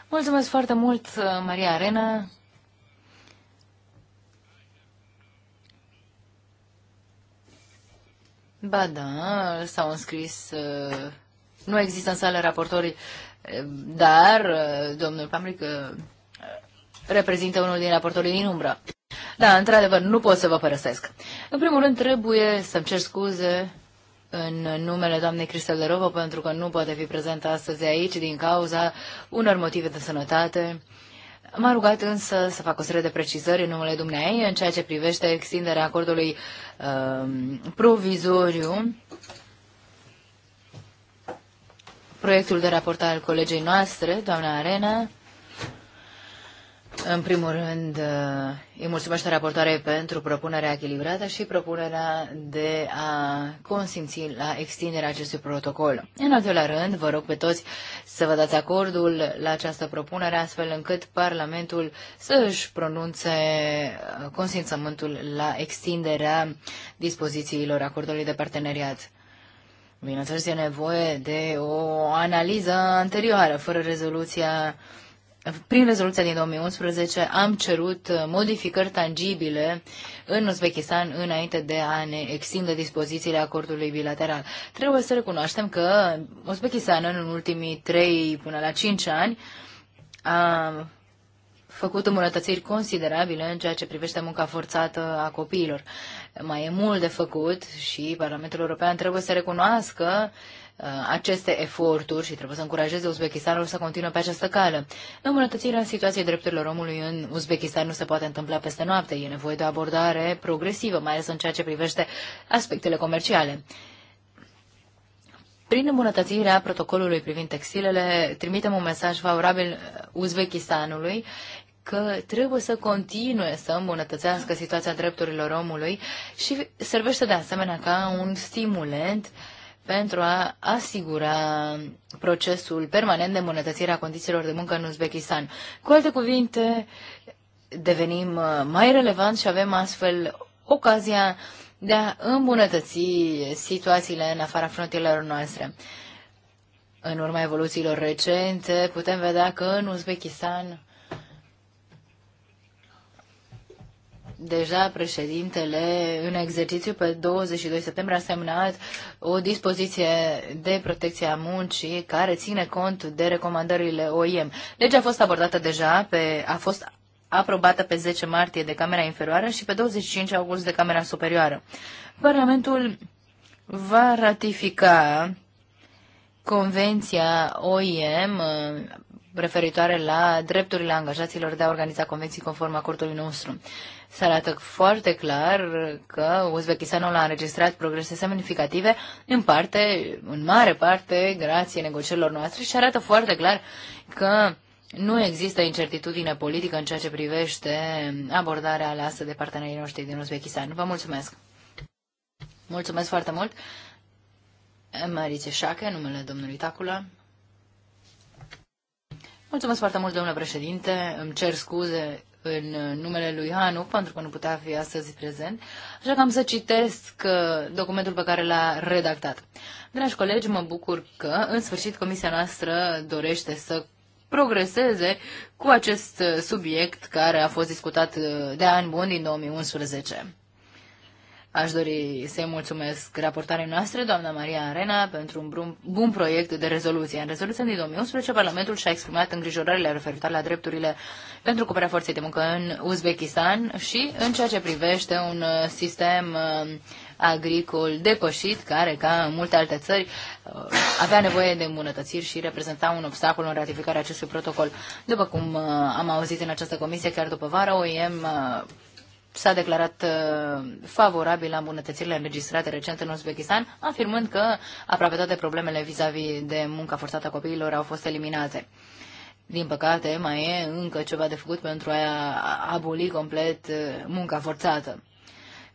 Mulțumesc foarte mult, uh, Maria Arena! Ba da, s-au înscris. Uh, nu există în sală raportorii, dar domnul Pamric reprezintă unul din raportorii din umbră. Da, într-adevăr, nu pot să vă părăsesc. În primul rând, trebuie să-mi cer scuze în numele doamnei Cristelerova pentru că nu poate fi prezentă astăzi aici din cauza unor motive de sănătate. M-a rugat însă să fac o serie de precizări în numele dumneai în ceea ce privește extinderea acordului uh, provizoriu. Proiectul de raportare al colegei noastre, doamna Arena, în primul rând, uh, îi mulțumesc raportoare pentru propunerea echilibrată și propunerea de a consimți la extinderea acestui protocol. În al doilea rând, vă rog pe toți să vă dați acordul la această propunere, astfel încât Parlamentul să își pronunțe uh, consimțământul la extinderea dispozițiilor acordului de parteneriat. Bineînțeles, e nevoie de o analiză anterioară, fără rezoluția prin rezoluția din 2011 am cerut uh, modificări tangibile în Uzbekistan înainte de a ne extinde dispozițiile acordului bilateral. Trebuie să recunoaștem că Uzbekistan în ultimii 3 până la 5 ani a făcut îmbunătățiri considerabile în ceea ce privește munca forțată a copiilor mai e mult de făcut și Parlamentul European trebuie să recunoască uh, aceste eforturi și trebuie să încurajeze Uzbekistanul să continue pe această cale. Îmbunătățirea situației drepturilor omului în Uzbekistan nu se poate întâmpla peste noapte. E nevoie de o abordare progresivă, mai ales în ceea ce privește aspectele comerciale. Prin îmbunătățirea protocolului privind textilele, trimitem un mesaj favorabil uh, Uzbekistanului, că trebuie să continue să îmbunătățească situația drepturilor omului și servește de asemenea ca un stimulent pentru a asigura procesul permanent de îmbunătățire a condițiilor de muncă în Uzbekistan. Cu alte cuvinte, devenim uh, mai relevanți și avem astfel ocazia de a îmbunătăți situațiile în afara frontierelor noastre. În urma evoluțiilor recente, putem vedea că în Uzbekistan Deja președintele în exercițiu pe 22 septembrie a semnat o dispoziție de protecție a muncii care ține cont de recomandările OIM. Legea a fost abordată deja, pe, a fost aprobată pe 10 martie de Camera Inferioară și pe 25 august de Camera Superioară. Parlamentul va ratifica Convenția OIM referitoare la drepturile angajaților de a organiza convenții conform acordului nostru se arată foarte clar că Uzbekistanul a înregistrat progrese semnificative, în parte, în mare parte, grație negocierilor noastre și arată foarte clar că nu există incertitudine politică în ceea ce privește abordarea aleasă de partenerii noștri din Uzbekistan. Vă mulțumesc! Mulțumesc foarte mult! Marice Șache, numele domnului Tacula. Mulțumesc foarte mult, domnule președinte. Îmi cer scuze în uh, numele lui Hanu, pentru că nu putea fi astăzi prezent, așa că am să citesc uh, documentul pe care l-a redactat. Dragi colegi, mă bucur că, în sfârșit, comisia noastră dorește să progreseze cu acest uh, subiect care a fost discutat de ani buni din 2011. Aș dori să-i mulțumesc raportarea noastre, doamna Maria Arena, pentru un bun, proiect de rezoluție. În rezoluția din 2011, Parlamentul și-a exprimat îngrijorările referitoare la drepturile pentru ocuparea forței de muncă în Uzbekistan și în ceea ce privește un uh, sistem uh, agricol depășit, care, ca în multe alte țări, uh, avea nevoie de îmbunătățiri și reprezenta un obstacol în ratificarea acestui protocol. După cum am auzit în această comisie, chiar după vară, OIM s-a declarat uh, favorabil la îmbunătățirile înregistrate recent în Uzbekistan, afirmând că aproape toate problemele vis-a-vis -vis de munca forțată a copiilor au fost eliminate. Din păcate, mai e încă ceva de făcut pentru a aboli complet uh, munca forțată.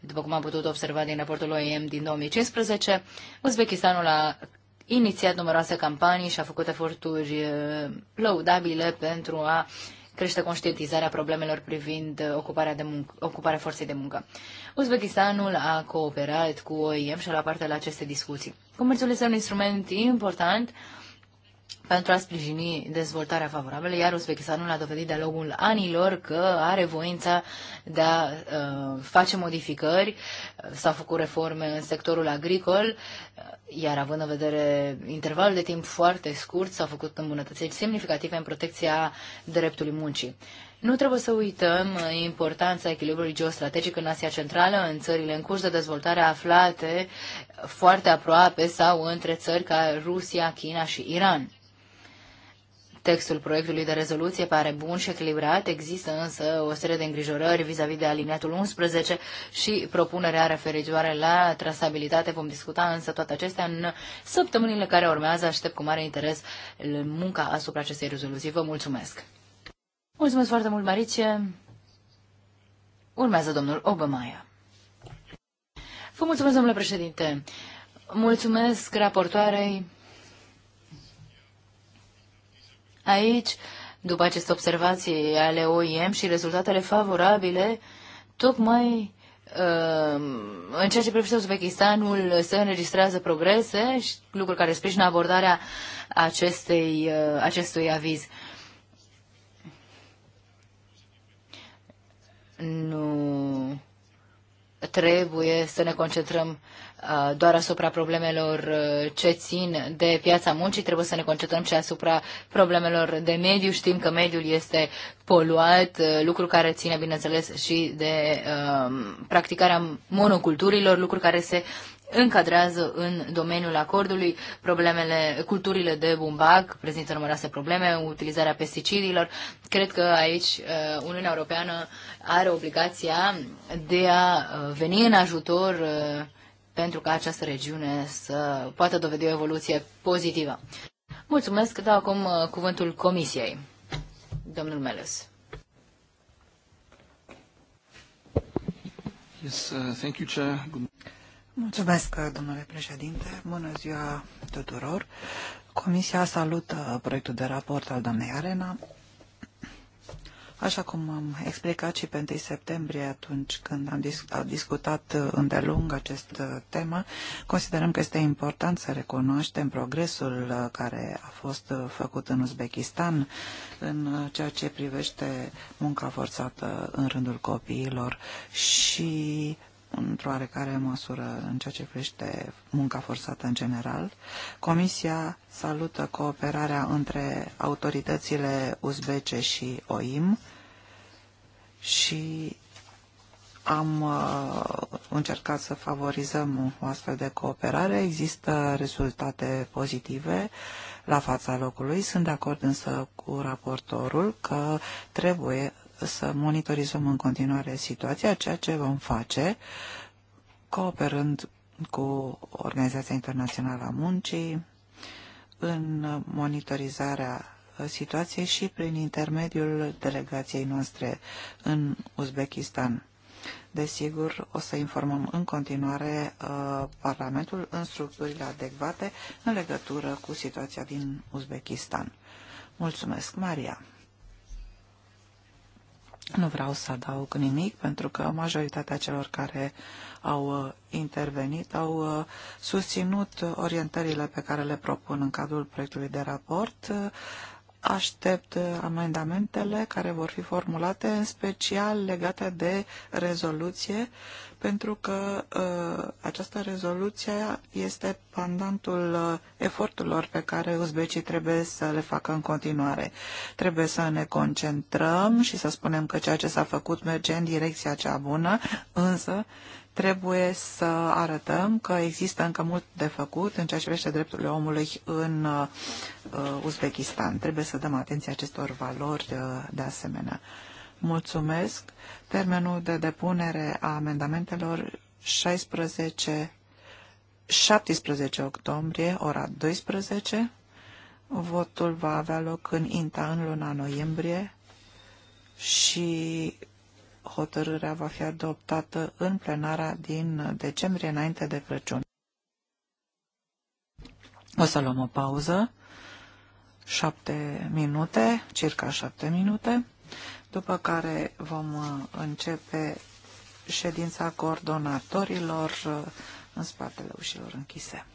După cum am putut observa din raportul OIM din 2015, Uzbekistanul a inițiat numeroase campanii și a făcut eforturi uh, lăudabile pentru a uh, crește conștientizarea problemelor privind uh, ocuparea, de muncă, ocuparea forței de muncă. Uzbekistanul a cooperat cu OIM și a luat parte la aceste discuții. Comerțul este un instrument important pentru a sprijini dezvoltarea favorabilă, iar Uzbekistanul a dovedit de-a lungul anilor că are voința de a uh, face modificări. S-au făcut reforme în sectorul agricol, uh, iar având în vedere intervalul de timp foarte scurt, s-au făcut îmbunătățiri semnificative în protecția dreptului muncii. Nu trebuie să uităm importanța echilibrului geostrategic în Asia Centrală, în țările în curs de dezvoltare aflate foarte aproape sau între țări ca Rusia, China și Iran. Textul proiectului de rezoluție pare bun și echilibrat, există însă o serie de îngrijorări vis-a-vis -vis de alineatul 11 și propunerea referitoare la trasabilitate. Vom discuta însă toate acestea în săptămânile care urmează. Aștept cu mare interes munca asupra acestei rezoluții. Vă mulțumesc! Mulțumesc foarte mult, Marice! Urmează domnul Obamaia. Vă mulțumesc, domnule președinte! Mulțumesc raportoarei Aici, după aceste observații ale OIM și rezultatele favorabile, tocmai uh, în ceea ce privește Uzbekistanul, se înregistrează progrese, și lucruri care sprijină abordarea acestei, uh, acestui aviz. Nu trebuie să ne concentrăm Uh, doar asupra problemelor uh, ce țin de piața muncii, trebuie să ne concentrăm și asupra problemelor de mediu. Știm că mediul este poluat, uh, lucru care ține, bineînțeles, și de um, practicarea monoculturilor, lucru care se încadrează în domeniul acordului problemele, culturile de bumbac, prezintă numeroase probleme, utilizarea pesticidilor. Cred că aici Uniunea Europeană are obligația de a veni în ajutor uh, pentru ca această regiune să poată dovedi o evoluție pozitivă. Mulțumesc, dau acum uh, cuvântul Comisiei. Domnul Meles. Yes, uh, thank you, Chair. Good... Mulțumesc, uh, domnule președinte. Bună ziua tuturor. Comisia salută proiectul de raport al doamnei Arena Așa cum am explicat și pe 1 septembrie, atunci când am dis discutat îndelung acest temă, considerăm că este important să recunoaștem progresul uh, care a fost uh, făcut în Uzbekistan în uh, ceea ce privește munca forțată în rândul copiilor și într-o oarecare măsură în ceea ce privește munca forțată în general. Comisia salută cooperarea între autoritățile uzbece și OIM și am uh, încercat să favorizăm o astfel de cooperare. Există rezultate pozitive la fața locului. Sunt de acord însă cu raportorul că trebuie să monitorizăm în continuare situația, ceea ce vom face cooperând cu Organizația Internațională a Muncii în monitorizarea situației și prin intermediul delegației noastre în Uzbekistan. Desigur, o să informăm în continuare uh, Parlamentul în structurile adecvate în legătură cu situația din Uzbekistan. Mulțumesc, Maria! Nu vreau să adaug nimic, pentru că majoritatea celor care au uh, intervenit au uh, susținut orientările pe care le propun în cadrul proiectului de raport uh, Aștept uh, amendamentele care vor fi formulate, în special legate de rezoluție, pentru că uh, această rezoluție este pandantul uh, eforturilor pe care uzbecii trebuie să le facă în continuare. Trebuie să ne concentrăm și să spunem că ceea ce s-a făcut merge în direcția cea bună, însă uh, Trebuie să arătăm că există încă mult de făcut în ceea ce privește drepturile omului în uh, Uzbekistan. Trebuie să dăm atenție acestor valori uh, de asemenea. Mulțumesc. Termenul de depunere a amendamentelor 16 17 octombrie, ora 12. Votul va avea loc în INTA în luna noiembrie și hotărârea va fi adoptată în plenara din decembrie înainte de Crăciun. O să luăm o pauză, șapte minute, circa șapte minute, după care vom uh, începe ședința coordonatorilor uh, în spatele ușilor închise.